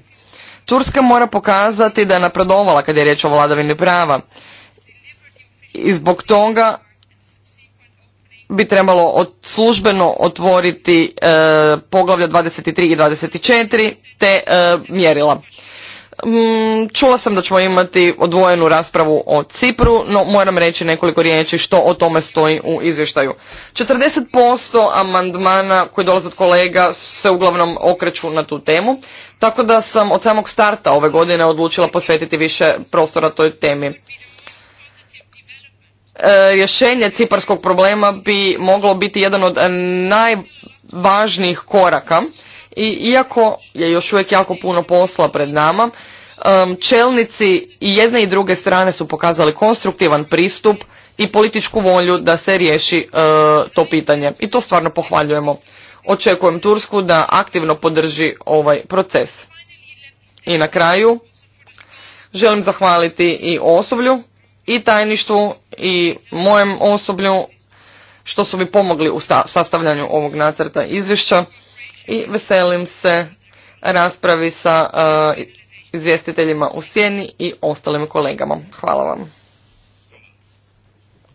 Turska mora pokazati da je napredovala kad je riječ o vladavini prava i zbog toga bi trebalo službeno otvoriti e, poglavlja 23 i 24 te e, mjerila. Mm, čula sam da ćemo imati odvojenu raspravu o Cipru, no moram reći nekoliko riječi što o tome stoji u izvještaju. 40% amandmana koji dolaze od kolega se uglavnom okreću na tu temu, tako da sam od samog starta ove godine odlučila posvetiti više prostora toj temi. E, rješenje ciparskog problema bi moglo biti jedan od najvažnijih koraka i iako je još uvijek jako puno posla pred nama, čelnici i jedne i druge strane su pokazali konstruktivan pristup i političku volju da se riješi e, to pitanje. I to stvarno pohvaljujemo. Očekujem Tursku da aktivno podrži ovaj proces. I na kraju želim zahvaliti i osoblju i tajništvu i mojem osoblju što su mi pomogli u sastavljanju ovog nacrta izvješća i veselim se raspravi sa eh, izvjestiteljima u sjeni i ostalim kolegama. Hvala vam.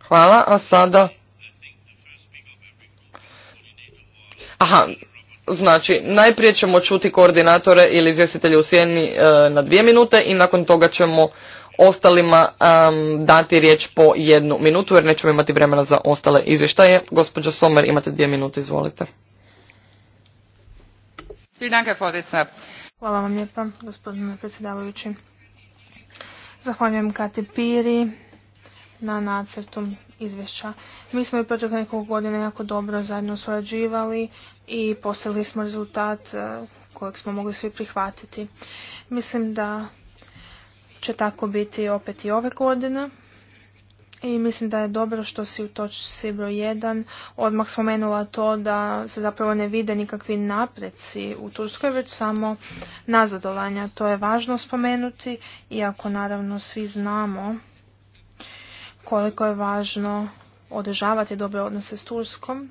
Hvala, a sada... Aha, znači, najprije ćemo čuti koordinatore ili izvjestitelje u sjeni eh, na dvije minute i nakon toga ćemo ostalima ehm, dati riječ po jednu minutu jer nećemo imati vremena za ostale izvještaje. Gospođo Somer, imate dvije minute, izvolite. Hvala vam lijepa, gospodine predsjedavajući. Zahvaljujem Kati Piri na nacrtu izvješća. Mi smo i protiv nekoliko godina jako dobro zajedno surađivali i postigli smo rezultat e, kojeg smo mogli svi prihvatiti. Mislim da će tako biti opet i ove godine. I mislim da je dobro što si u točci broj 1 odmah spomenula to da se zapravo ne vide nikakvi napreci u Turskoj, već samo nazadovanja. To je važno spomenuti, iako naravno svi znamo koliko je važno održavati dobre odnose s Turskom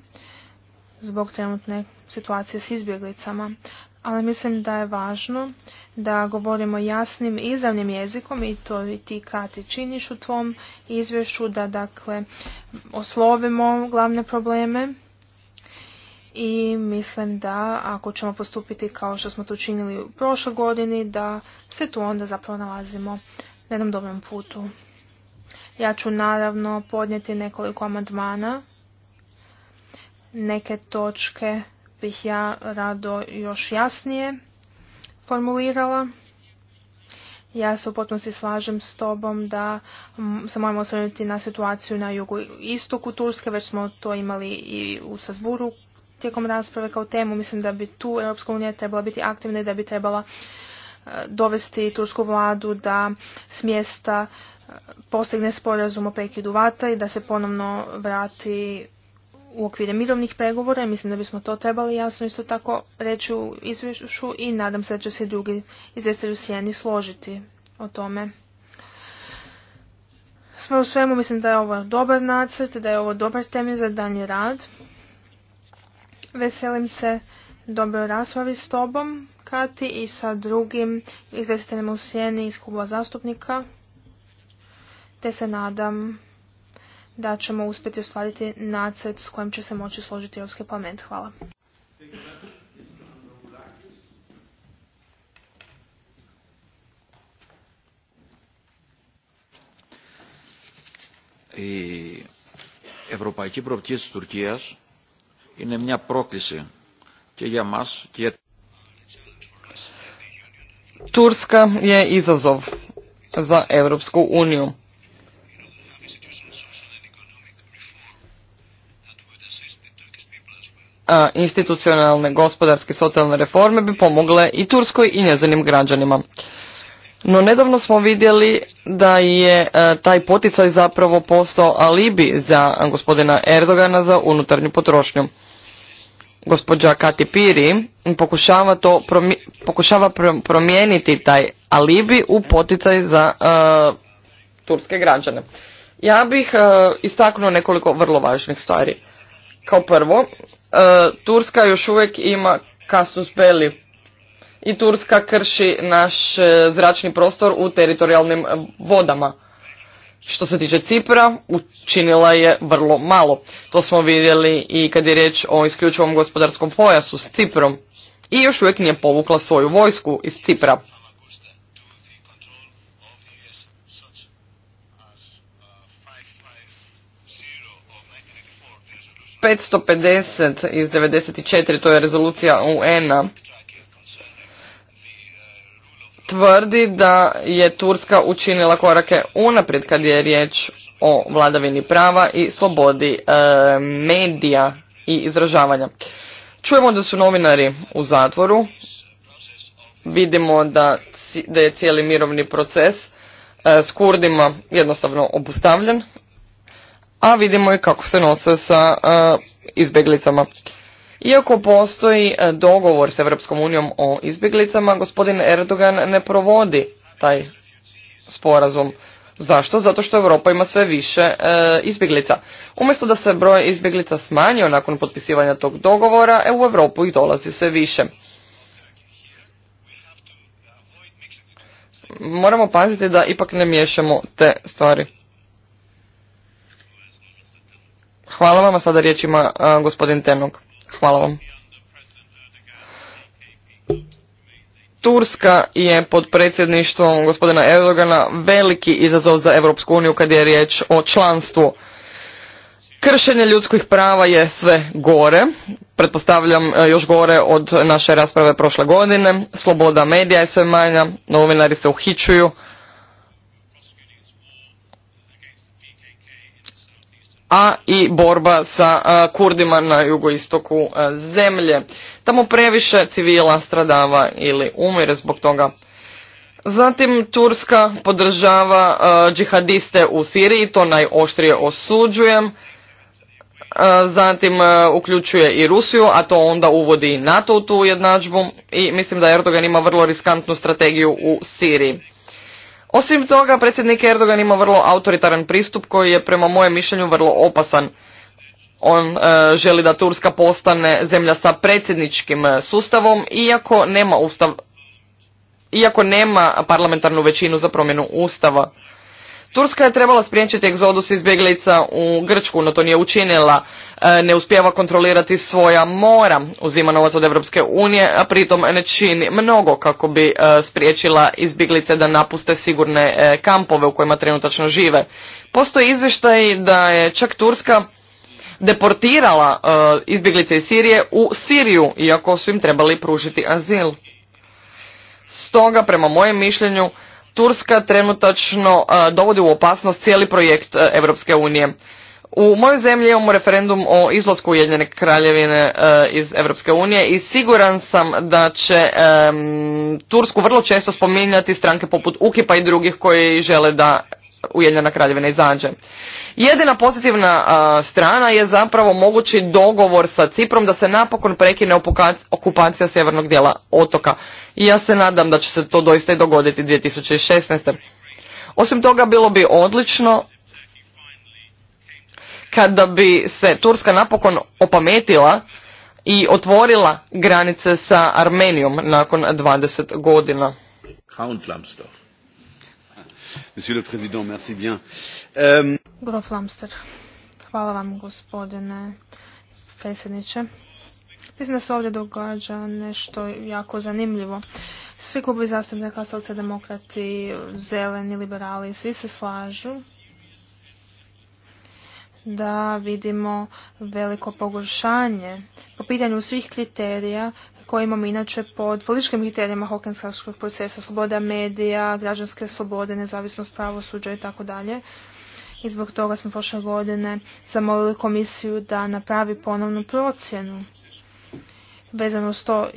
zbog trenutne situacije s izbjeglicama ali mislim da je važno da govorimo jasnim i izravnim jezikom i to i ti Kati činiš u tvom izvješću da dakle oslovimo glavne probleme i mislim da ako ćemo postupiti kao što smo to činili u prošloj godini da se tu onda zapravo nalazimo na jednom dobrom putu. Ja ću naravno podnijeti nekoliko amandmana, neke točke bih ja rado još jasnije formulirala. Ja se u potpunosti slažem s tobom da se moramo osvrnuti na situaciju na jugu istoku Turske, već smo to imali i u Sazburu tijekom rasprave kao temu. Mislim da bi tu Europska unija trebala biti aktivna i da bi trebala e, dovesti tursku vladu da s mjesta e, postigne sporazum o prekidu vata i da se ponovno vrati u okvire mirovnih pregovora mislim da bismo to trebali jasno isto tako reći u izvješću i nadam se da će se drugi izvjestitelji u Sijeni složiti o tome. Sve u svemu mislim da je ovo dobar nacrt, da je ovo dobar temelj za danji rad. Veselim se dobroj raspravi s tobom, Kati, i sa drugim izvjestiteljima u Sijeni iz kluba zastupnika, te se nadam da ćemo uspjeti ostvariti nacrt s kojim će se moći složiti Europski parlament. Hvala. Η ευρωπαϊκή προοπτική της Τουρκίας είναι μια πρόκληση και για μας και για... Turska je izazov za Ευρωπαϊκή uniju. institucionalne, gospodarske, socijalne reforme bi pomogle i Turskoj i njezinim građanima. No nedavno smo vidjeli da je taj poticaj zapravo postao alibi za gospodina Erdogana za unutarnju potrošnju. Gospođa Kati Piri pokušava, to pokušava promijeniti taj alibi u poticaj za turske građane. Ja bih istaknuo nekoliko vrlo važnih stvari. Kao prvo, e, Turska još uvijek ima kasus belli i Turska krši naš e, zračni prostor u teritorijalnim e, vodama. Što se tiče Cipra, učinila je vrlo malo. To smo vidjeli i kad je riječ o isključivom gospodarskom pojasu s Ciprom. I još uvijek nije povukla svoju vojsku iz Cipra. 550 iz 94, to je rezolucija UN-a, tvrdi da je Turska učinila korake unaprijed kad je riječ o vladavini prava i slobodi e, medija i izražavanja. Čujemo da su novinari u zatvoru, vidimo da, da je cijeli mirovni proces e, s Kurdima jednostavno obustavljen a vidimo i kako se nose sa e, izbjeglicama. Iako postoji e, dogovor s Evropskom unijom o izbjeglicama, gospodin Erdogan ne provodi taj sporazum. Zašto? Zato što Europa ima sve više e, izbjeglica. Umjesto da se broj izbjeglica smanjio nakon potpisivanja tog dogovora, e, u Europu ih dolazi sve više. Moramo paziti da ipak ne miješamo te stvari. Hvala vam, a sada riječ ima e, gospodin Tenog. Hvala vam. Turska je pod predsjedništvom gospodina Erdogana veliki izazov za Europsku uniju kad je riječ o članstvu. Kršenje ljudskih prava je sve gore, pretpostavljam e, još gore od naše rasprave prošle godine, sloboda medija je sve manja, novinari se uhičuju. a i borba sa Kurdima na jugoistoku zemlje. Tamo previše civila stradava ili umire zbog toga. Zatim Turska podržava džihadiste u Siriji, to najoštrije osuđujem. Zatim uključuje i Rusiju, a to onda uvodi i NATO u tu jednadžbu i mislim da Erdogan ima vrlo riskantnu strategiju u Siriji. Osim toga, predsjednik Erdogan ima vrlo autoritaran pristup koji je prema mojem mišljenju vrlo opasan. On e, želi da Turska postane zemlja sa predsjedničkim e, sustavom, iako nema, ustav, iako nema parlamentarnu većinu za promjenu ustava. Turska je trebala spriječiti egzodus izbjeglica u Grčku, no to nije učinila. E, ne uspjeva kontrolirati svoja mora, uzima novac od Europske unije, a pritom ne čini mnogo kako bi e, spriječila izbjeglice da napuste sigurne e, kampove u kojima trenutačno žive. Postoji izvještaj da je čak Turska deportirala izbjeglice iz Sirije u Siriju, iako su im trebali pružiti azil. Stoga, prema mojem mišljenju, Turska trenutačno e, dovodi u opasnost cijeli projekt Europske unije. U mojoj zemlji imamo referendum o izlasku Ujedinjene kraljevine e, iz Europske unije i siguran sam da će Tursku vrlo često spominjati stranke poput Ukipa i drugih koji žele da Ujedinjena kraljevina izađe. Jedina pozitivna strana je zapravo mogući dogovor sa Ciprom da se napokon prekine okupacija sjevernog dijela otoka. I ja se nadam da će se to doista i dogoditi 2016. Osim toga bilo bi odlično kada bi se Turska napokon opametila i otvorila granice sa Armenijom nakon 20 godina. Monsieur le Président, merci euh, hvala vam gospodine predsjedniče. Mislim da se ovdje događa nešto jako zanimljivo. Svi klubovi zastupnika, socijaldemokrati, zeleni, liberali, svi se slažu da vidimo veliko pogoršanje po pitanju svih kriterija koje imamo inače pod političkim kriterijama Hokenskarskog procesa, sloboda medija, građanske slobode, nezavisnost pravosuđa i tako dalje. I zbog toga smo prošle godine zamolili komisiju da napravi ponovnu procjenu vezano s to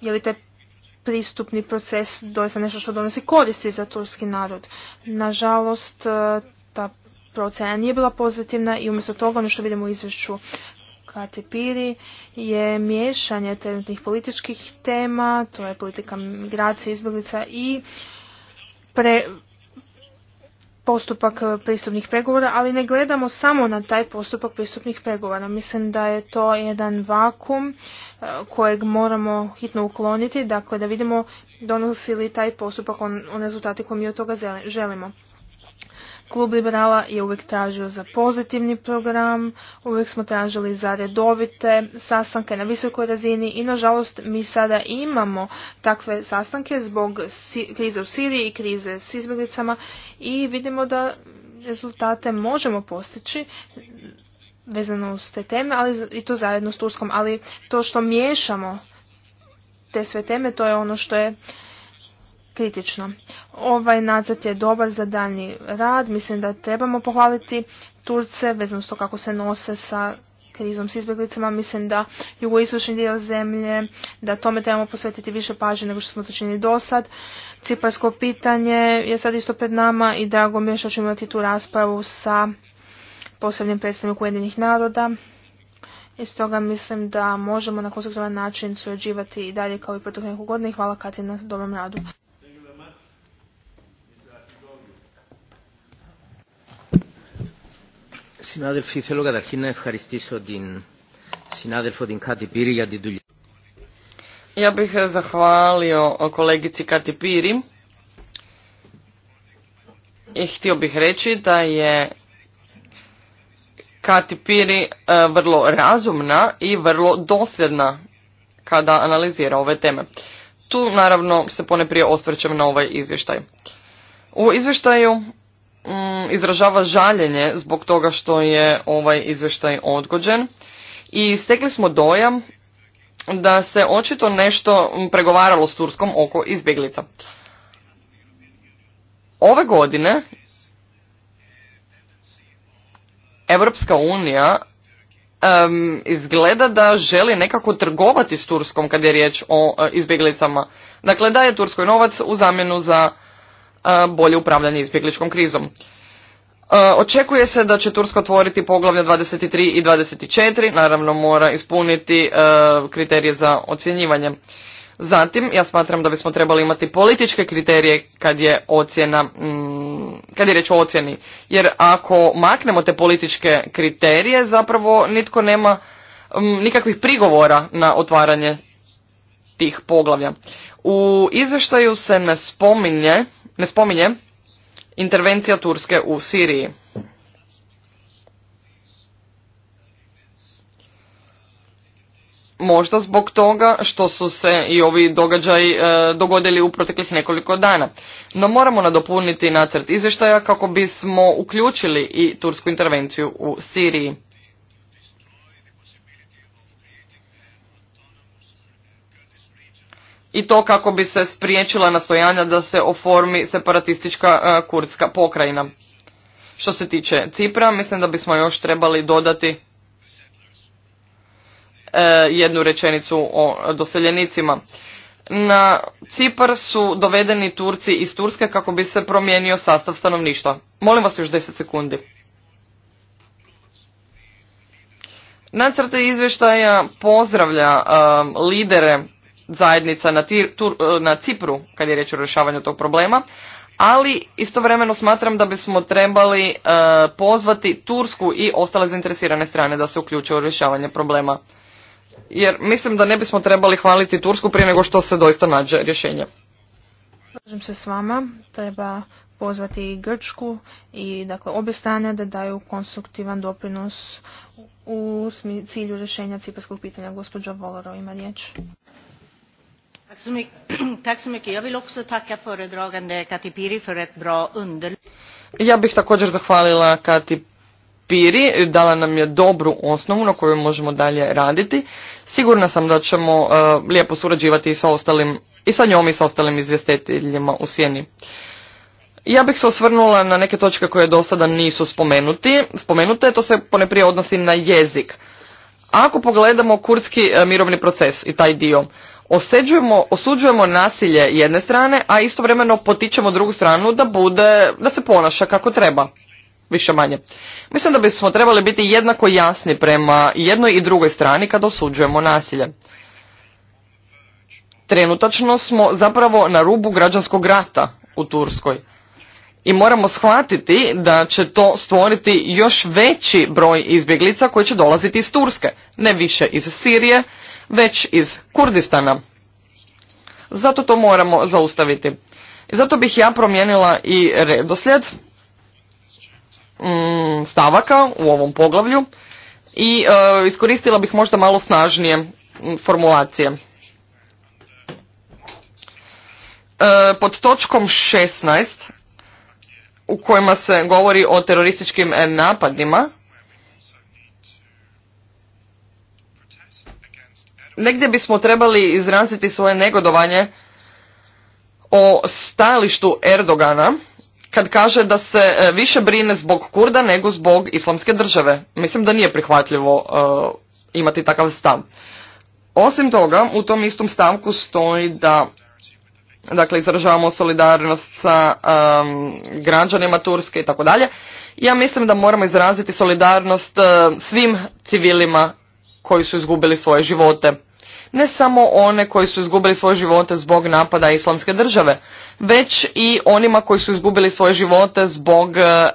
je li te pristupni proces doista nešto što donosi koristi za turski narod. Nažalost, ta procena nije bila pozitivna i umjesto toga ono što vidimo u izvješću Katipiri je miješanje trenutnih političkih tema, to je politika migracije, izbjeglica i pre, postupak e, pristupnih pregovora, ali ne gledamo samo na taj postupak pristupnih pregovora. Mislim da je to jedan vakum e, kojeg moramo hitno ukloniti, dakle da vidimo donosi li taj postupak on, on rezultati koje mi od toga želimo. Klub liberala je uvijek tražio za pozitivni program, uvijek smo tražili za redovite sastanke na visokoj razini i nažalost mi sada imamo takve sastanke zbog krize u Siriji i krize s izbjeglicama i vidimo da rezultate možemo postići vezano uz te teme, ali i to zajedno s Turskom, ali to što miješamo te sve teme, to je ono što je kritično. Ovaj nacrt je dobar za daljnji rad, mislim da trebamo pohvaliti Turce vezano s to kako se nose sa krizom s izbjeglicama, mislim da jugoistočni dio zemlje, da tome trebamo posvetiti više pažnje nego što smo to činili do sad. Ciparsko pitanje je sad isto pred nama i drago mi je što ćemo imati tu raspravu sa posebnim predstavnikom Ujedinjenih naroda. I stoga mislim da možemo na konstruktivan način surađivati i dalje kao i protiv nekog godina i hvala Katina na dobrom radu. Ja bih zahvalio kolegici Kati Piri i htio bih reći da je Kati Piri e, vrlo razumna i vrlo dosljedna kada analizira ove teme. Tu naravno se pone prije osvrćem na ovaj izvještaj. U izvještaju Mm, izražava žaljenje zbog toga što je ovaj izvještaj odgođen i stekli smo dojam da se očito nešto pregovaralo s Turskom oko izbjeglica. Ove godine Europska unija izgleda da želi nekako trgovati s Turskom kad je riječ o e, izbjeglicama. Dakle, daje Turskoj novac u zamjenu za bolje upravljanje izbjegličkom krizom. Očekuje se da će Tursko otvoriti poglavlja 23 i 24, naravno mora ispuniti kriterije za ocjenjivanje. Zatim, ja smatram da bismo trebali imati političke kriterije kad je ocjena, mm, kad je reč o ocjeni. Jer ako maknemo te političke kriterije, zapravo nitko nema mm, nikakvih prigovora na otvaranje tih poglavlja. U izvještaju se ne spominje, ne spominje intervencija Turske u Siriji. Možda zbog toga što su se i ovi događaji e, dogodili u proteklih nekoliko dana. No moramo nadopuniti nacrt izvještaja kako bismo uključili i tursku intervenciju u Siriji. i to kako bi se spriječila nastojanja da se oformi separatistička e, kurdska pokrajina. Što se tiče Cipra, mislim da bismo još trebali dodati e, jednu rečenicu o doseljenicima. Na Cipar su dovedeni Turci iz Turske kako bi se promijenio sastav stanovništva. Molim vas još 10 sekundi. Nacrte izvještaja pozdravlja e, lidere zajednica na, e, na Cipru kad je riječ o rješavanju tog problema, ali istovremeno smatram da bismo trebali e, pozvati Tursku i ostale zainteresirane strane da se uključe u rješavanje problema. Jer mislim da ne bismo trebali hvaliti Tursku prije nego što se doista nađe rješenje. Slažem se s vama, treba pozvati i Grčku i dakle obje strane da daju konstruktivan doprinos u cilju rješenja ciparskog pitanja. Gospođa Voloro ima riječ. Ja bih također zahvalila Kati Piri, dala nam je dobru osnovu na kojoj možemo dalje raditi. Sigurna sam da ćemo e, lijepo surađivati i sa ostalim i sa njom i sa ostalim izvjestiteljima u sjeni. Ja bih se osvrnula na neke točke koje do sada nisu spomenuti. spomenute, to se poneprije odnosi na jezik. Ako pogledamo kurski e, mirovni proces i taj dio, osuđujemo nasilje jedne strane, a istovremeno potičemo drugu stranu da bude, da se ponaša kako treba. Više manje. Mislim da bismo trebali biti jednako jasni prema jednoj i drugoj strani kad osuđujemo nasilje. Trenutačno smo zapravo na rubu građanskog rata u Turskoj. I moramo shvatiti da će to stvoriti još veći broj izbjeglica koji će dolaziti iz Turske. Ne više iz Sirije, već iz Kurdistana. Zato to moramo zaustaviti. zato bih ja promijenila i redoslijed mm, stavaka u ovom poglavlju i e, iskoristila bih možda malo snažnije mm, formulacije. E, pod točkom 16 u kojima se govori o terorističkim napadima negdje bismo trebali izraziti svoje negodovanje o stajalištu Erdogana kad kaže da se e, više brine zbog Kurda nego zbog islamske države. Mislim da nije prihvatljivo e, imati takav stav. Osim toga, u tom istom stavku stoji da dakle, izražavamo solidarnost sa građanima Turske i tako dalje. Ja mislim da moramo izraziti solidarnost e, svim civilima koji su izgubili svoje živote. Ne samo one koji su izgubili svoje živote zbog napada islamske države, već i onima koji su izgubili svoje živote zbog e, e,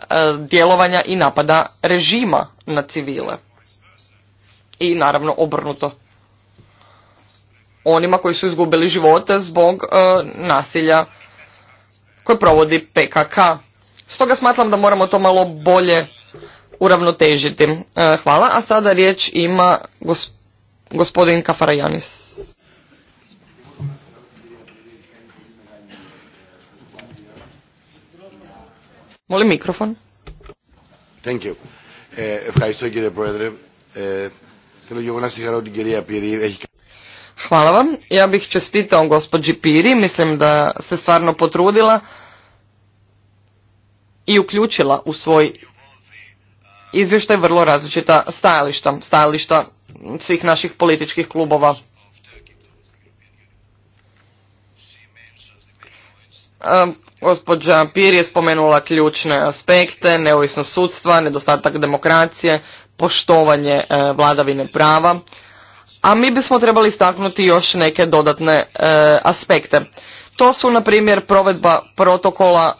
djelovanja i napada režima na civile. I naravno obrnuto. Onima koji su izgubili živote zbog e, nasilja koje provodi PKK. Stoga smatram da moramo to malo bolje uravnotežiti. E, hvala, a sada riječ ima gospodin Kafarajanis. Molim mikrofon. Thank you. E, hvala vam. Ja bih čestitao gospođi Piri. Mislim da se stvarno potrudila i uključila u svoj izvještaj vrlo različita stajališta, stajališta svih naših političkih klubova. E, gospođa Pir je spomenula ključne aspekte, neovisnost sudstva, nedostatak demokracije, poštovanje e, vladavine prava, a mi bismo trebali istaknuti još neke dodatne e, aspekte. To su, na primjer, provedba protokola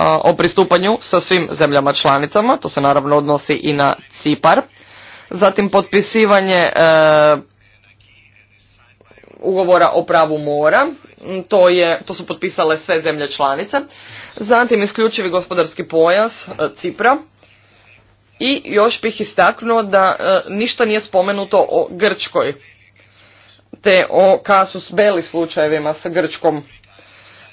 o pristupanju sa svim zemljama članicama, to se naravno odnosi i na Cipar, zatim potpisivanje e, ugovora o pravu mora, to, je, to su potpisale sve zemlje članice, zatim isključivi gospodarski pojas e, Cipra i još bih istaknuo da e, ništa nije spomenuto o Grčkoj, te o kasus beli slučajevima sa Grčkom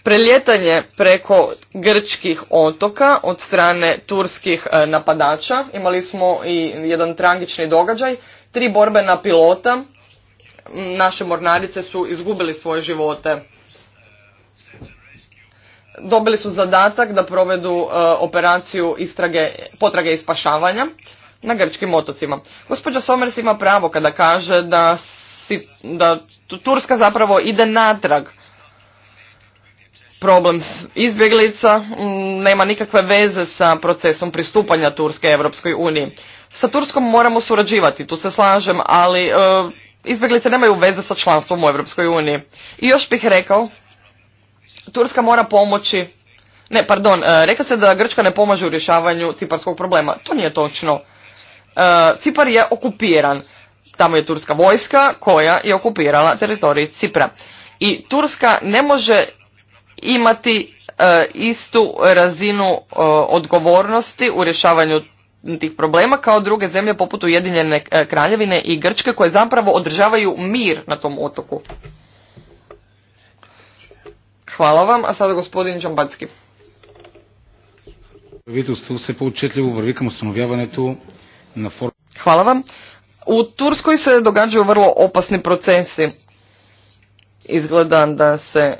prelijetanje preko grčkih otoka od strane turskih e, napadača. Imali smo i jedan tragični događaj. Tri borbena pilota naše mornarice su izgubili svoje živote. Dobili su zadatak da provedu e, operaciju istrage, potrage i spašavanja na grčkim otocima. Gospođa Somers ima pravo kada kaže da, si, da Turska zapravo ide natrag problem izbjeglica mm, nema nikakve veze sa procesom pristupanja Turske Europskoj uniji. Sa Turskom moramo surađivati, tu se slažem, ali e, izbjeglice nemaju veze sa članstvom u Europskoj uniji. I još bih rekao, Turska mora pomoći, ne, pardon, e, reka se da Grčka ne pomaže u rješavanju ciparskog problema. To nije točno. E, Cipar je okupiran. Tamo je turska vojska koja je okupirala teritorij Cipra. I Turska ne može imati e, istu razinu e, odgovornosti u rješavanju tih problema kao druge zemlje poput Ujedinjene e, kraljevine i Grčke koje zapravo održavaju mir na tom otoku. Hvala vam, a sada gospodin Hvala vam. U Turskoj se događaju vrlo opasni procesi. Izgleda da se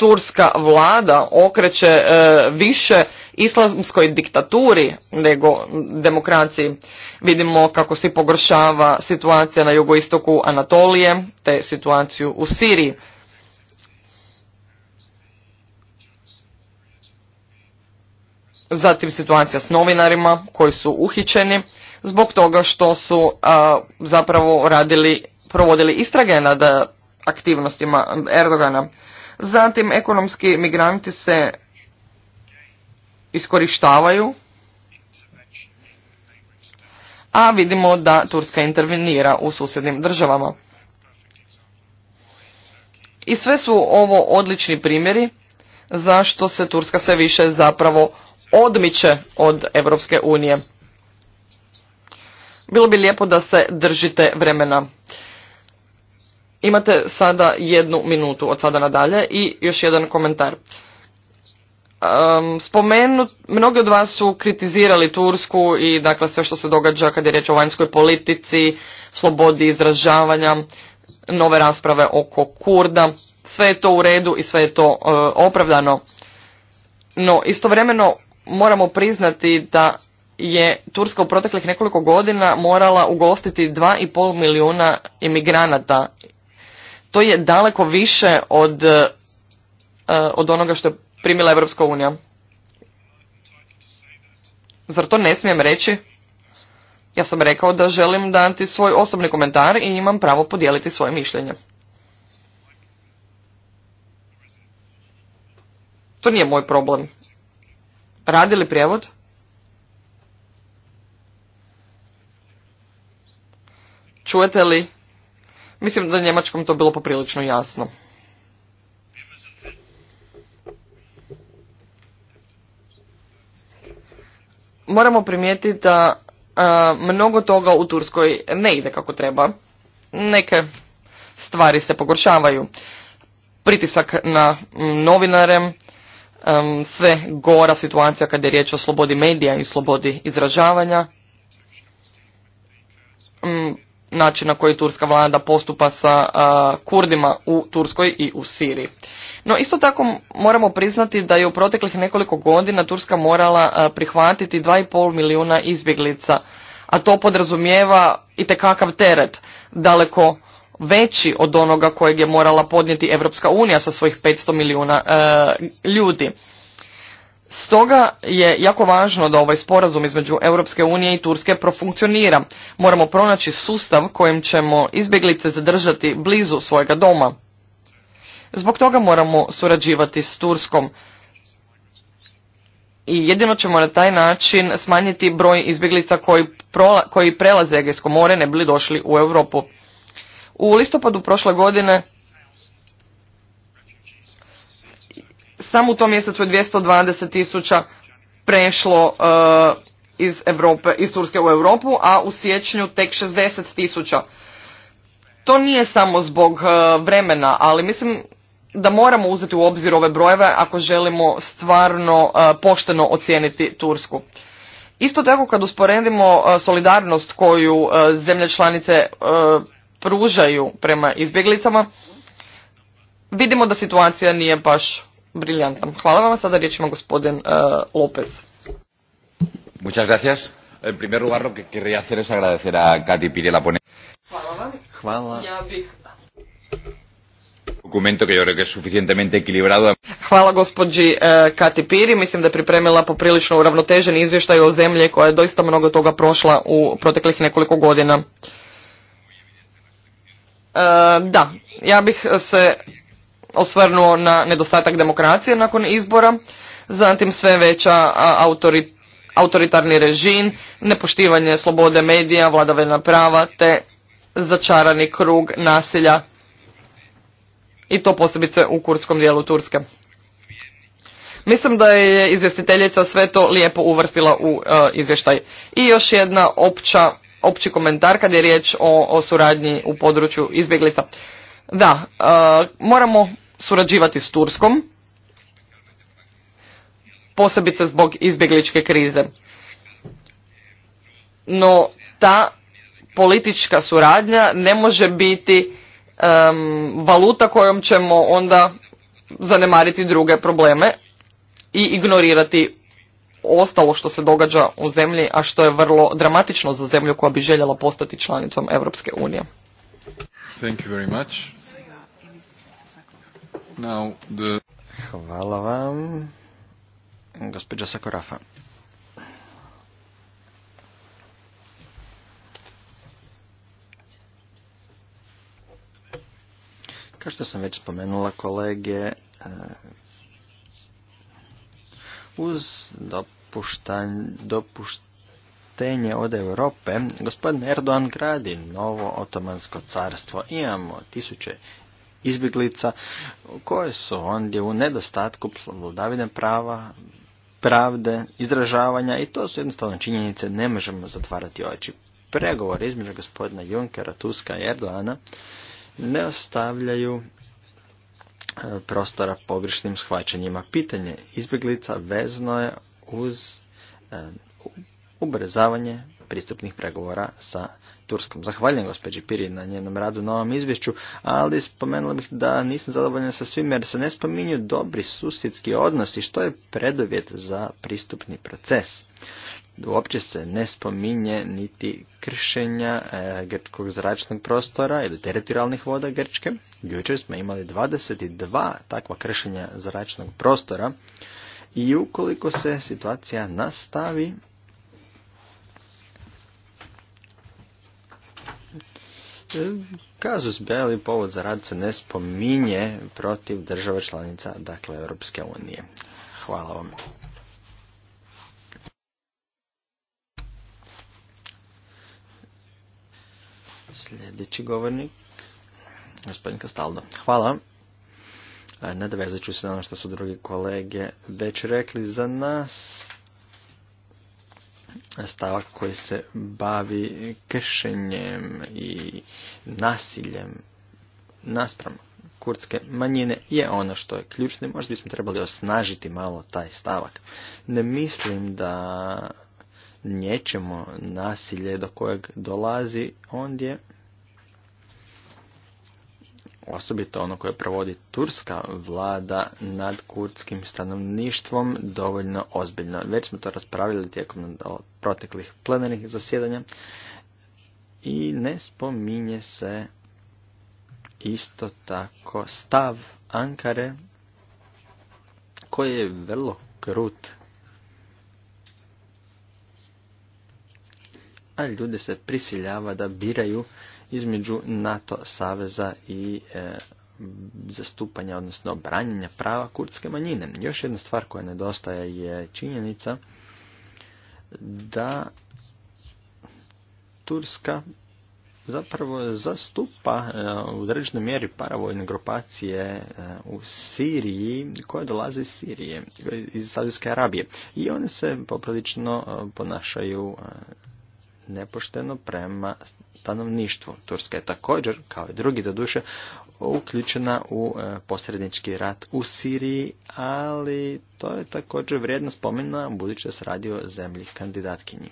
turska vlada okreće e, više islamskoj diktaturi nego demokraciji. Vidimo kako se pogoršava situacija na jugoistoku Anatolije te situaciju u Siriji. Zatim situacija s novinarima koji su uhićeni zbog toga što su zapravo radili, provodili istrage nad aktivnostima Erdogana. Zatim ekonomski migranti se iskorištavaju, a vidimo da Turska intervenira u susjednim državama. I sve su ovo odlični primjeri zašto se Turska sve više zapravo odmiče od Europske unije. Bilo bi lijepo da se držite vremena. Imate sada jednu minutu od sada nadalje i još jedan komentar. Um, mnogi od vas su kritizirali Tursku i dakle sve što se događa kad je riječ o vanjskoj politici, slobodi izražavanja, nove rasprave oko Kurda. Sve je to u redu i sve je to e, opravdano. No istovremeno moramo priznati da je Turska u proteklih nekoliko godina morala ugostiti 2,5 milijuna imigranata to je daleko više od, e, e, od onoga što je primila Europska unija. Zar to ne smijem reći? Ja sam rekao da želim dati svoj osobni komentar i imam pravo podijeliti svoje mišljenje. To nije moj problem. Radi li prijevod? Čujete li Mislim da je Njemačkom to bilo poprilično jasno. Moramo primijetiti da mnogo toga u Turskoj ne ide kako treba. Neke stvari se pogoršavaju. Pritisak na novinare, sve gora situacija kada je riječ o slobodi medija i slobodi izražavanja način na koji turska vlada postupa sa Kurdima u Turskoj i u Siriji. No isto tako moramo priznati da je u proteklih nekoliko godina Turska morala prihvatiti 2,5 milijuna izbjeglica, a to podrazumijeva i tekakav teret, daleko veći od onoga kojeg je morala podnijeti Europska unija sa svojih 500 milijuna ljudi. Stoga je jako važno da ovaj sporazum između Europske unije i Turske profunkcionira. Moramo pronaći sustav kojim ćemo izbjeglice zadržati blizu svojega doma. Zbog toga moramo surađivati s Turskom. I jedino ćemo na taj način smanjiti broj izbjeglica koji, koji prelaze Egejsko more ne bili došli u Europu. U listopadu prošle godine Samo u tom mjesecu je 220 tisuća prešlo eh, iz, Europe, iz Turske u Europu, a u siječnju tek 60 tisuća. To nije samo zbog eh, vremena, ali mislim da moramo uzeti u obzir ove brojeve ako želimo stvarno eh, pošteno ocijeniti Tursku. Isto tako kad usporedimo solidarnost koju zemlje članice pružaju prema izbjeglicama, vidimo da situacija nije baš briljantan. Hvala vam, sada riječ ima gospodin uh, Lopez. Muchas gracias. En primer lugar, lo que querría hacer es agradecer a Katy la ponencia. Hvala vam. Hvala. Ja bih... Dokumento que yo creo que es suficientemente equilibrado. Hvala gospođi e, Kati Piri, mislim da je pripremila poprilično uravnotežen izvještaj o zemlji koja je doista mnogo toga prošla u proteklih nekoliko godina. E, da, ja bih se osvrnuo na nedostatak demokracije nakon izbora, zatim sve veća autoritarni režim, nepoštivanje slobode medija, vladavina prava te začarani krug nasilja i to posebice u kurdskom dijelu Turske. Mislim da je izvjestiteljica sve to lijepo uvrstila u e, izvještaj. I još jedna opća, opći komentar kad je riječ o, suradnji u području izbjeglica. Da, e, moramo surađivati s Turskom, posebice zbog izbjegličke krize. No, ta politička suradnja ne može biti valuta kojom ćemo onda zanemariti druge probleme i ignorirati ostalo što se događa u zemlji, a što je vrlo dramatično za zemlju koja bi željela postati članicom Europske unije. Thank you very much. Hvala vam. Gospođa Sakorafa. Kao što sam već spomenula kolege, e, uz dopuštenje od Europe, gospodin Erdogan gradi novo otomansko carstvo. Imamo tisuće izbjeglica koje su ondje u nedostatku vladavine prava, pravde, izražavanja i to su jednostavno činjenice, ne možemo zatvarati oči. Pregovor između gospodina Junkera, Tuska i Erdoana ne ostavljaju e, prostora pogrešnim shvaćanjima. Pitanje izbjeglica vezno je uz e, ubrzavanje pristupnih pregovora sa Turskom. Zahvaljujem gospođi Piri na njenom radu na ovom izvješću, ali spomenula bih da nisam zadovoljan sa svim jer se ne spominju dobri susjedski odnosi što je preduvjet za pristupni proces. Uopće se ne spominje niti kršenja e, grčkog zračnog prostora ili teritorijalnih voda Grčke. Jučer smo imali 22 takva kršenja zračnog prostora i ukoliko se situacija nastavi, Kazus Beli povod za rad se ne spominje protiv država članica, dakle Europske unije. Hvala vam. Sljedeći govornik, gospodin Kastaldo. Hvala. E, nadovezat ću se na ono što su drugi kolege već rekli za nas stavak koji se bavi kršenjem i nasiljem naspram kurdske manjine je ono što je ključno možda bismo trebali osnažiti malo taj stavak. Ne mislim da nećemo nasilje do kojeg dolazi ondje osobito ono koje provodi turska vlada nad kurdskim stanovništvom dovoljno ozbiljno. Već smo to raspravili tijekom proteklih plenarnih zasjedanja i ne spominje se isto tako stav Ankare koji je vrlo krut a ljude se prisiljava da biraju između NATO saveza i e, zastupanja, odnosno branjenja prava kurdske manjine. Još jedna stvar koja nedostaje je činjenica da Turska zapravo zastupa e, u određenoj mjeri paravojne grupacije e, u Siriji koje dolaze iz Sirije, iz Saudijske Arabije. I one se poprilično ponašaju nepošteno prema stanovništvu. Turska je također, kao i drugi doduše, uključena u e, posrednički rat u Siriji, ali to je također vrijedno spomena budući da se radi o zemlji kandidatkinji.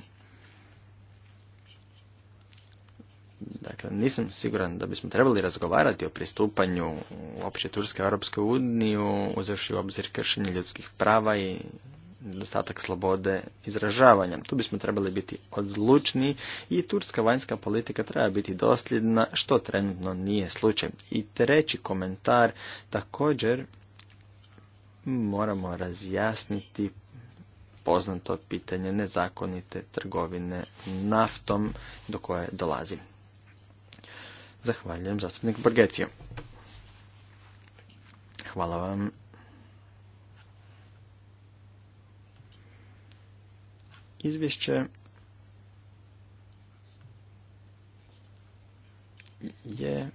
Dakle, nisam siguran da bismo trebali razgovarati o pristupanju uopće Turske Europske unije, uzevši u obzir kršenje ljudskih prava i nedostatak slobode izražavanja. Tu bismo trebali biti odlučni i turska vanjska politika treba biti dosljedna, što trenutno nije slučaj. I treći komentar također moramo razjasniti poznato pitanje nezakonite trgovine naftom do koje dolazi. Zahvaljujem zastupnik Borgecio. Hvala vam. izvješće je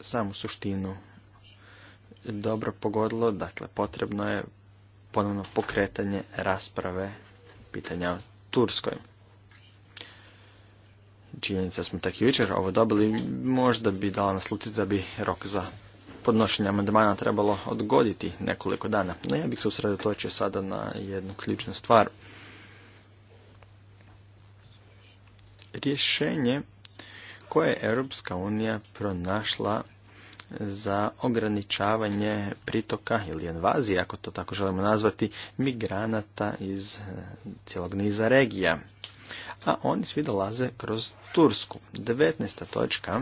samu suštinu dobro pogodilo, dakle potrebno je ponovno pokretanje rasprave pitanja o Turskoj. Činjenica smo tak jučer ovo dobili, možda bi dala naslutiti da bi rok za podnošenje amandmana trebalo odgoditi nekoliko dana. No ja bih se usredotočio sada na jednu ključnu stvar. rješenje koje je Europska unija pronašla za ograničavanje pritoka ili invazije, ako to tako želimo nazvati, migranata iz eh, cijelog niza regija. A oni svi dolaze kroz Tursku. 19. točka.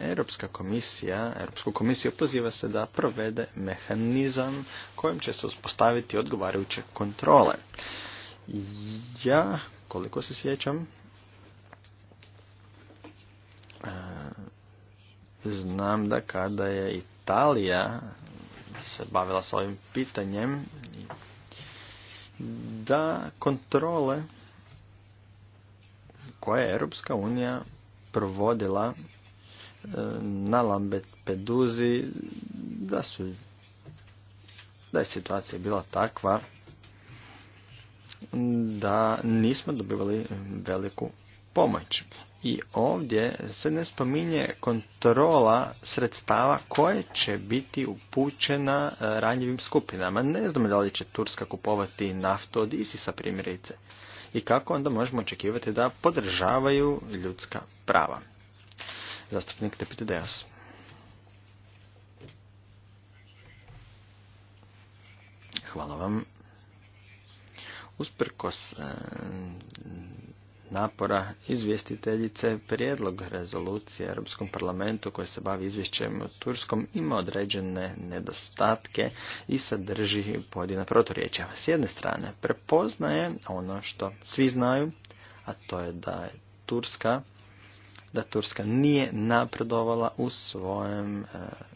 Europska komisija, Europsku komisiju poziva se da provede mehanizam kojim će se uspostaviti odgovarajuće kontrole. Ja, koliko se sjećam, znam da kada je Italija se bavila s ovim pitanjem da kontrole koje je Europska unija provodila e, na Lampeduzi da su da je situacija bila takva da nismo dobivali veliku pomoć i ovdje se ne spominje kontrola sredstava koje će biti upućena e, ranjivim skupinama. Ne znamo da li će Turska kupovati naftu od Isisa primjerice i kako onda možemo očekivati da podržavaju ljudska prava. Zastupnik Deos. Hvala vam. Usprkos e, napora izvjestiteljice prijedlog rezolucije Europskom parlamentu koji se bavi izvješćem o Turskom ima određene nedostatke i sadrži pojedina proturječja. S jedne strane prepoznaje ono što svi znaju, a to je da je Turska da Turska nije napredovala u e,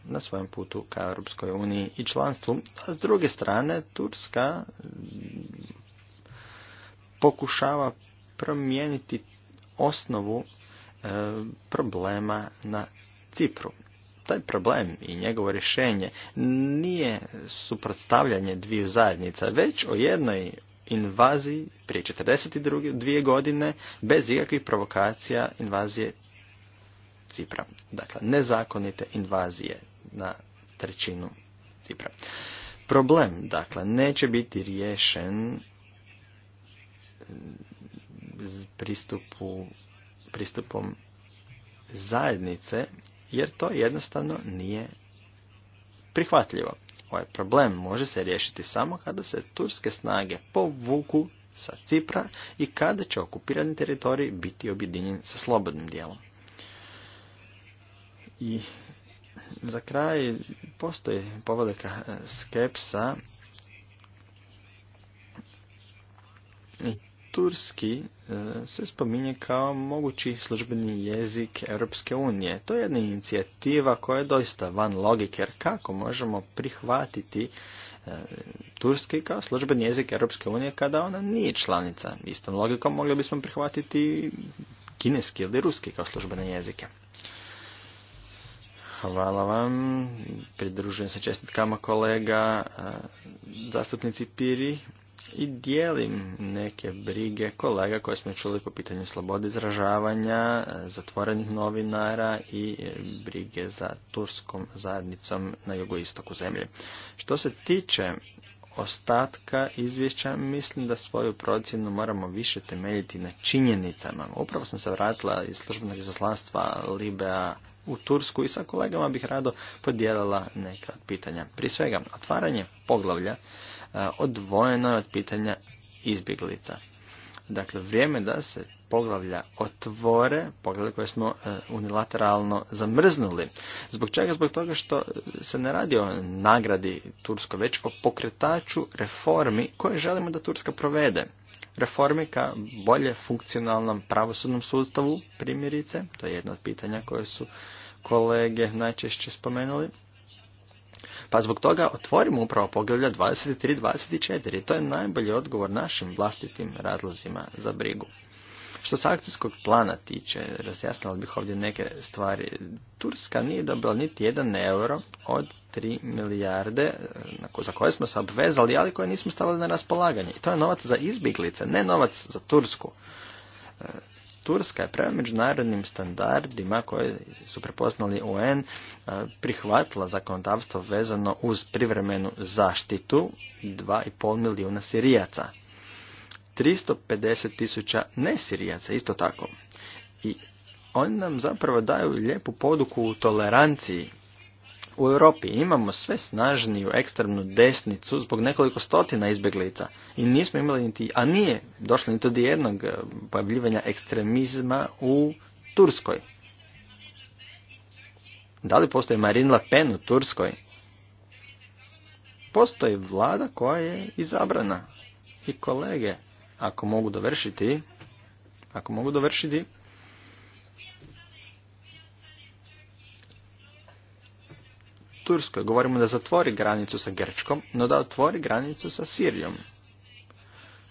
na svojem putu ka Europskoj uniji i članstvu, a s druge strane Turska pokušava promijeniti osnovu e, problema na Cipru. Taj problem i njegovo rješenje nije suprotstavljanje dviju zajednica, već o jednoj invaziji prije 42 godine bez ikakvih provokacija invazije Cipra. Dakle, nezakonite invazije na trećinu Cipra. Problem, dakle, neće biti riješen pristupu, pristupom zajednice, jer to jednostavno nije prihvatljivo. Ovaj problem može se riješiti samo kada se turske snage povuku sa Cipra i kada će okupirani teritorij biti objedinjen sa slobodnim dijelom. I za kraj postoji povodaka skepsa turski e, se spominje kao mogući službeni jezik Europske unije. To je jedna inicijativa koja je doista van logike, jer kako možemo prihvatiti e, turski kao službeni jezik Europske unije kada ona nije članica. Istom logikom mogli bismo prihvatiti kineski ili ruski kao službene jezike. Hvala vam. Pridružujem se čestitkama kolega e, zastupnici Piri i dijelim neke brige kolega koje smo čuli po pitanju slobode izražavanja, zatvorenih novinara i brige za turskom zajednicom na jugoistoku zemlje. Što se tiče ostatka izvješća, mislim da svoju procjenu moramo više temeljiti na činjenicama. Upravo sam se vratila iz službenog izaslanstva Libea u Tursku i sa kolegama bih rado podijelila neka pitanja. Prije svega, otvaranje poglavlja odvojeno je od pitanja izbjeglica. Dakle, vrijeme da se poglavlja otvore, poglavlja koje smo e, unilateralno zamrznuli. Zbog čega? Zbog toga što se ne radi o nagradi Tursko, već o pokretaču reformi koje želimo da Turska provede. Reformi ka bolje funkcionalnom pravosudnom sustavu, primjerice, to je jedno od pitanja koje su kolege najčešće spomenuli. Pa zbog toga otvorimo upravo poglavlja 23-24 i to je najbolji odgovor našim vlastitim razlozima za brigu. Što se akcijskog plana tiče, razjasnila bih ovdje neke stvari. Turska nije dobila niti jedan euro od 3 milijarde eh, za koje smo se obvezali, ali koje nismo stavili na raspolaganje. I to je novac za izbjeglice, ne novac za Tursku. Eh, Turska je prema međunarodnim standardima koje su prepoznali UN prihvatila zakonodavstvo vezano uz privremenu zaštitu 2,5 milijuna sirijaca. 350 tisuća nesirijaca isto tako. I oni nam zapravo daju lijepu poduku u toleranciji u Europi imamo sve snažniju ekstremnu desnicu zbog nekoliko stotina izbjeglica i nismo imali niti, a nije došlo niti do jednog eh, pojavljivanja ekstremizma u Turskoj. Da li postoji Marine Le Pen u Turskoj? Postoji vlada koja je izabrana. I kolege, ako mogu dovršiti, ako mogu dovršiti, Turskoj. Govorimo da zatvori granicu sa Grčkom, no da otvori granicu sa Sirijom.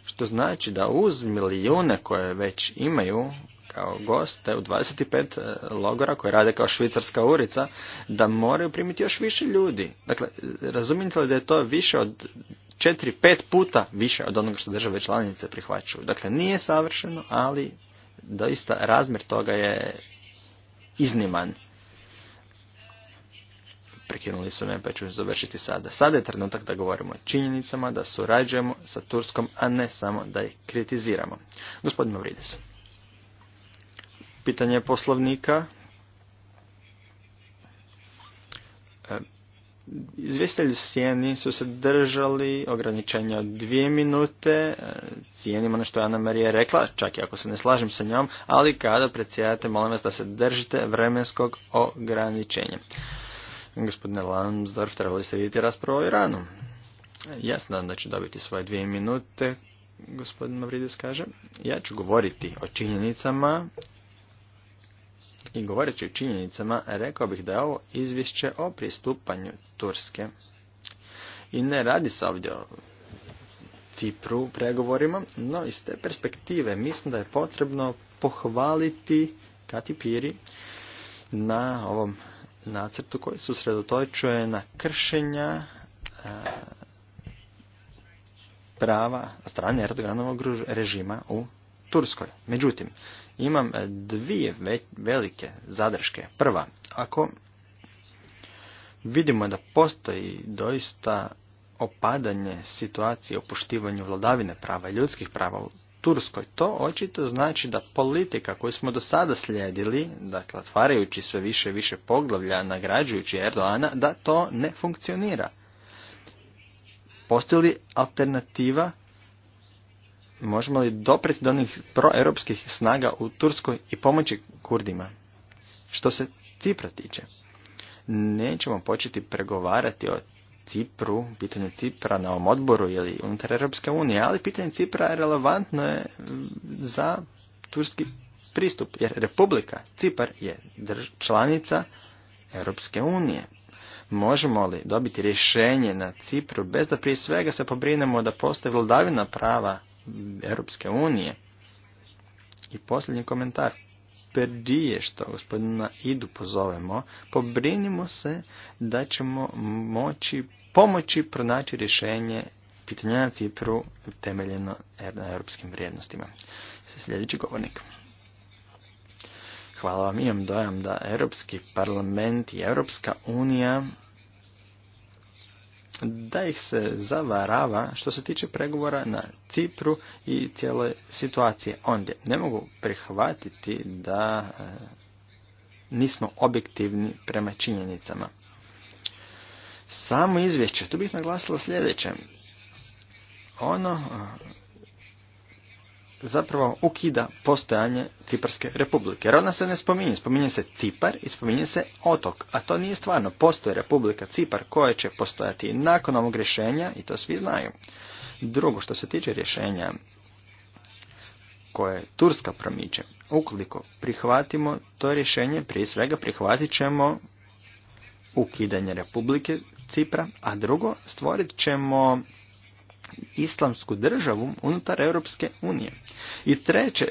Što znači da uz milijune koje već imaju kao goste u 25 e, logora koje rade kao švicarska urica, da moraju primiti još više ljudi. Dakle, razumijete li da je to više od 4-5 puta više od onoga što države članice prihvaćaju. Dakle, nije savršeno, ali doista razmjer toga je izniman prekinuli su me pa ću završiti sada. Sada je trenutak da govorimo o činjenicama, da surađujemo sa Turskom, a ne samo da ih kritiziramo. Gospodin Mavridis. Pitanje poslovnika. E, izvjestitelji sjeni su se držali ograničenja od dvije minute, e, cijenimo ono što je Ana Marija rekla, čak i ako se ne slažem sa njom, ali kada predsjedate, molim vas da se držite vremenskog ograničenja. Gospodine Lansdorf, trebali ste vidjeti raspravu o Iranu. Ja se nadam da ću dobiti svoje dvije minute, gospodin Mavridis kaže. Ja ću govoriti o činjenicama i govoreći o činjenicama rekao bih da je ovo izvješće o pristupanju Turske. I ne radi se ovdje o Cipru pregovorima, no iz te perspektive mislim da je potrebno pohvaliti Katipiri na ovom nacrtu koji se usredotočuje na kršenja e, prava strane Erdoganovog režima u Turskoj. Međutim, imam dvije velike zadrške. Prva, ako vidimo da postoji doista opadanje situacije o poštivanju vladavine prava i ljudskih prava u Turskoj. To očito znači da politika koju smo do sada slijedili, dakle otvarajući sve više i više poglavlja, nagrađujući Erdoana, da to ne funkcionira. Postoji li alternativa? Možemo li dopreti do onih proeuropskih snaga u Turskoj i pomoći Kurdima? Što se Cipra tiče, nećemo početi pregovarati o Cipru, pitanje Cipra na ovom odboru ili unutar Europske unije, ali pitanje Cipra je relevantno je za turski pristup, jer Republika Cipar je članica Europske unije. Možemo li dobiti rješenje na Cipru bez da prije svega se pobrinemo da postoji vladavina prava Europske unije? I posljednji komentar prije što gospodina Idu pozovemo, pobrinimo se da ćemo moći pomoći pronaći rješenje pitanja na Cipru temeljeno na europskim vrijednostima. Sljedeći govornik. Hvala vam, imam dojam da Europski parlament i Europska unija da ih se zavarava što se tiče pregovora na Cipru i cijele situacije ondje. Ne mogu prihvatiti da e, nismo objektivni prema činjenicama. Samo izvješće, tu bih naglasila sljedeće. Ono zapravo ukida postojanje Ciparske republike. Jer ona se ne spominje. Spominje se Cipar i spominje se otok. A to nije stvarno. Postoji republika Cipar koja će postojati nakon ovog rješenja i to svi znaju. Drugo, što se tiče rješenja koje Turska promiče, ukoliko prihvatimo to rješenje, prije svega prihvatit ćemo ukidanje Republike Cipra, a drugo, stvorit ćemo islamsku državu unutar Europske unije. I treće,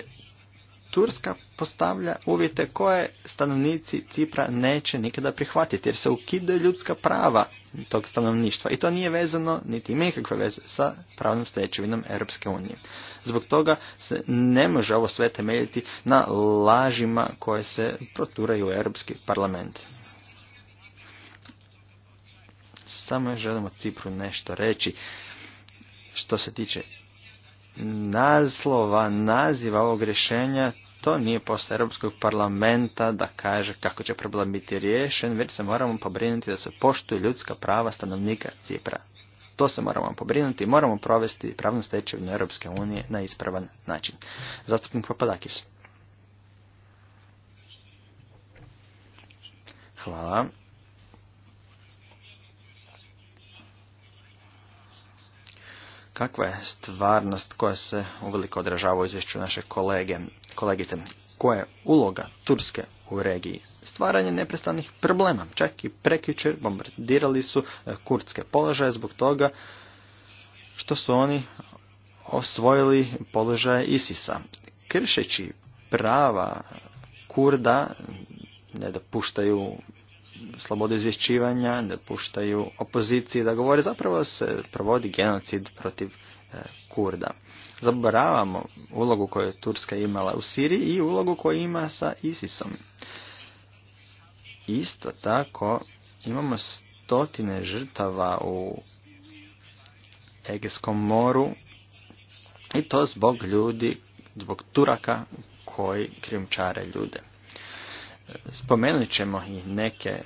Turska postavlja uvjete koje stanovnici Cipra neće nikada prihvatiti jer se ukidaju ljudska prava tog stanovništva i to nije vezano niti ima nikakve veze sa pravnom stečevinom Europske unije. Zbog toga se ne može ovo sve temeljiti na lažima koje se proturaju u Europski parlament. Samo želimo Cipru nešto reći. Što se tiče naslova, naziva ovog rješenja, to nije posao Europskog parlamenta da kaže kako će problem biti riješen, već se moramo pobrinuti da se poštuju ljudska prava stanovnika Cipra. To se moramo pobrinuti i moramo provesti pravnu stečevinu Europske unije na ispravan način. Zastupnik Papadakis. Hvala. kakva je stvarnost koja se uveliko odražava u izvješću naše kolege, kolegice. Koja je uloga Turske u regiji? Stvaranje neprestanih problema. Čak i prekjučer bombardirali su e, kurdske položaje zbog toga što su oni osvojili položaje Isisa. Kršeći prava Kurda ne dopuštaju slobodu izvješćivanja, ne puštaju opoziciji da govore. Zapravo se provodi genocid protiv e, Kurda. Zaboravamo ulogu koju je Turska imala u Siriji i ulogu koju ima sa ISISom. Isto tako imamo stotine žrtava u Egeskom moru i to zbog ljudi, zbog Turaka koji krimčare ljude. Spomenut ćemo i neke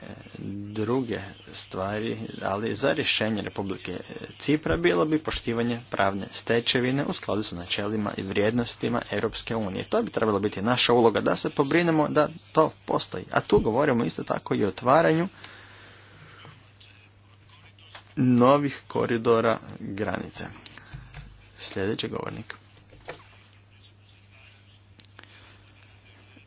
druge stvari, ali za rješenje Republike Cipra bilo bi poštivanje pravne stečevine u skladu sa načelima i vrijednostima Europske unije. To bi trebalo biti naša uloga da se pobrinemo da to postoji. A tu govorimo isto tako i o otvaranju novih koridora granice. Sljedeći govornik.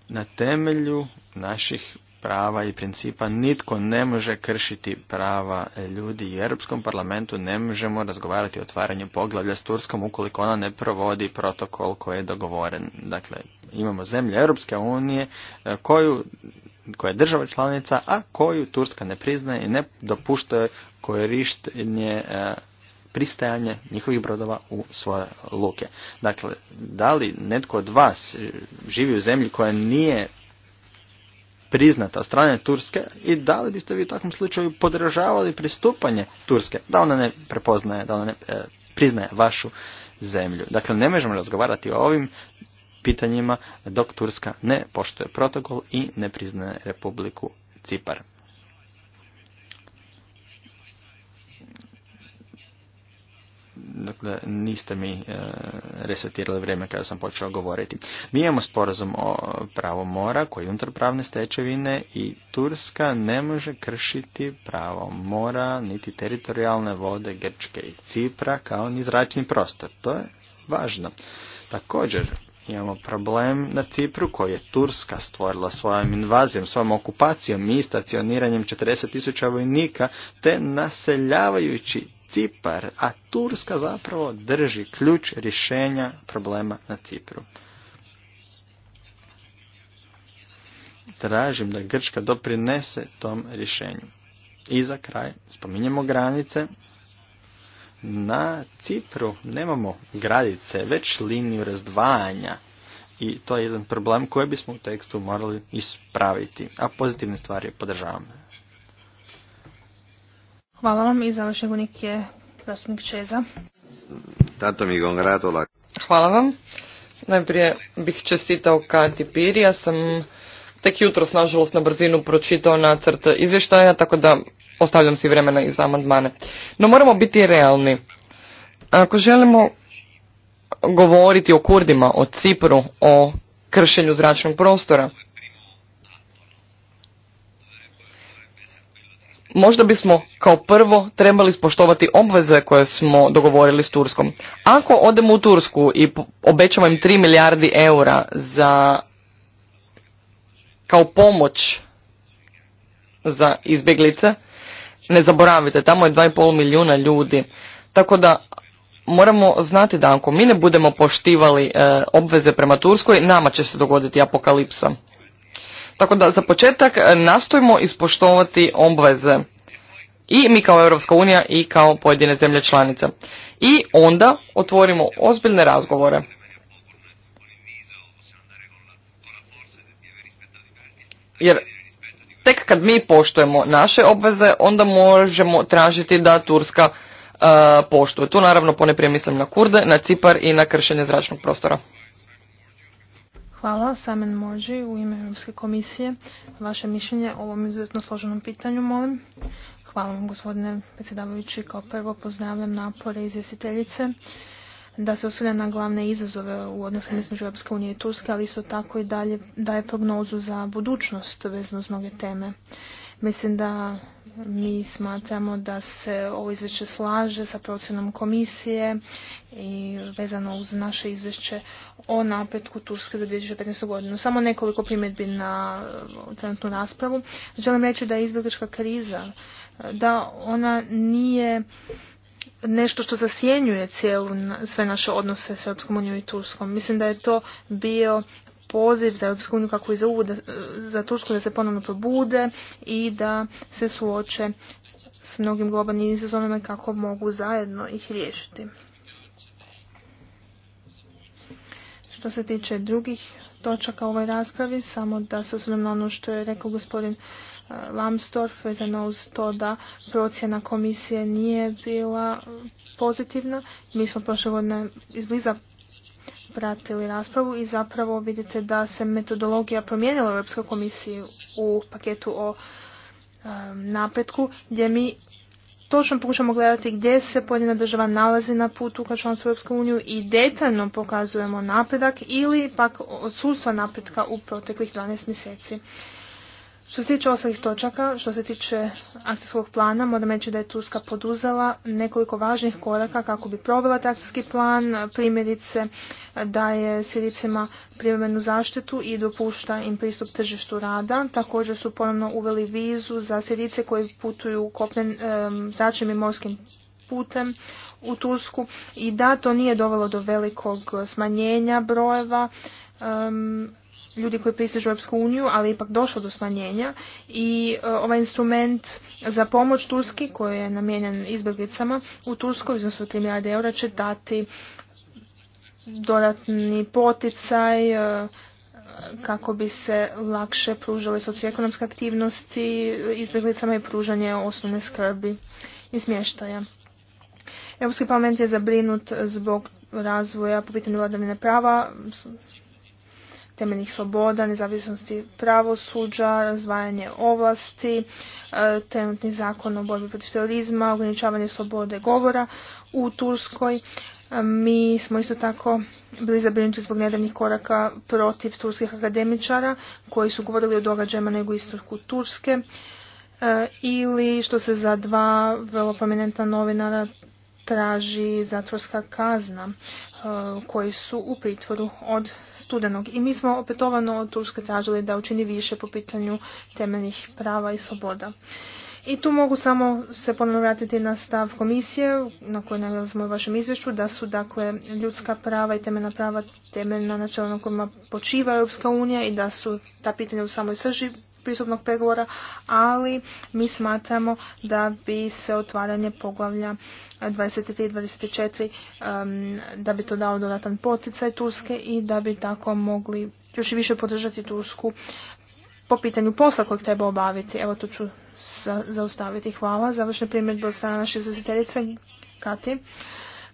Na temelju naših prava i principa nitko ne može kršiti prava ljudi i Europskom parlamentu ne možemo razgovarati o otvaranju poglavlja s Turskom ukoliko ona ne provodi protokol koji je dogovoren. Dakle, imamo zemlje Europske unije e, koju, koja je država članica, a koju Turska ne priznaje i ne dopušta korištenje e, pristajanje njihovih brodova u svoje luke. Dakle, da li netko od vas e, živi u zemlji koja nije priznata strane Turske i da li biste vi u takvom slučaju podržavali pristupanje Turske, da ona ne prepoznaje, da ona ne e, priznaje vašu zemlju. Dakle, ne možemo razgovarati o ovim pitanjima dok Turska ne poštuje protokol i ne priznaje Republiku Cipar. Dakle, niste mi e, resetirali vrijeme kada sam počeo govoriti. Mi imamo sporazum o pravo mora koji je unutar pravne stečevine i Turska ne može kršiti pravo mora niti teritorijalne vode Grčke i Cipra kao ni zračni prostor. To je važno. Također, Imamo problem na Cipru koji je Turska stvorila svojom invazijom, svojom okupacijom i stacioniranjem 40.000 vojnika te naseljavajući Cipar, a Turska zapravo drži ključ rješenja problema na Cipru. Tražim da Grčka doprinese tom rješenju. I za kraj, spominjemo granice. Na Cipru nemamo gradice, već liniju razdvajanja. I to je jedan problem koji bismo u tekstu morali ispraviti. A pozitivne stvari podržavamo. Hvala vam i završen je zastupnik Čeza. Hvala vam. Najprije bih čestitao Kati Piri. Ja sam tek jutros, nažalost, na brzinu pročitao nacrt izvještaja, tako da ostavljam si vremena i za amandmane. No moramo biti realni. Ako želimo govoriti o Kurdima, o Cipru, o kršenju zračnog prostora, možda bismo kao prvo trebali spoštovati obveze koje smo dogovorili s Turskom. Ako odemo u Tursku i obećamo im 3 milijardi eura za kao pomoć za izbjeglice, ne zaboravite, tamo je 2,5 milijuna ljudi. Tako da moramo znati da ako mi ne budemo poštivali e, obveze prema Turskoj, nama će se dogoditi apokalipsa. Tako da za početak e, nastojimo ispoštovati obveze i mi kao Europska unija i kao pojedine zemlje članice. I onda otvorimo ozbiljne razgovore. Jer tek kad mi poštujemo naše obveze, onda možemo tražiti da Turska e, poštuje. Tu naravno poneprije mislim na Kurde, na Cipar i na kršenje zračnog prostora. Hvala, Samen Morđi, u ime Europske komisije. Vaše mišljenje o ovom izuzetno složenom pitanju, molim. Hvala vam, gospodine predsjedavajući. Kao prvo pozdravljam napore izvjestiteljice da se osvrne na glavne izazove u odnosu između Europske unije i Turske, ali isto tako i dalje daje prognozu za budućnost vezno uz mnoge teme. Mislim da mi smatramo da se ovo izvješće slaže sa procjenom komisije i vezano uz naše izvješće o napretku Turske za 2015. godinu. Samo nekoliko primjedbi na uh, trenutnu raspravu. Želim reći da je izbjeglička kriza, uh, da ona nije nešto što zasjenjuje cijelu sve naše odnose s Europskom unijom i Turskom. Mislim da je to bio poziv za Europsku uniju kako i za, uvod, za Tursku da se ponovno probude i da se suoče s mnogim globalnim izazovima kako mogu zajedno ih riješiti. Što se tiče drugih točaka u ovoj raspravi, samo da se osvrnem na ono što je rekao gospodin eh, Lambsdorff vezano uz to da procjena komisije nije bila pozitivna. Mi smo prošle godine izbliza pratili raspravu i zapravo vidite da se metodologija promijenila u Europskoj komisiji u paketu o napretku gdje mi točno pokušamo gledati gdje se pojedina država nalazi na putu ka članstvu Europske unije i detaljno pokazujemo napredak ili pak odsustva napretka u proteklih 12 mjeseci. Što se tiče ostalih točaka, što se tiče akcijskog plana, moram reći da je Turska poduzela nekoliko važnih koraka kako bi provela taj akcijski plan, primjerice da je Siricima privremenu zaštitu i dopušta im pristup tržištu rada. Također su ponovno uveli vizu za Sirice koji putuju kopnen, zračnim i morskim putem u Tursku i da to nije dovelo do velikog smanjenja brojeva ljudi koji pristižu u Europsku uniju, ali ipak došlo do smanjenja i e, ovaj instrument za pomoć Turski koji je namijenjen izbjeglicama u Turskoj iznosu 3 milijarde eura će dati dodatni poticaj e, kako bi se lakše pružale socioekonomske aktivnosti izbjeglicama i pružanje osnovne skrbi i smještaja. Europski parlament je zabrinut zbog razvoja po pitanju vladavine prava, temeljnih sloboda, nezavisnosti pravosuđa, razvajanje ovlasti, e, trenutni zakon o borbi protiv terorizma, ograničavanje slobode govora u Turskoj. E, mi smo isto tako bili zabrinuti zbog nedavnih koraka protiv turskih akademičara koji su govorili o događajima nego istorku Turske e, ili što se za dva vrlo novinara traži zatvorska kazna e, koji su u pritvoru od studenog. I mi smo opetovano od Turske tražili da učini više po pitanju temeljnih prava i sloboda. I tu mogu samo se ponovno vratiti na stav komisije na kojoj nalazimo u vašem izvješću da su dakle ljudska prava i temeljna prava temeljna načela na kojima počiva Europska unija i da su ta pitanja u samoj srži pristupnog pregovora, ali mi smatramo da bi se otvaranje poglavlja 23 i 24 da bi to dao dodatan poticaj Turske i da bi tako mogli još i više podržati Tursku po pitanju posla kojeg treba obaviti. Evo tu ću zaustaviti. Hvala. Završne primjedbe od strana naše izvjestiteljice Kati.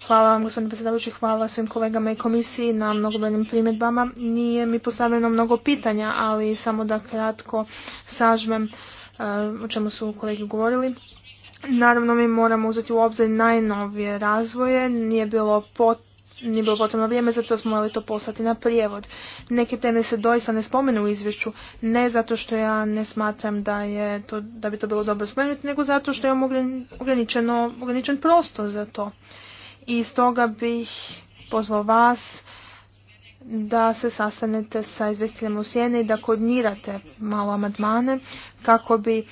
Hvala vam gospodine predsjedavajući, hvala svim kolegama i komisiji na mnogobrojnim primjedbama. Nije mi postavljeno mnogo pitanja, ali samo da kratko sažmem e, o čemu su kolege govorili. Naravno mi moramo uzeti u obzir najnovije razvoje, nije bilo nije bilo potrebno vrijeme, zato smo morali to poslati na prijevod. Neke teme se doista ne spomenu u izvješću, ne zato što ja ne smatram da, je to, da bi to bilo dobro spomenuti, nego zato što imamo ograničen prostor za to i stoga bih pozvao vas da se sastanete sa izvjestiteljem u sjene i da koordinirate malo amandmane kako bi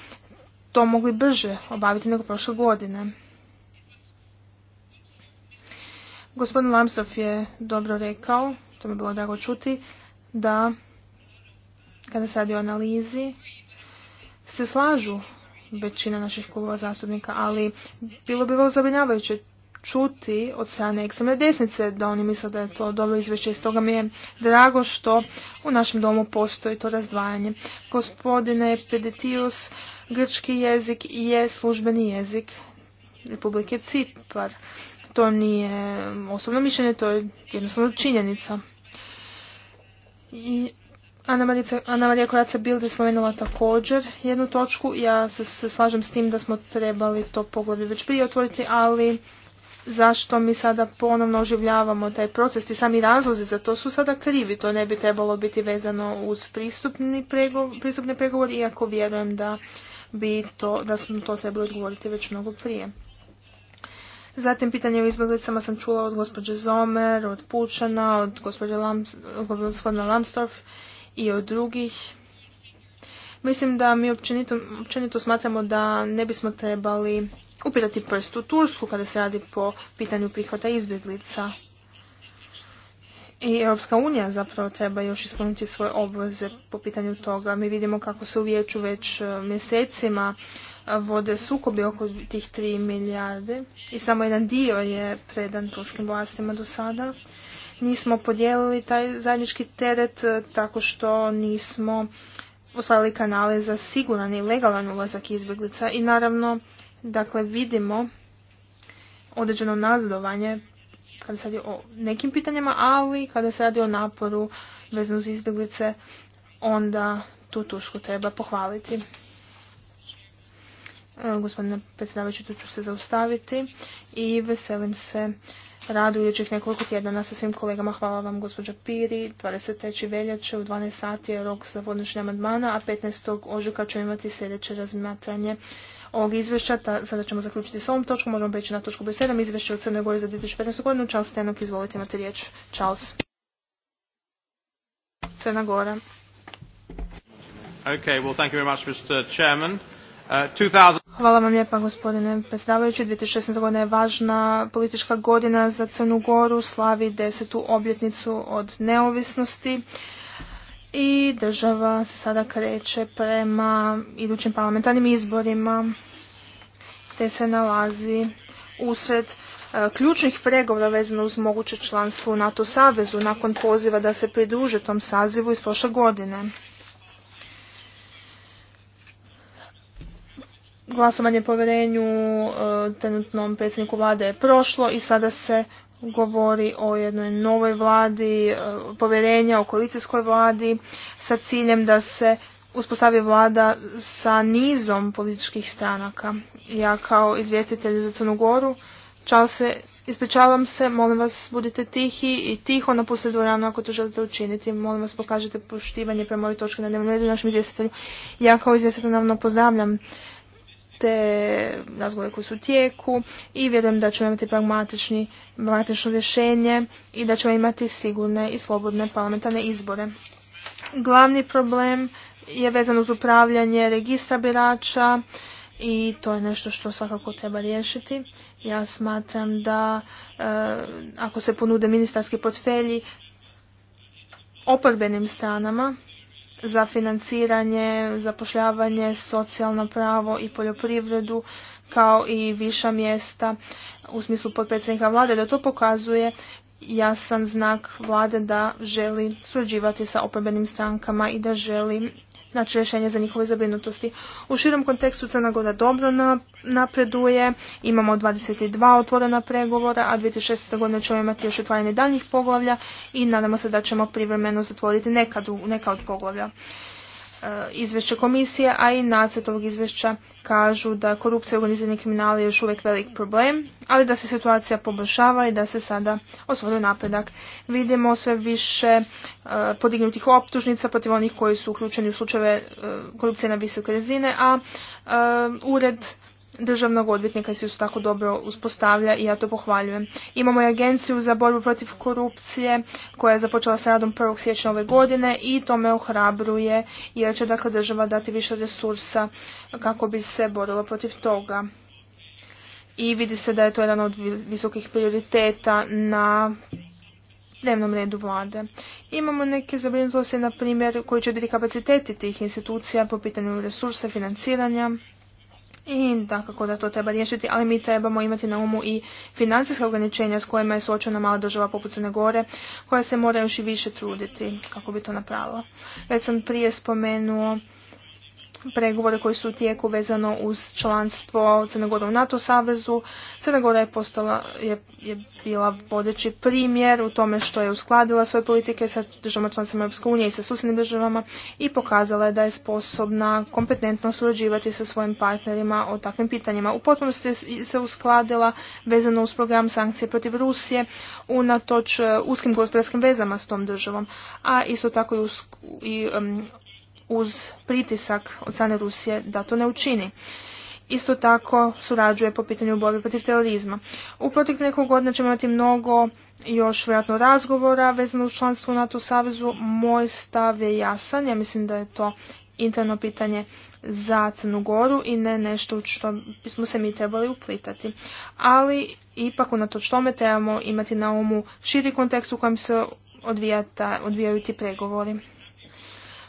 to mogli brže obaviti nego prošle godine. Gospodin lamsof je dobro rekao, to mi je bilo drago čuti, da kada se radi o analizi se slažu većina naših klubova zastupnika, ali bilo bi vrlo zabrinjavajuće čuti od strane ekstremne desnice da oni misle da je to dobro izvješće i stoga mi je drago što u našem domu postoji to razdvajanje. Gospodine Pedetius, grčki jezik je službeni jezik Republike Cipar. To nije osobno mišljenje, to je jednostavno činjenica. I Ana Marija, Ana Koraca je spomenula također jednu točku. Ja se, slažem s tim da smo trebali to poglavlje već prije otvoriti, ali zašto mi sada ponovno oživljavamo taj proces i sami razlozi za to su sada krivi. To ne bi trebalo biti vezano uz pristupni pregovor, pristupni pregovor iako vjerujem da bi to, da smo to trebali odgovoriti već mnogo prije. Zatim pitanje o izbjeglicama sam čula od gospođe Zomer, od Pučana, od gospođe Lamstorf i od drugih. Mislim da mi općenito, općenito smatramo da ne bismo trebali upirati prst u Tursku kada se radi po pitanju prihvata izbjeglica. I Europska unija zapravo treba još ispuniti svoje obveze po pitanju toga. Mi vidimo kako se u vijeću već e, mjesecima e, vode sukobi oko tih 3 milijarde i samo jedan dio je predan turskim vlastima do sada. Nismo podijelili taj zajednički teret e, tako što nismo ostvarili kanale za siguran i legalan ulazak izbjeglica i naravno Dakle, vidimo određeno nazadovanje kada se radi o nekim pitanjima, ali kada se radi o naporu vezanu uz izbjeglice, onda tu tušku treba pohvaliti. E, gospodine predsjedavajući, tu ću se zaustaviti i veselim se radu idućih nekoliko tjedana sa svim kolegama. Hvala vam, gospođa Piri. 23. veljače u 12 sati je rok za podnošenje amandmana, a 15. ožujka ću imati sljedeće razmatranje ovog izvješća. sada ćemo zaključiti s ovom točkom. Možemo preći na točku b 7. Izvješće o Crnoj Gori za 2015. godinu. Charles Tenok, izvolite, imate riječ. Charles. Crna Gora. Okay, well, thank you very much, Mr. Chairman. Uh, Hvala vam lijepa gospodine predsjedavajući. 2016. godina je važna politička godina za Crnu Goru, slavi desetu obljetnicu od neovisnosti i država se sada kreće prema idućim parlamentarnim izborima te se nalazi usred e, ključnih pregovora vezano uz moguće članstvo u NATO savezu nakon poziva da se pridruže tom sazivu iz prošle godine. Glasovanje povjerenju e, trenutnom predsjedniku vlade je prošlo i sada se govori o jednoj novoj vladi, e, povjerenja o koalicijskoj vladi sa ciljem da se uspostavi vlada sa nizom političkih stranaka. Ja kao izvjestitelj za Crnu Goru čal se Ispričavam se, molim vas budite tihi i tiho na dvoranu ako to želite učiniti. Molim vas pokažite poštivanje prema ovoj točki na dnevnom redu našem izvjestitelju. Ja kao izvjestitelj naravno pozdravljam te razgovore koji su u tijeku i vjerujem da ćemo imati pragmatični, pragmatično rješenje i da ćemo imati sigurne i slobodne parlamentarne izbore. Glavni problem je vezan uz upravljanje registra birača i to je nešto što svakako treba riješiti. Ja smatram da eh, ako se ponude ministarski portfelji oporbenim stranama, za financiranje, zapošljavanje, socijalno pravo i poljoprivredu kao i viša mjesta u smislu potpredsjednika vlade, da to pokazuje jasan znak vlade da želi surađivati sa oporbenim strankama i da želi Znači, rješenje za njihove zabrinutosti. U širom kontekstu Crna Gora dobro napreduje, imamo 22 otvorena pregovora, a 2016. godine ćemo imati još otvaranje daljnjih poglavlja i nadamo se da ćemo privremeno zatvoriti neka od poglavlja. E, izvješće komisije, a i nacet ovog izvješća kažu da korupcija i organizirani kriminal je još uvijek velik problem, ali da se situacija poboljšava i da se sada osvoju napredak. Vidimo sve više e, podignutih optužnica protiv onih koji su uključeni u slučajeve e, korupcije na visoke razine, a ured državnog odvjetnika se isto tako dobro uspostavlja i ja to pohvaljujem. Imamo i agenciju za borbu protiv korupcije koja je započela s radom 1. siječnja ove godine i to me ohrabruje jer će dakle država dati više resursa kako bi se borila protiv toga. I vidi se da je to jedan od visokih prioriteta na dnevnom redu vlade. Imamo neke zabrinutosti, na primjer, koji će biti kapaciteti tih institucija po pitanju resursa, financiranja i dakako da to treba riješiti, ali mi trebamo imati na umu i financijske ograničenja s kojima je suočena mala država poput Crne Gore, koja se mora još i više truditi kako bi to napravila. Već sam prije spomenuo pregovore koji su u tijeku vezano uz članstvo Crne Gore u NATO savezu. Crna Gora je, postala, je, je, bila vodeći primjer u tome što je uskladila svoje politike sa državama članicama EU unije i sa susjednim državama i pokazala je da je sposobna kompetentno surađivati sa svojim partnerima o takvim pitanjima. U potpunosti se uskladila vezano uz program sankcije protiv Rusije unatoč eh, uskim gospodarskim vezama s tom državom, a isto tako i, uz pritisak od strane Rusije da to ne učini. Isto tako surađuje po pitanju borbe protiv terorizma. U proteklih nekog godina ćemo imati mnogo još vjerojatno razgovora vezano uz članstvo u NATO savezu. Moj stav je jasan, ja mislim da je to interno pitanje za Crnu Goru i ne nešto u što bismo se mi trebali uplitati. Ali ipak unatoč tome trebamo imati na umu širi kontekst u kojem se odvijaju ti pregovori.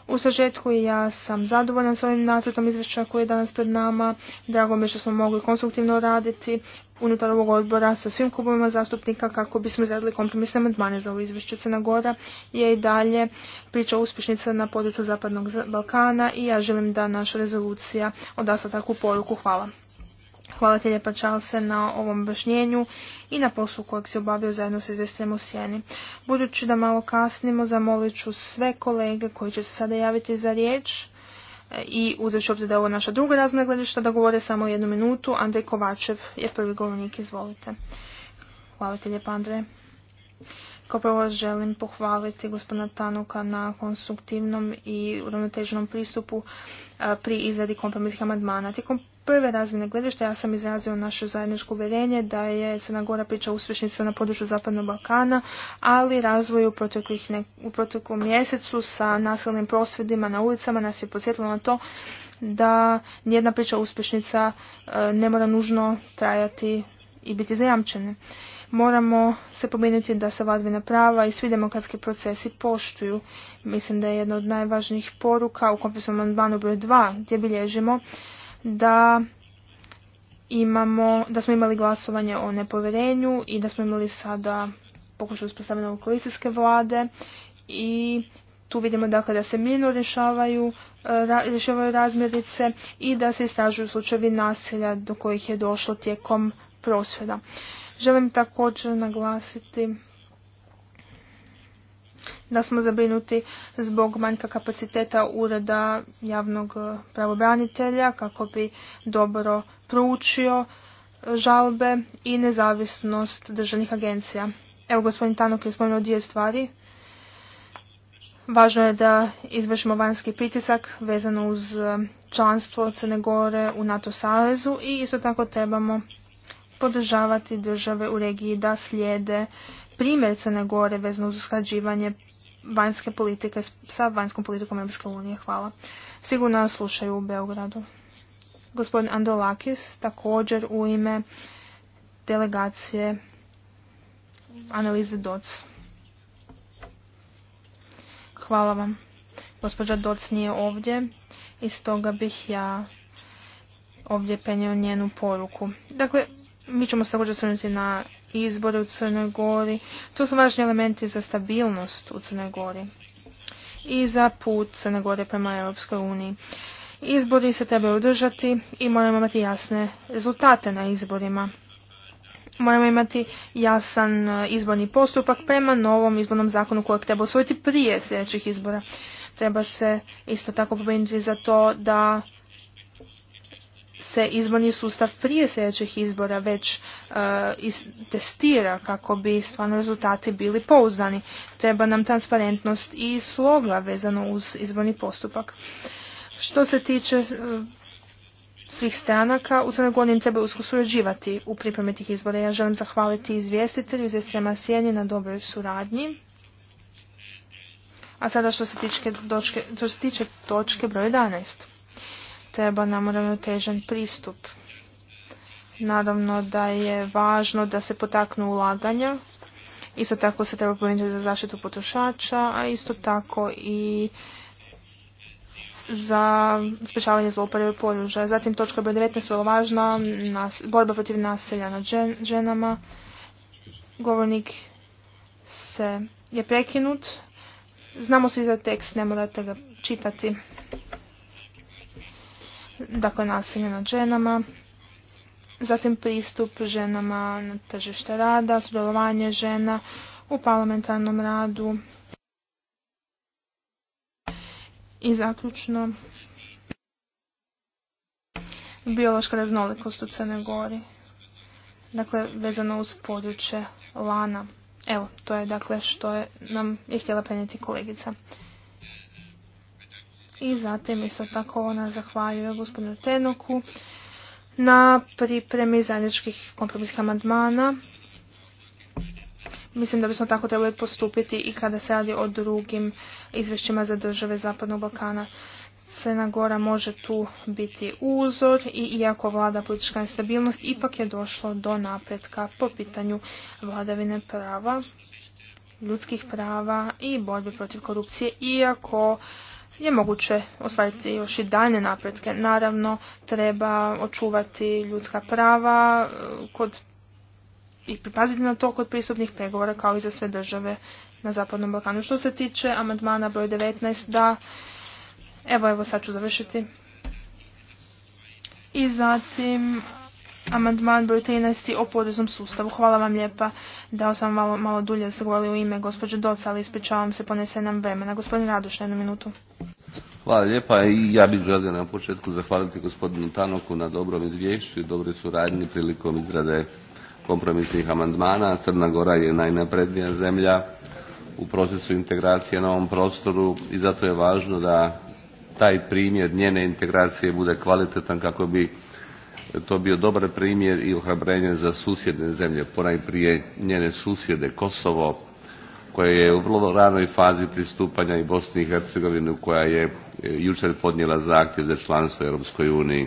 U sažetku ja sam zadovoljan s ovim nacrtom izvješća koji je danas pred nama. Drago mi je što smo mogli konstruktivno raditi unutar ovog odbora sa svim klubovima zastupnika kako bismo izradili kompromisne amandmane za ovo izvješće. Crna Gora je i dalje priča uspješnica na području Zapadnog Balkana i ja želim da naša rezolucija odasla takvu poruku. Hvala. Hvala ti lijepa Charlesa na ovom objašnjenju i na poslu kojeg si obavio zajedno sa izvestljem u Sjeni. Budući da malo kasnimo, zamolit ću sve kolege koji će se sada javiti za riječ e, i uzet ću obzir da je ovo naša druga razmjena da govore samo jednu minutu. Andrej Kovačev je prvi govornik, izvolite. Hvala ti lijepa Andrej. Kao prvo želim pohvaliti gospodina Tanuka na konstruktivnom i uravnoteženom pristupu e, pri izradi kompromisnih amandmana. Tijekom prve razine gledišta ja sam izrazio naše zajedničko uvjerenje da je Crna Gora priča uspješnica na području Zapadnog Balkana, ali razvoj u, u proteklom mjesecu sa nasilnim prosvjedima na ulicama nas je podsjetilo na to da nijedna priča uspješnica e, ne mora nužno trajati i biti zajamčena. Moramo se pominuti da se vladvina prava i svi demokratski procesi poštuju. Mislim da je jedna od najvažnijih poruka u kompisnom amandmanu broj 2 gdje bilježimo da imamo, da smo imali glasovanje o nepovjerenju i da smo imali sada pokušaj uspostavljanja koalicijske vlade i tu vidimo dakle da se mirno rješavaju, e, rješavaju razmjerice i da se istražuju slučajevi nasilja do kojih je došlo tijekom prosvjeda. Želim također naglasiti da smo zabrinuti zbog manjka kapaciteta ureda javnog eh, pravobranitelja kako bi dobro proučio eh, žalbe i nezavisnost državnih agencija. Evo gospodin Tanok je spomenuo dvije stvari. Važno je da izvršimo vanjski pritisak vezano uz eh, članstvo Crne Gore u NATO savezu i isto tako trebamo podržavati države u regiji da slijede primjer Crne Gore vezano uz usklađivanje vanjske politike, sa vanjskom politikom Europske unije. Hvala. Sigurno nas slušaju u Beogradu. Gospodin Andolakis također u ime delegacije analize DOC. Hvala vam. Gospođa Doc nije ovdje i stoga bih ja ovdje penio njenu poruku. Dakle, mi ćemo se također svrnuti na izbore u Crnoj Gori. To su važni elementi za stabilnost u Crnoj Gori i za put Crne Gore prema Europskoj uniji. Izbori se trebaju održati i moramo imati jasne rezultate na izborima. Moramo imati jasan e, izborni postupak prema novom izbornom zakonu kojeg treba osvojiti prije sljedećih izbora. Treba se isto tako pobrinuti za to da se izborni sustav prije sljedećih izbora već uh, testira kako bi stvarno rezultati bili pouzdani. Treba nam transparentnost i sloga vezano uz izborni postupak. Što se tiče e, svih stranaka, u Crnoj Gori treba usko u pripremi tih izbora. Ja želim zahvaliti izvjestitelju, izvjestiteljama Sjeni na dobroj suradnji. A sada što se tiče točke, što se tiče točke broj 11 treba nam ravnotežan pristup. Naravno da je važno da se potaknu ulaganja, isto tako se treba pomijeniti za zaštitu potrošača, a isto tako i za sprečavanje zlouporabe položaja. Zatim točka b 19 vrlo važna, borba protiv nasilja nad ženama. Govornik se je prekinut. Znamo svi za tekst, ne morate ga čitati dakle nasilje nad ženama, zatim pristup ženama na tržište rada, sudjelovanje žena u parlamentarnom radu. I zaključno, biološka raznolikost u Crnoj Gori. Dakle, vezano uz područje lana. Evo, to je dakle što nam je htjela prenijeti kolegica. I zatim isto tako ona zahvaljuje gospodinu Tenoku na pripremi zajedničkih kompromisnih amandmana. Mislim da bismo tako trebali postupiti i kada se radi o drugim izvješćima za države Zapadnog Balkana. Crna Gora može tu biti uzor i iako vlada politička nestabilnost, ipak je došlo do napretka po pitanju vladavine prava, ljudskih prava i borbe protiv korupcije, iako je moguće ostvariti još i dalje napretke. Naravno, treba očuvati ljudska prava eh, kod, i pripaziti na to kod pristupnih pregovora kao i za sve države na Zapadnom Balkanu. Što se tiče amandmana broj 19, da, evo, evo, sad ću završiti. I zatim amandman broj 13. o poreznom sustavu. Hvala vam lijepa. Dao sam malo, malo dulje zgoli u ime gospođe Doca, ali ispričavam se, ponese nam vremena. Gospodin Radoš, jednu minutu. Hvala lijepa i ja bih želio na početku zahvaliti gospodinu Tanoku na dobrom izvješću i dobroj suradnji prilikom izrade kompromisnih amandmana. Crna Gora je najnaprednija zemlja u procesu integracije na ovom prostoru i zato je važno da taj primjer njene integracije bude kvalitetan kako bi to bio dobar primjer i ohrabrenje za susjedne zemlje, ponajprije njene susjede Kosovo koja je u vrlo ranoj fazi pristupanja i Bosni i Hercegovinu koja je e, jučer podnijela zahtjev za članstvo Europskoj uniji.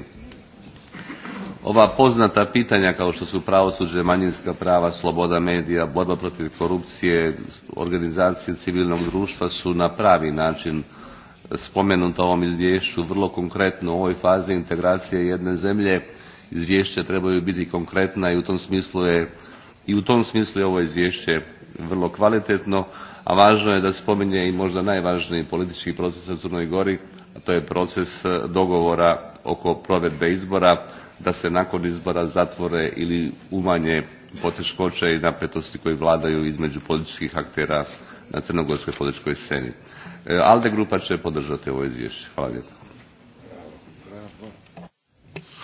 Ova poznata pitanja kao što su pravosuđe, manjinska prava, sloboda medija, borba protiv korupcije, organizacije civilnog društva su na pravi način spomenuta u ovom izvješću vrlo konkretno u ovoj fazi integracije jedne zemlje izvješća trebaju biti konkretna i u tom smislu je i u tom smislu je ovo izvješće vrlo kvalitetno, a važno je da spominje i možda najvažniji politički proces u Crnoj Gori, a to je proces e, dogovora oko provedbe izbora, da se nakon izbora zatvore ili umanje poteškoće i napetosti koji vladaju između političkih aktera na crnogorskoj političkoj sceni. E, ALDE grupa će podržati ovo izvješće. Hvala lijepo.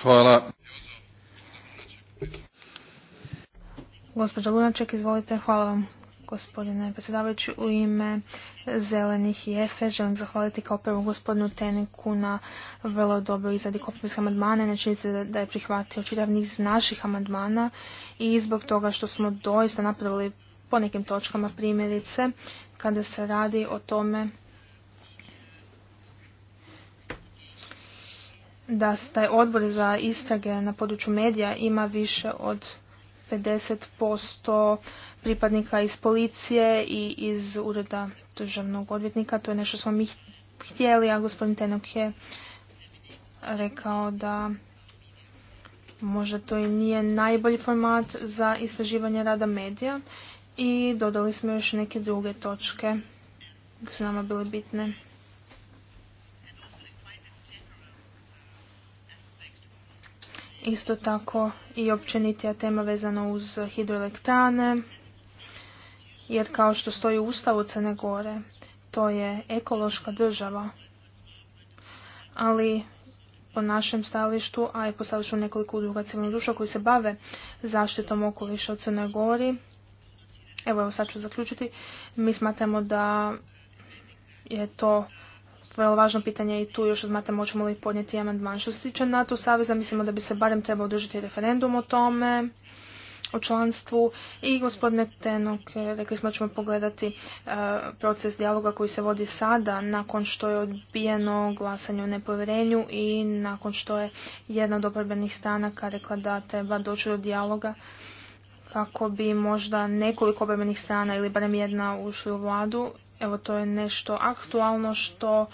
Hvala. Gospođa Lunaček, izvolite. Hvala vam gospodine predsjedavajući. U ime zelenih i EFE želim zahvaliti kao prvo gospodinu Teniku na vrlo dobro izradi Ne amandmana. Znači da je prihvatio čitav niz naših amandmana i zbog toga što smo doista napravili po nekim točkama primjerice kada se radi o tome da taj odbor za istrage na području medija ima više od 50% pripadnika iz policije i iz ureda državnog odvjetnika. To je nešto smo mi htjeli, a gospodin Tenok je rekao da možda to i nije najbolji format za istraživanje rada medija i dodali smo još neke druge točke koje su nama bile bitne. isto tako i općenitija tema vezana uz hidroelektrane, jer kao što stoji u Ustavu Crne Gore, to je ekološka država. Ali po našem stalištu, a i po stalištu nekoliko udruga civilnog društva koji se bave zaštitom okoliša u Crnoj Gori, evo, evo sad ću zaključiti, mi smatramo da je to vrlo važno pitanje i tu još znate moćemo li podnijeti amandman. Što se tiče NATO saveza, mislimo da bi se barem trebao održiti referendum o tome o članstvu i gospodine Tenok, e, rekli smo da ćemo pogledati e, proces dijaloga koji se vodi sada nakon što je odbijeno glasanje o nepovjerenju i nakon što je jedna od oporbenih stranaka rekla da treba doći do dijaloga kako bi možda nekoliko obrbenih strana ili barem jedna ušli u vladu Evo to je nešto aktualno što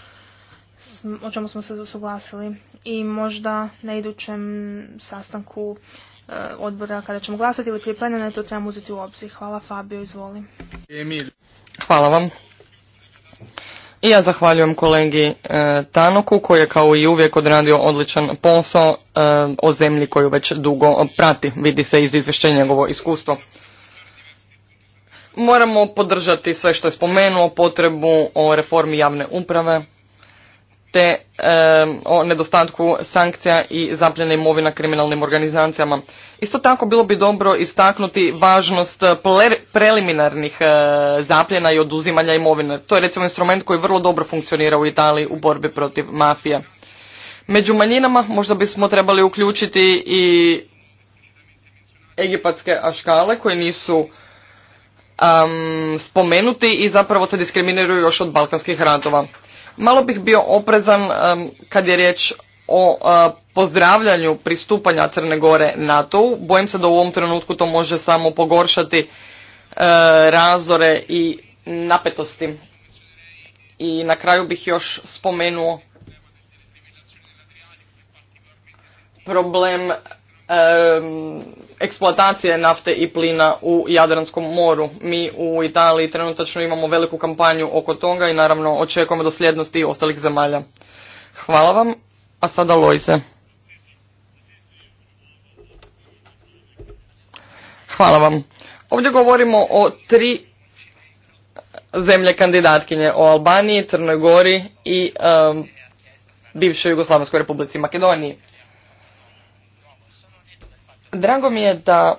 o čemu smo se usuglasili i možda na idućem sastanku e, odbora kada ćemo glasati ili prije to trebamo uzeti u obzir. Hvala Fabio, izvoli. Hvala vam. I ja zahvaljujem kolegi e, Tanoku koji je kao i uvijek odradio odličan posao e, o zemlji koju već dugo prati. Vidi se iz izvješćenja njegovo iskustvo. Moramo podržati sve što je spomenuo, potrebu o reformi javne uprave, te o nedostatku sankcija i zapljene imovina kriminalnim organizacijama. Isto tako bilo bi dobro istaknuti važnost preliminarnih e, zapljena i oduzimanja imovine. To je recimo instrument koji vrlo dobro funkcionira u Italiji u borbi protiv mafije. Među manjinama možda bismo trebali uključiti i egipatske aškale koje nisu spomenuti i zapravo se diskriminiraju još od balkanskih ratova. Malo bih bio oprezan kad je riječ o pozdravljanju pristupanja Crne Gore NATO-u. Bojim se da u ovom trenutku to može samo pogoršati e, razdore i napetosti. I na kraju bih još spomenuo problem eksploatacije nafte i plina u Jadranskom moru. Mi u Italiji trenutačno imamo veliku kampanju oko toga i naravno očekujemo dosljednosti i ostalih zemalja. Hvala vam, a sada Lojse. Hvala vam. Ovdje govorimo o tri zemlje kandidatkinje, o Albaniji, Crnoj Gori i bivšoj Jugoslavenskoj republici Makedoniji. Drago mi je da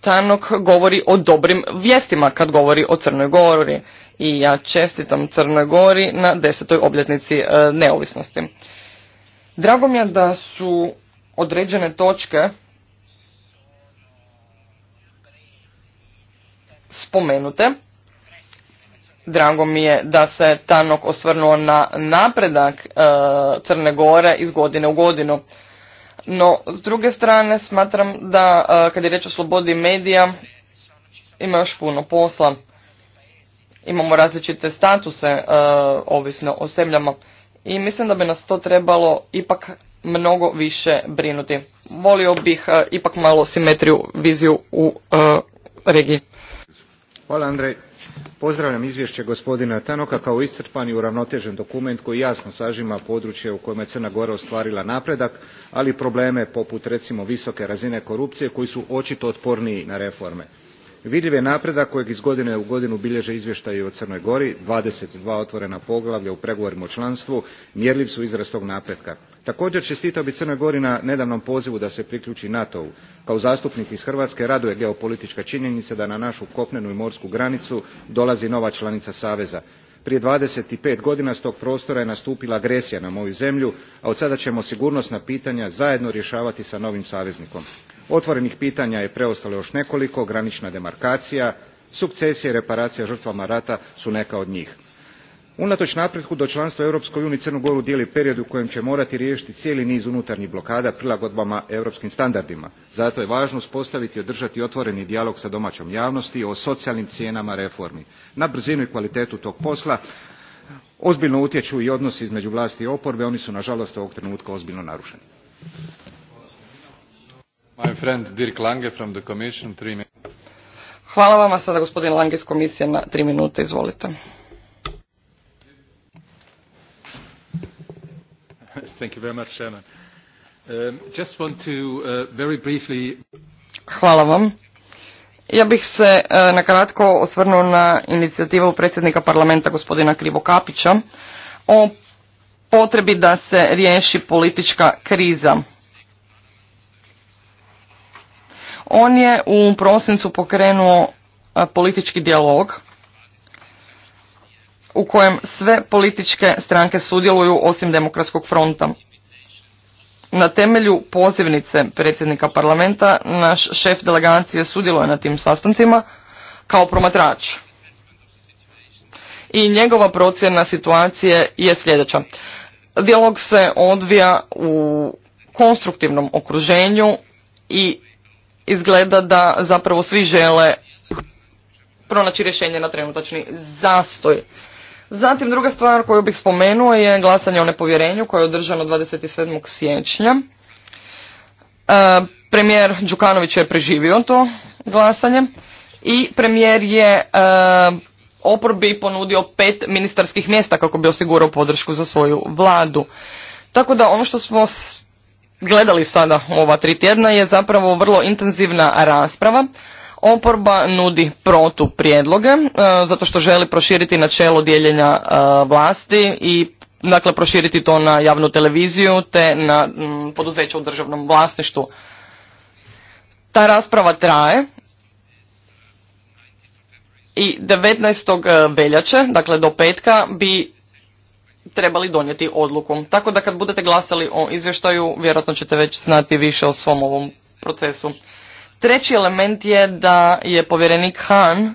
Tanok govori o dobrim vijestima kad govori o Crnoj Gori i ja čestitam Crnoj Gori na desetoj obljetnici e, neovisnosti. Drago mi je da su određene točke spomenute. Drago mi je da se Tanok osvrnuo na napredak e, Crne Gore iz godine u godinu. No, s druge strane, smatram da e, kad je reč o slobodi medija, ima još puno posla. Imamo različite statuse, e, ovisno o zemljama. I mislim da bi nas to trebalo ipak mnogo više brinuti. Volio bih e, ipak malo simetriju, viziju u regiji. Hvala Andrej pozdravljam izvješće gospodina Tanoka kao iscrpan i uravnotežen dokument koji jasno sažima područje u kojima je crna gora ostvarila napredak ali i probleme poput recimo visoke razine korupcije koji su očito otporniji na reforme vidljiv je napredak kojeg iz godine u godinu bilježe izvještaji o crnoj gori twenty two otvorena poglavlja u pregovorima o članstvu mjerljiv su izraz tog napretka. također čestitao bi crnoj gori na nedavnom pozivu da se priključi nato u. kao zastupnik iz hrvatske raduje geopolitička činjenica da na našu kopnenu i morsku granicu dolazi nova članica saveza prije twenty five godina s tog prostora je nastupila agresija na moju zemlju a od sada ćemo sigurnosna pitanja zajedno rješavati s novim saveznikom. otvorenih pitanja je preostalo još nekoliko granična demarkacija sukcesija i reparacija žrtvama rata su neka od njih unato napretku do lanstva u europskoj uniji crnu goru dijeli period u kojem e morati riješiti cijeli niz unutarnjih blokada prilagodbama europskim standardima zato je vano uspostaviti i odrati otvoreni dijalog s domaom javnosti o socijalnim cijenama reformi. na brzinu i kvalitetu tog posla ozbiljno utjeu i odnosi između vlasti i oporbe oni su naalost ovog trenutka ozbiljno narueni. Hvala vam, sada gospodin Lange iz komisije na tri minute, izvolite. Hvala vam. Ja bih se nakratko uh, na osvrnuo na inicijativu predsjednika parlamenta gospodina Krivokapića o potrebi da se riješi politička kriza. On je u prosincu pokrenuo uh, politički dijalog u kojem sve političke stranke sudjeluju osim demokratskog fronta. Na temelju pozivnice predsjednika parlamenta naš šef delegacije sudjeluje na tim sastancima kao promatrač. I njegova procjena situacije je sljedeća. Dijalog se odvija u konstruktivnom okruženju i izgleda da zapravo svi žele pronaći rješenje na trenutačni zastoj Zatim druga stvar koju bih spomenuo je glasanje o nepovjerenju koje je održano 27. siječnja. E, premijer Đukanović je preživio to glasanje i premijer je e, oporbi ponudio pet ministarskih mjesta kako bi osigurao podršku za svoju vladu. Tako da ono što smo gledali sada ova tri tjedna je zapravo vrlo intenzivna rasprava Oporba nudi protu prijedloge e, zato što želi proširiti načelo dijeljenja e, vlasti i dakle proširiti to na javnu televiziju te na m, u državnom vlasništvu. Ta rasprava traje i 19. E, veljače, dakle do petka, bi trebali donijeti odluku. Tako da kad budete glasali o izvještaju, vjerojatno ćete već znati više o svom ovom procesu. Treći element je da je povjerenik Han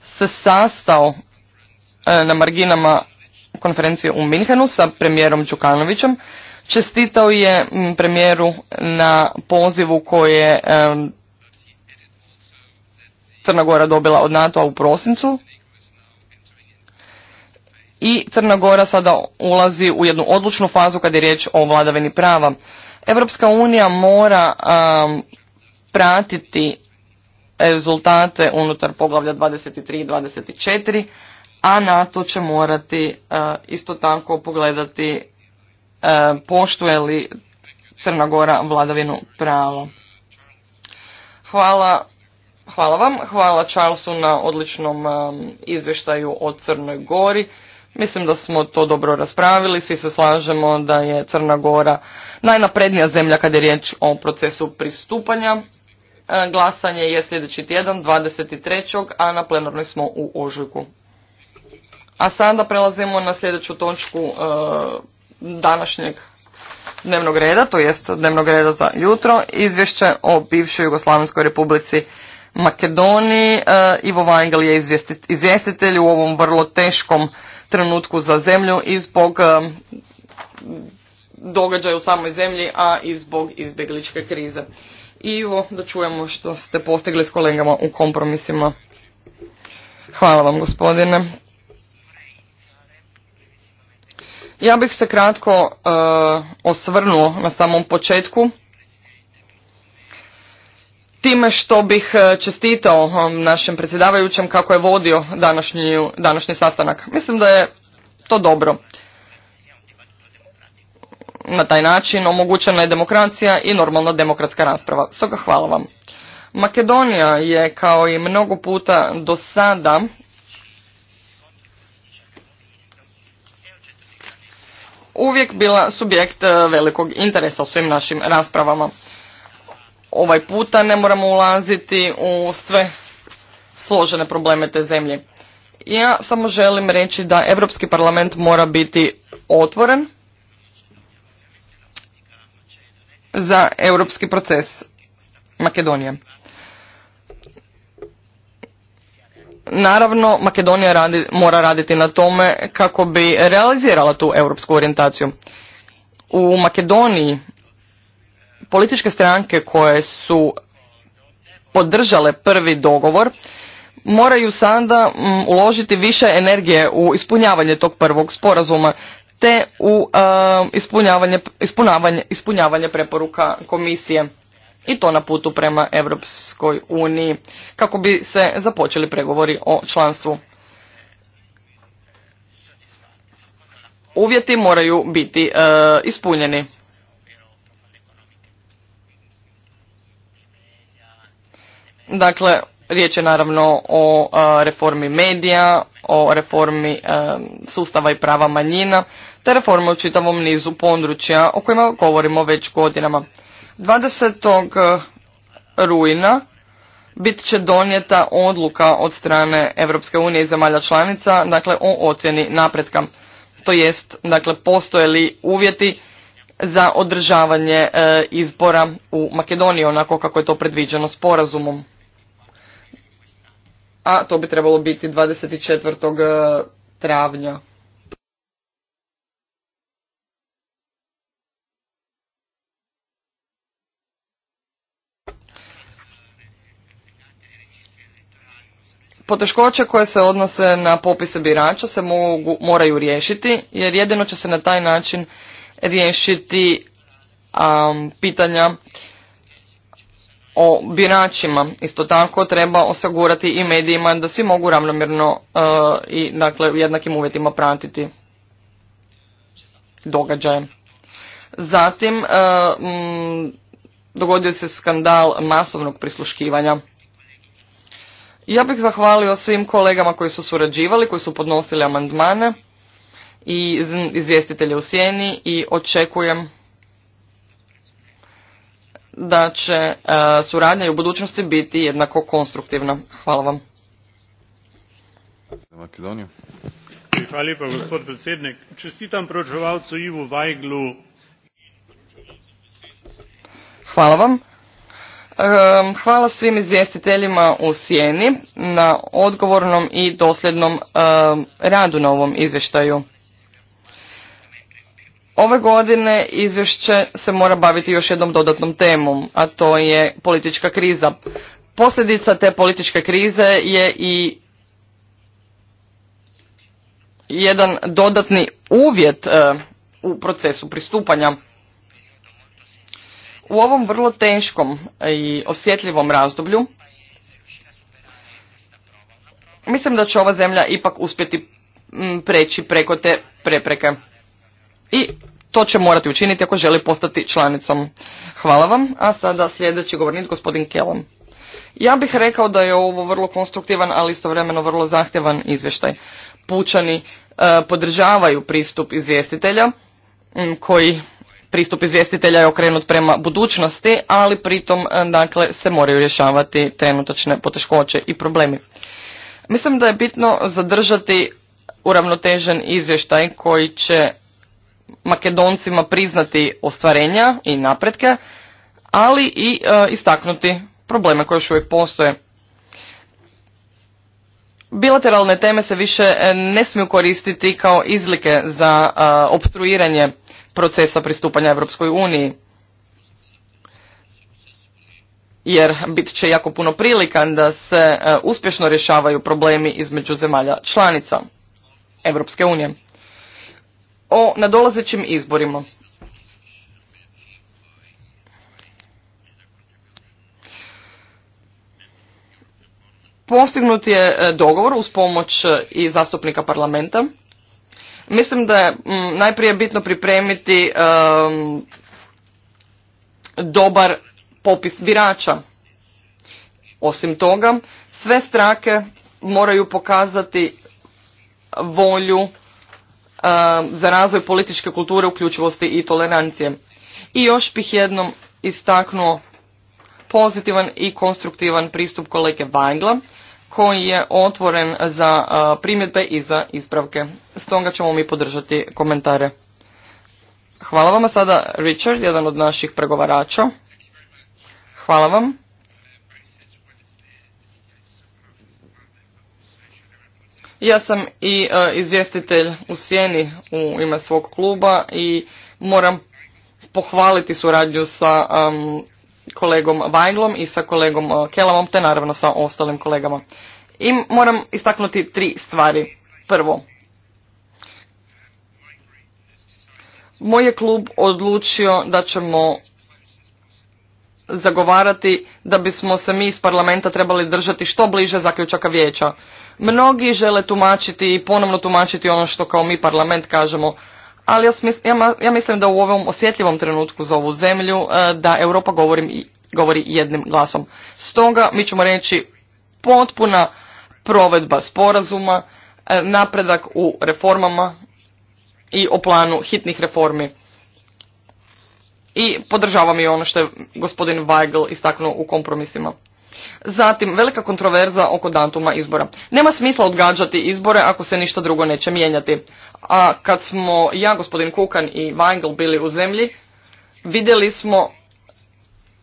se sastao e, na marginama konferencije u Minhenu sa premijerom Čukanovićem. Čestitao je premijeru na pozivu koje e, Crna Gora dobila od NATO-a u prosincu. I Crna Gora sada ulazi u jednu odlučnu fazu kad je riječ o vladavini prava. Evropska unija mora pratiti rezultate unutar poglavlja 23 i 24, a NATO će morati e, isto tako pogledati e, poštuje li Crna Gora vladavinu prava. Hvala, hvala vam, hvala Charlesu na odličnom e, izvještaju o Crnoj Gori. Mislim da smo to dobro raspravili, svi se slažemo da je Crna Gora najnaprednija zemlja kad je riječ o procesu pristupanja E, glasanje je sljedeći tjedan, 23. a na plenarnoj smo u ožujku. A sada prelazimo na sljedeću točku e, današnjeg dnevnog reda, to jest dnevnog reda za jutro, izvješće o bivšoj Jugoslavenskoj republici Makedoniji. E, Ivo Vangel je izvjestitelj u ovom vrlo teškom trenutku za zemlju i zbog događaja u samoj zemlji, a i zbog izbjegličke krize i Ivo, da čujemo što ste postigli s kolegama u kompromisima. Hvala vam gospodine. Ja bih se kratko e, osvrnuo na samom početku time što bih e, čestitao našem predsjedavajućem kako je vodio današnji, današnji sastanak. Mislim da je to dobro. Na taj način omogućena je demokracija i normalna demokratska rasprava. Stoga hvala vam. Makedonija je kao i mnogo puta do sada uvijek bila subjekt e, velikog interesa u svim našim raspravama. Ovaj puta ne moramo ulaziti u sve složene probleme te zemlje. Ja samo želim reći da Europski parlament mora biti otvoren za europski proces Makedonije. Naravno, Makedonija radi, mora raditi na tome kako bi realizirala tu europsku orijentaciju. U Makedoniji političke stranke koje su podržale prvi dogovor moraju sada mm, uložiti više energije u ispunjavanje tog prvog sporazuma te u um, ispunjavanje, preporuka komisije i to na putu prema Europskoj uniji kako bi se započeli pregovori o članstvu. Uvjeti moraju biti uh, ispunjeni. Dakle, riječ je naravno o uh, reformi medija, o reformi um, sustava i prava manjina, te reforme u čitavom nizu područja o kojima govorimo već godinama. 20. Eh, rujna bit će donijeta odluka od strane Europske unije i zemalja članica, dakle o ocjeni napretka, to jest dakle postoje li uvjeti za održavanje eh, izbora u Makedoniji onako kako je to predviđeno sporazumom. A to bi trebalo biti 24. Eh, travnja. Poteškoće koje se odnose na popise birača se mogu, moraju riješiti jer jedino će se na taj način riješiti um, pitanja o biračima. Isto tako treba osigurati i medijima da svi mogu ravnomjerno e, i dakle u jednakim uvjetima pratiti događaje. Zatim e, dogodio se skandal masovnog prisluškivanja ja bih zahvalio svim kolegama koji su surađivali, koji su podnosili amandmane i izvjestitelje u sjeni i očekujem da će e, suradnja i u budućnosti biti jednako konstruktivna. Hvala vam. Makedoniju. Hvala lijepa, Čestitam Ivu Vajglu. Hvala vam. Ehm, hvala svim izvjestiteljima u Sjeni na odgovornom i dosljednom ehm, radu na ovom izvještaju. Ove godine izvješće se mora baviti još jednom dodatnom temom, a to je politička kriza. Posljedica te političke krize je i jedan dodatni uvjet ehm, u procesu pristupanja u ovom vrlo teškom i osjetljivom razdoblju mislim da će ova zemlja ipak uspjeti mm, preći preko te prepreke. I to će morati učiniti ako želi postati članicom. Hvala vam. A sada sljedeći govornik, gospodin Kelom. Ja bih rekao da je ovo vrlo konstruktivan, ali istovremeno vrlo zahtjevan izvještaj. Pučani e, podržavaju pristup izvjestitelja koji pristup izvjestitelja je okrenut prema budućnosti, ali pritom e, dakle, se moraju rješavati trenutačne poteškoće i problemi. Mislim da je bitno zadržati uravnotežen izvještaj koji će Makedoncima priznati ostvarenja i napretke, ali i e, istaknuti probleme koje još uvijek postoje. Bilateralne teme se više e, ne smiju koristiti kao izlike za obstruiranje procesa pristupanja Europskoj uniji. Jer bit će jako puno prilika da se e, uspješno rješavaju problemi između zemalja članica Europske unije. O nadolazećim izborima. Postignut je e, dogovor uz pomoć e, i zastupnika parlamenta Mislim da je mm, najprije bitno pripremiti dobar popis birača. Osim toga, sve strake moraju pokazati volju za razvoj političke kulture, uključivosti i tolerancije. I još bih jednom istaknuo pozitivan i konstruktivan pristup kolege Vangla koji je otvoren za primjedbe i za ispravke. Stoga ćemo mi podržati komentare. Hvala vam sada Richard, jedan od naših pregovarača. Hvala vam. Ja sam i izvjestitelj u sjeni u ime svog kluba i moram pohvaliti suradnju sa kolegom Vajglom i sa kolegom eh, Kelamom, te naravno sa ostalim kolegama. I moram istaknuti tri stvari. Prvo, moj je klub odlučio da ćemo zagovarati da bismo se mi iz parlamenta trebali držati što bliže zaključaka vijeća. Mnogi žele tumačiti i ponovno tumačiti ono što kao mi parlament kažemo, ali ja mislim da u ovom osjetljivom trenutku za ovu zemlju e, da Europa govori, govori jednim glasom. Stoga mi ćemo reći potpuna provedba sporazuma, e, napredak u reformama i o planu hitnih reformi. I podržavam i ono što je gospodin Weigl istaknuo u kompromisima. Zatim, velika kontroverza oko datuma izbora. Nema smisla odgađati izbore ako se ništa drugo neće mijenjati a kad smo ja, gospodin Kukan i Weingl bili u zemlji, vidjeli smo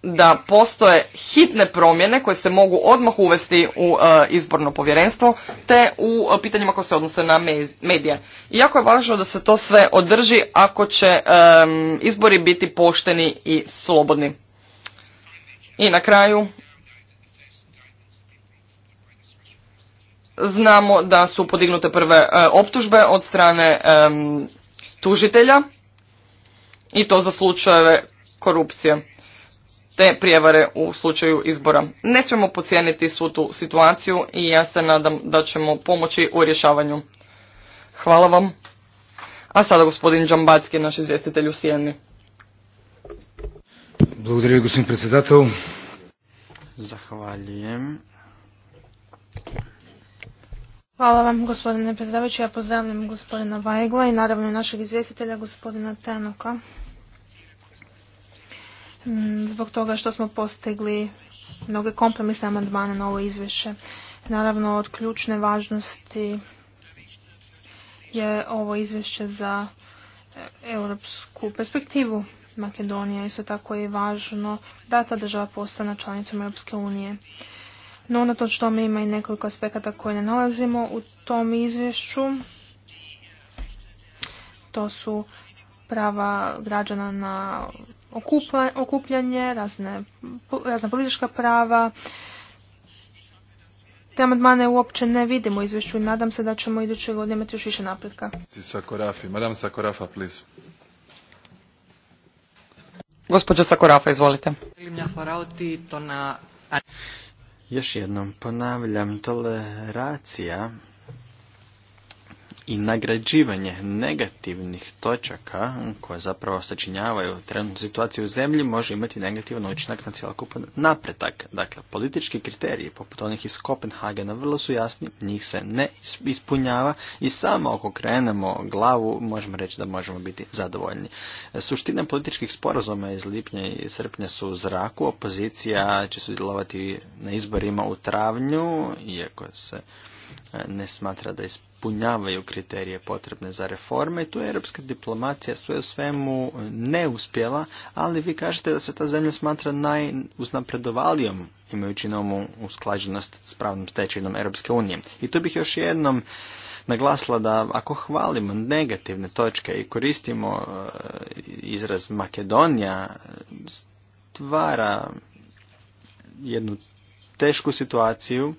da postoje hitne promjene koje se mogu odmah uvesti u e, izborno povjerenstvo te u e, pitanjima koje se odnose na medije. Iako je važno da se to sve održi ako će e, izbori biti pošteni i slobodni. I na kraju Znamo da su podignute prve e, optužbe od strane tužitelja i to za slučajeve korupcije te prijevare u slučaju izbora. Ne smijemo pocijeniti svu tu situaciju i ja se nadam da ćemo pomoći u rješavanju. Hvala vam. A sada gospodin Đambacki, naš izvjestitelj u Sijeni. Благодаря Hvala vam gospodine predsjedavajući. Ja pozdravljam gospodina Vajgla i naravno našeg izvjestitelja gospodina Tenoka. Mm, zbog toga što smo postigli mnoge kompromisne amandmane na ovo izvješće. Naravno od ključne važnosti je ovo izvješće za e, europsku perspektivu Makedonije. Isto tako je važno da ta država postane članicom Europske unije. No, unatoč tome ima i nekoliko aspekata koje ne nalazimo u tom izvješću. To su prava građana na okupljanje, razne, razna politička prava. Te amandmane uopće ne vidimo u izvješću i nadam se da ćemo iduće godine imati još više napretka. Sakorafi. Sakorafa, please. Sakorafa, izvolite. Još jednom ponavljam, toleracija i nagrađivanje negativnih točaka koje zapravo sačinjavaju trenutnu situaciju u zemlji može imati negativan učinak na cjelokupan napretak. Dakle, politički kriteriji poput onih iz Kopenhagena vrlo su jasni, njih se ne ispunjava i samo ako krenemo glavu možemo reći da možemo biti zadovoljni. Suština političkih sporazuma iz lipnja i srpnja su u zraku, opozicija će sudjelovati na izborima u travnju, iako se e, ne smatra da je ispunjavaju kriterije potrebne za reforme i tu je europska diplomacija sve u svemu neuspjela, ali vi kažete da se ta zemlja smatra najuznapredovalijom imajući na umu usklađenost s pravnom stečevinom Europske unije. I tu bih još jednom naglasila da ako hvalimo negativne točke i koristimo e, izraz Makedonija, stvara jednu tešku situaciju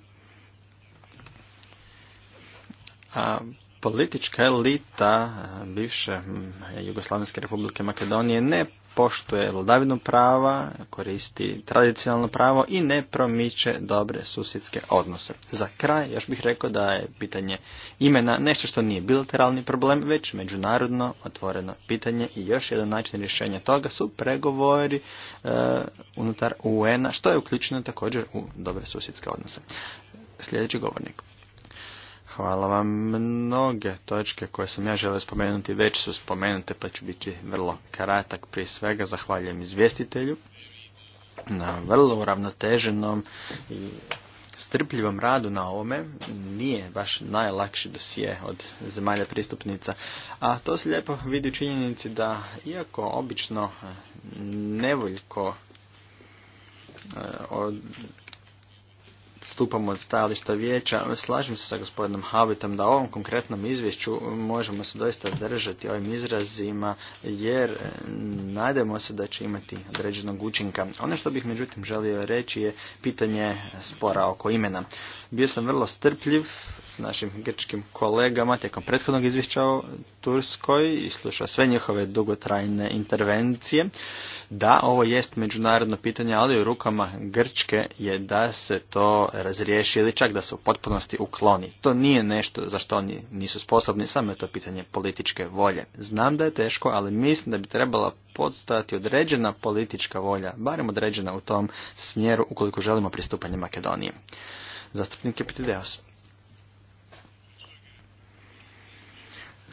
a politička elita bivše hm, Jugoslavenske republike Makedonije ne poštuje vladavinu prava, koristi tradicionalno pravo i ne promiče dobre susjedske odnose. Za kraj još bih rekao da je pitanje imena nešto što nije bilateralni problem, već međunarodno otvoreno pitanje i još jedan način rješenja toga su pregovori e, unutar UN-a, što je uključeno također u dobre susjedske odnose. Sljedeći govornik. Hvala vam. Mnoge točke koje sam ja želeo spomenuti već su spomenute pa ću biti vrlo kratak. Prije svega zahvaljujem izvjestitelju na vrlo uravnoteženom i strpljivom radu na ovome nije baš najlakši dosije od zemalja pristupnica. A to se lijepo vidi u činjenici da iako obično nevoljko e, odstupamo od stajališta vijeća. Slažem se sa gospodinom Habitom da ovom konkretnom izvješću možemo se doista držati ovim izrazima jer e, najdemo se da će imati određenog učinka. Ono što bih međutim želio reći je pitanje spora oko imena. Bio sam vrlo strpljiv s našim grčkim kolegama tijekom prethodnog izvješća o Turskoj i slušao sve njihove dugotrajne intervencije. Da, ovo jest međunarodno pitanje, ali u rukama Grčke je da se to razriješi ili čak da se u potpunosti ukloni. To nije nešto za što oni nisu sposobni, samo je to pitanje političke volje. Znam da je teško, ali mislim da bi trebala postati određena politička volja, barem određena u tom smjeru ukoliko želimo pristupanje Makedonije. Zastupnik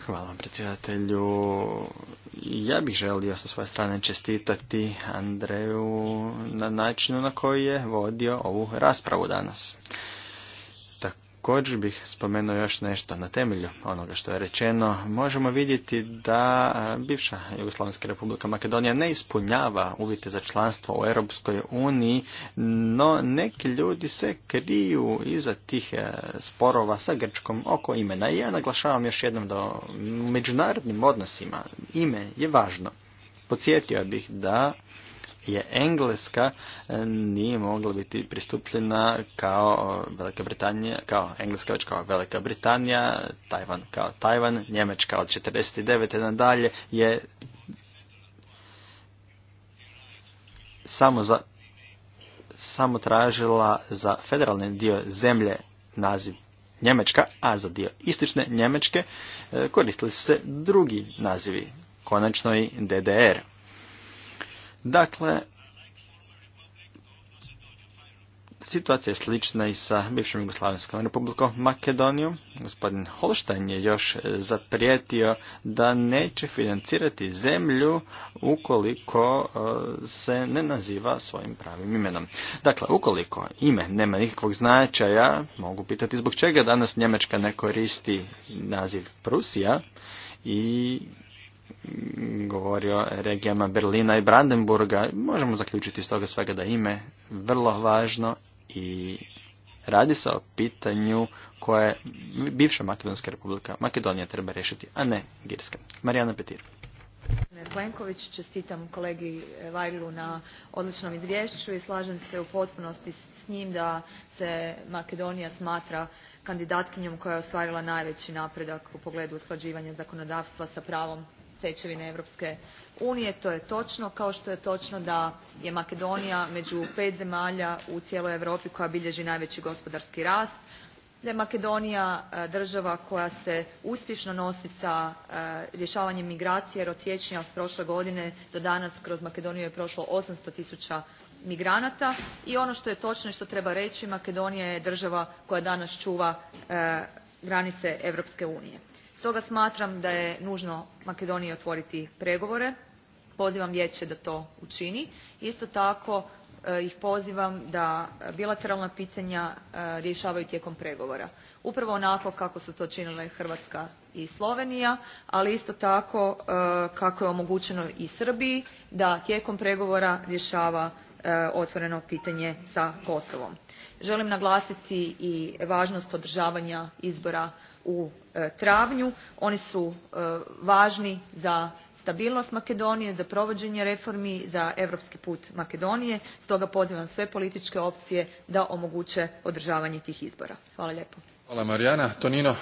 Hvala vam predsjedatelju. Ja bih želio sa svoje strane čestitati Andreju na načinu na koji je vodio ovu raspravu danas. Također bih spomenuo još nešto na temelju onoga što je rečeno. Možemo vidjeti da bivša Jugoslavijska republika Makedonija ne ispunjava uvjete za članstvo u Europskoj uniji, no neki ljudi se kriju iza tih e, sporova sa Grčkom oko imena. I ja naglašavam još jednom da u međunarodnim odnosima ime je važno. Podsjetio bih da je Engleska e, nije mogla biti pristupljena kao e, Velika Britanija, kao Engleska već kao Velika Britanija, Tajvan kao Tajvan, Njemačka od 49. nadalje je samo za samo tražila za federalni dio zemlje naziv Njemačka, a za dio istočne Njemačke e, koristili su se drugi nazivi, konačno i DDR. Dakle, situacija je slična i sa bivšom Jugoslavenskom republikom Makedonijom. Gospodin Holstein je još e, zaprijetio da neće financirati zemlju ukoliko e, se ne naziva svojim pravim imenom. Dakle, ukoliko ime nema nikakvog značaja, mogu pitati zbog čega danas Njemačka ne koristi naziv Prusija i govorio o regijama Berlina i Brandenburga. Možemo zaključiti iz toga svega da ime vrlo važno i radi se o pitanju koje bivša Makedonska republika Makedonija treba rešiti, a ne Girska. Marijana Petir. Plenković, čestitam kolegi Vajlu na odličnom izvješću i slažem se u potpunosti s njim da se Makedonija smatra kandidatkinjom koja je ostvarila najveći napredak u pogledu usklađivanja zakonodavstva sa pravom stečevine europske unije. to je točno kao što je točno da je makedonija među pet zemalja u cijeloj europi koja bilježi najveći gospodarski rast da je makedonija e, država koja se uspješno nosi sa e, rješavanjem migracija jer od siječnja prošle godine do danas kroz makedoniju je prošlo eight hundred migranata i ono što je točno i što treba reći makedonija je država koja danas čuva e, granice europske unije toga smatram da je nužno makedoniji otvoriti pregovore pozivam vijeće da to učini isto tako e, ih pozivam da bilateralna pitanja e, rješavaju tijekom pregovora upravo onako kako su to činile hrvatska i slovenija ali isto tako e, kako je omogućeno i srbiji da tijekom pregovora rješava otvoreno pitanje sa kosovom. želim naglasiti i važnost održavanja izbora u e, travnju. Oni su e, važni za stabilnost Makedonije, za provođenje reformi, za europski put Makedonije. Stoga pozivam sve političke opcije da omoguće održavanje tih izbora. Hvala lijepo. Hvala Marijana. Tonino.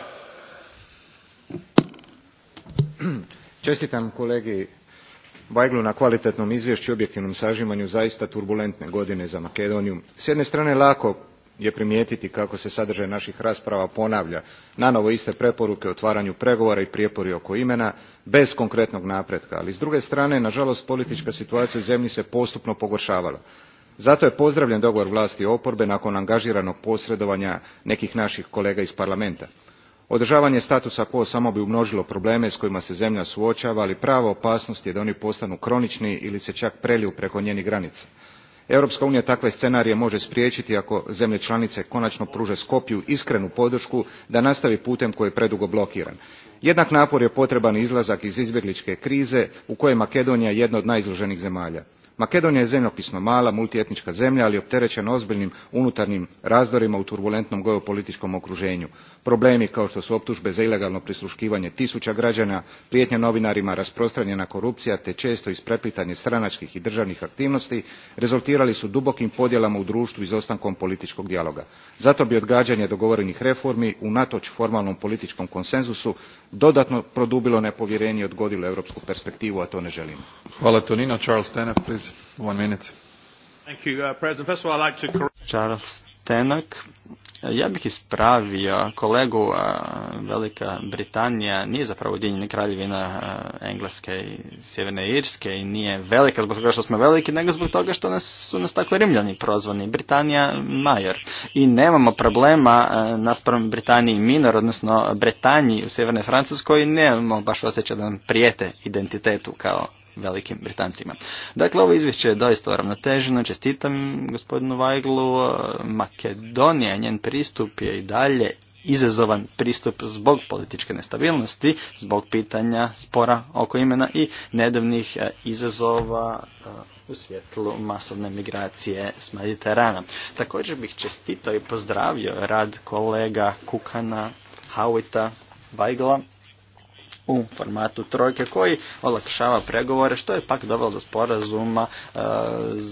Čestitam kolegi Bajglu na kvalitetnom izvješću i objektivnom sažimanju zaista turbulentne godine za makedoniju. s jedne strane lako je primijetiti kako se sadržaj naših rasprava ponavlja nanovo iste preporuke o otvaranju pregovora i prijepori oko imena bez konkretnog napretka ali s druge strane nažalost, politička situacija u zemlji se postupno pogoršavalo. zato je pozdravljen dogovor vlasti i oporbe nakon angažiranog posredovanja nekih naših kolega iz parlamenta. Održavanje statusa quo samo bi umnožilo probleme s kojima se zemlja suočava, ali prava opasnost je da oni postanu kronični ili se čak preliju preko njenih granica europska unija takve scenarije može spriječiti ako zemlje članice konačno pruže skopju iskrenu podršku da nastavi putem koji je predugo blokiran. jednak napor je potreban izlazak iz izbjegličke krize u kojoj je makedonija jedna od najizloženijih zemalja makedonija je zemljopisno mala multietnička zemlja ali opterećena ozbiljnim unutarnjim razdorima u turbulentnom geopolitičkom okruženju problemi kao što su optužbe za ilegalno prisluškivanje tisuća građana prijetnje novinarima rasprostranjena korupcija te često ispreplitanje stranačkih i državnih aktivnosti rezultirali su dubokim podjelama u društvu izostankom političkog dijaloga zato bi odgađanje dogovorenih reformi unatoč formalnom političkom konsenzusu dodatno produbilo nepovjerenje i odgodilo europsku perspektivu a to ne želimo. Uh, Charles Tenak. Ja bih ispravio kolegu uh, Velika Britanija nije zapravo Ujedinjena kraljevina uh, Engleske i Sjeverne Irske i nije velika zbog toga što smo veliki, nego zbog toga što nas, su nas tako rimljani prozvani. Britanija major. I nemamo problema naspram Britaniji minor, odnosno Britaniji u Sjevernoj Francuskoj nemamo baš osjećaj da nam prijete identitetu kao velikim Britancima. Dakle, ovo izvješće je doista ravnoteženo. Čestitam gospodinu Vajglu. Makedonija, njen pristup je i dalje izazovan pristup zbog političke nestabilnosti, zbog pitanja spora oko imena i nedavnih e, izazova e, u svjetlu masovne migracije s Mediterana. Također bih čestitao i pozdravio rad kolega Kukana, Hauita, Vajgla u formatu trojke koji olakšava pregovore što je pak dovelo do sporazuma e,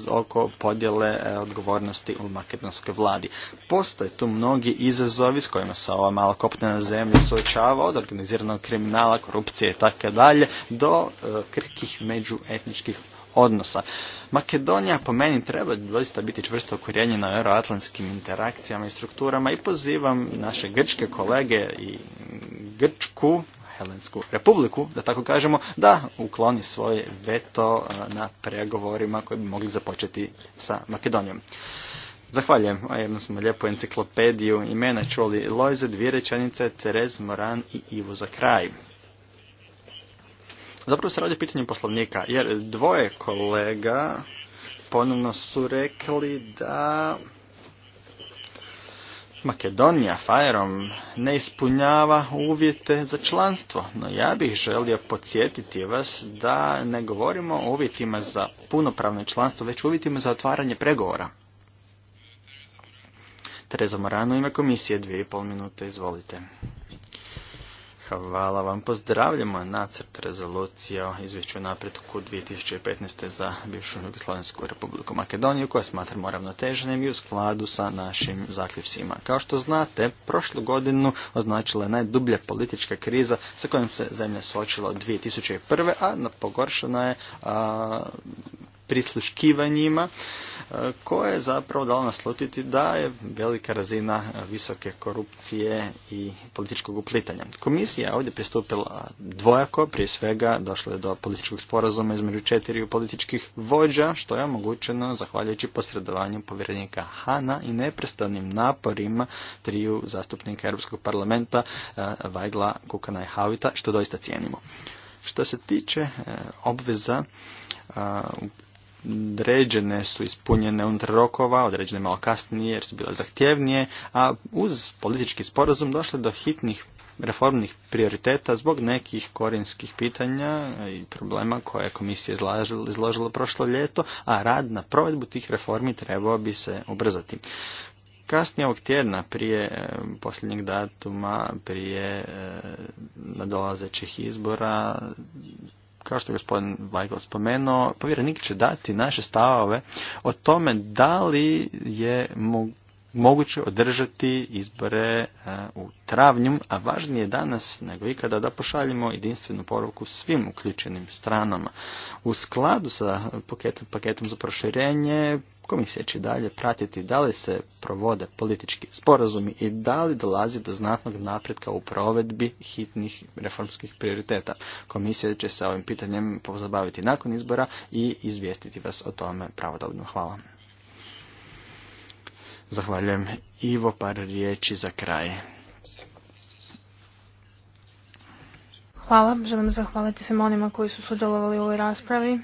oko podjele e, odgovornosti u makedonskoj vladi. Postoje tu mnogi izazovi s kojima se ova mala kopnena zemlja suočava od organiziranog kriminala, korupcije i tako dalje do uh, e, krkih međuetničkih odnosa. Makedonija po meni treba doista biti čvrsto ukorijenjena u euroatlantskim interakcijama i strukturama i pozivam naše grčke kolege i Grčku Helensku republiku, da tako kažemo, da ukloni svoje veto e, na pregovorima koje bi mogli započeti sa Makedonijom. Zahvaljujem. A jedno smo lijepo enciklopediju imena čuli Lojze, dvije rečenice, Terez, Moran i Ivo za kraj. Zapravo se radi o pitanju poslovnika, jer dvoje kolega ponovno su rekli da Makedonija Fajerom ne ispunjava uvjete za članstvo, no ja bih želio podsjetiti vas da ne govorimo o uvjetima za punopravno članstvo, već uvjetima za otvaranje pregovora. Tereza Morano ima komisije, dvije i pol minute, izvolite. Hvala vam. Pozdravljamo nacrt rezolucije o izvješću napretku 2015. za bivšu Jugoslavensku republiku Makedoniju koja smatramo ravnoteženim i u skladu sa našim zaključcima. Kao što znate, prošlu godinu označila je najdublja politička kriza sa kojom se zemlja suočila od 2001. a pogoršana je prisluškivanjima e, koje je zapravo dalo naslutiti da je velika razina visoke korupcije i političkog uplitanja. Komisija je ovdje pristupila dvojako, prije svega došlo je do političkog sporazuma između četiri političkih vođa, što je omogućeno zahvaljujući posredovanju povjerenika Hana i neprestanim naporima triju zastupnika Europskog parlamenta Vajgla, e, Kukana i Havita, što doista cijenimo. Što se tiče e, obveza određene su ispunjene unutar rokova, određene malo kasnije jer su bile zahtjevnije, a uz politički sporazum došlo do hitnih reformnih prioriteta zbog nekih korinskih pitanja i problema koje je komisija izložila prošlo ljeto, a rad na provedbu tih reformi trebao bi se ubrzati. Kasnije ovog tjedna, prije e, posljednjeg datuma, prije e, nadolazećih izbora, kao što je gospodin Weigl spomenuo, povjerenik će dati naše stavove o tome da li je moguće održati izbore e, u travnju, a važnije danas nego ikada da pošaljimo jedinstvenu poruku svim uključenim stranama. U skladu sa paketom, za proširenje komisija će dalje pratiti da li se provode politički sporazumi i da li dolazi do znatnog napretka u provedbi hitnih reformskih prioriteta. Komisija će se ovim pitanjem pozabaviti nakon izbora i izvijestiti vas o tome pravodobno. Hvala. Zahvaljujem. Ivo, par riječi za kraj. Hvala. Želim zahvaliti svima onima koji su sudjelovali u ovoj raspravi.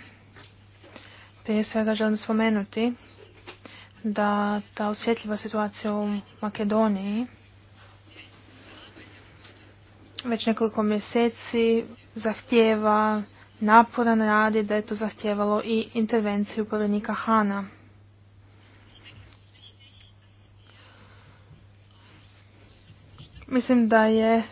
Prije svega želim spomenuti da ta osjetljiva situacija u Makedoniji već nekoliko mjeseci zahtjeva naporan rad i da je to zahtjevalo i intervenciju povrednika Hana. Mislim da je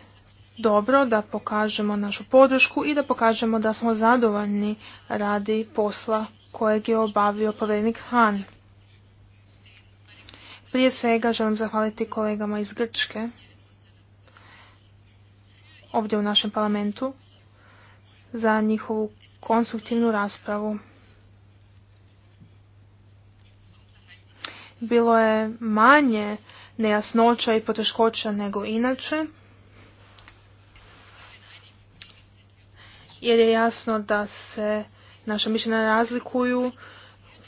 dobro da pokažemo našu podršku i da pokažemo da smo zadovoljni radi posla kojeg je obavio povednik Han. Prije svega želim zahvaliti kolegama iz Grčke ovdje u našem parlamentu za njihovu konstruktivnu raspravu. Bilo je manje nejasnoća i poteškoća nego inače. Jer je jasno da se naše mišljenja razlikuju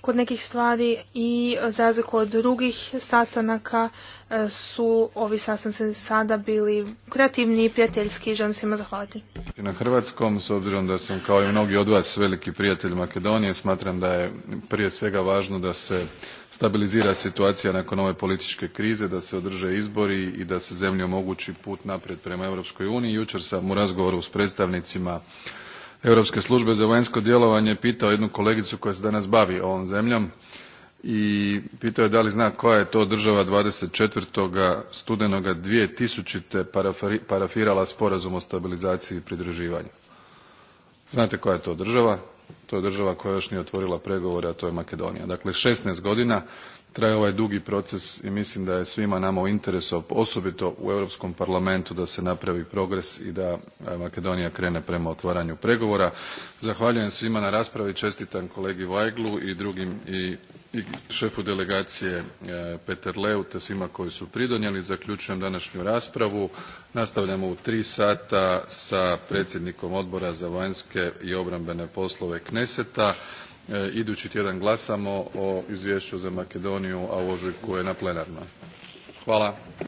kod nekih stvari i za razliku od drugih sastanaka e, su ovi sastanci sada bili kreativni i prijateljski i želim svima zahvaliti. Na Hrvatskom, s obzirom da sam kao i mnogi od vas veliki prijatelj Makedonije, smatram da je prije svega važno da se stabilizira situacija nakon ove političke krize, da se održe izbori i da se zemlji omogući put naprijed prema Europskoj uniji. Jučer sam u razgovoru s predstavnicima europske službe za vanjsko djelovanje pitao jednu kolegicu koja se danas bavi ovom zemljom i pitao je da li zna koja je to država twenty four studenoga. two thousand parafirala sporazum o stabilizaciji i pridruživanju. znate koja je to država? to je država koja još nije otvorila pregovore a to je makedonija. dakle šesnaest godina traje ovaj dugi proces i mislim da je svima nama u interesu osobito u europskom parlamentu da se napravi progres i da makedonija krene prema otvaranju pregovora. zahvaljujem svima na raspravi čestitam kolegi vajglu i drugim i šefu delegacije e, peterleu te svima koji su pridonijeli. zaključujem današnju raspravu. nastavljamo u tri sata s predsjednikom odbora za vanjske i obrambene poslove Kneseta. E, idući tjedan glasamo o izvješću za makedoniju a u ožujku je na plenarnoj. hvala.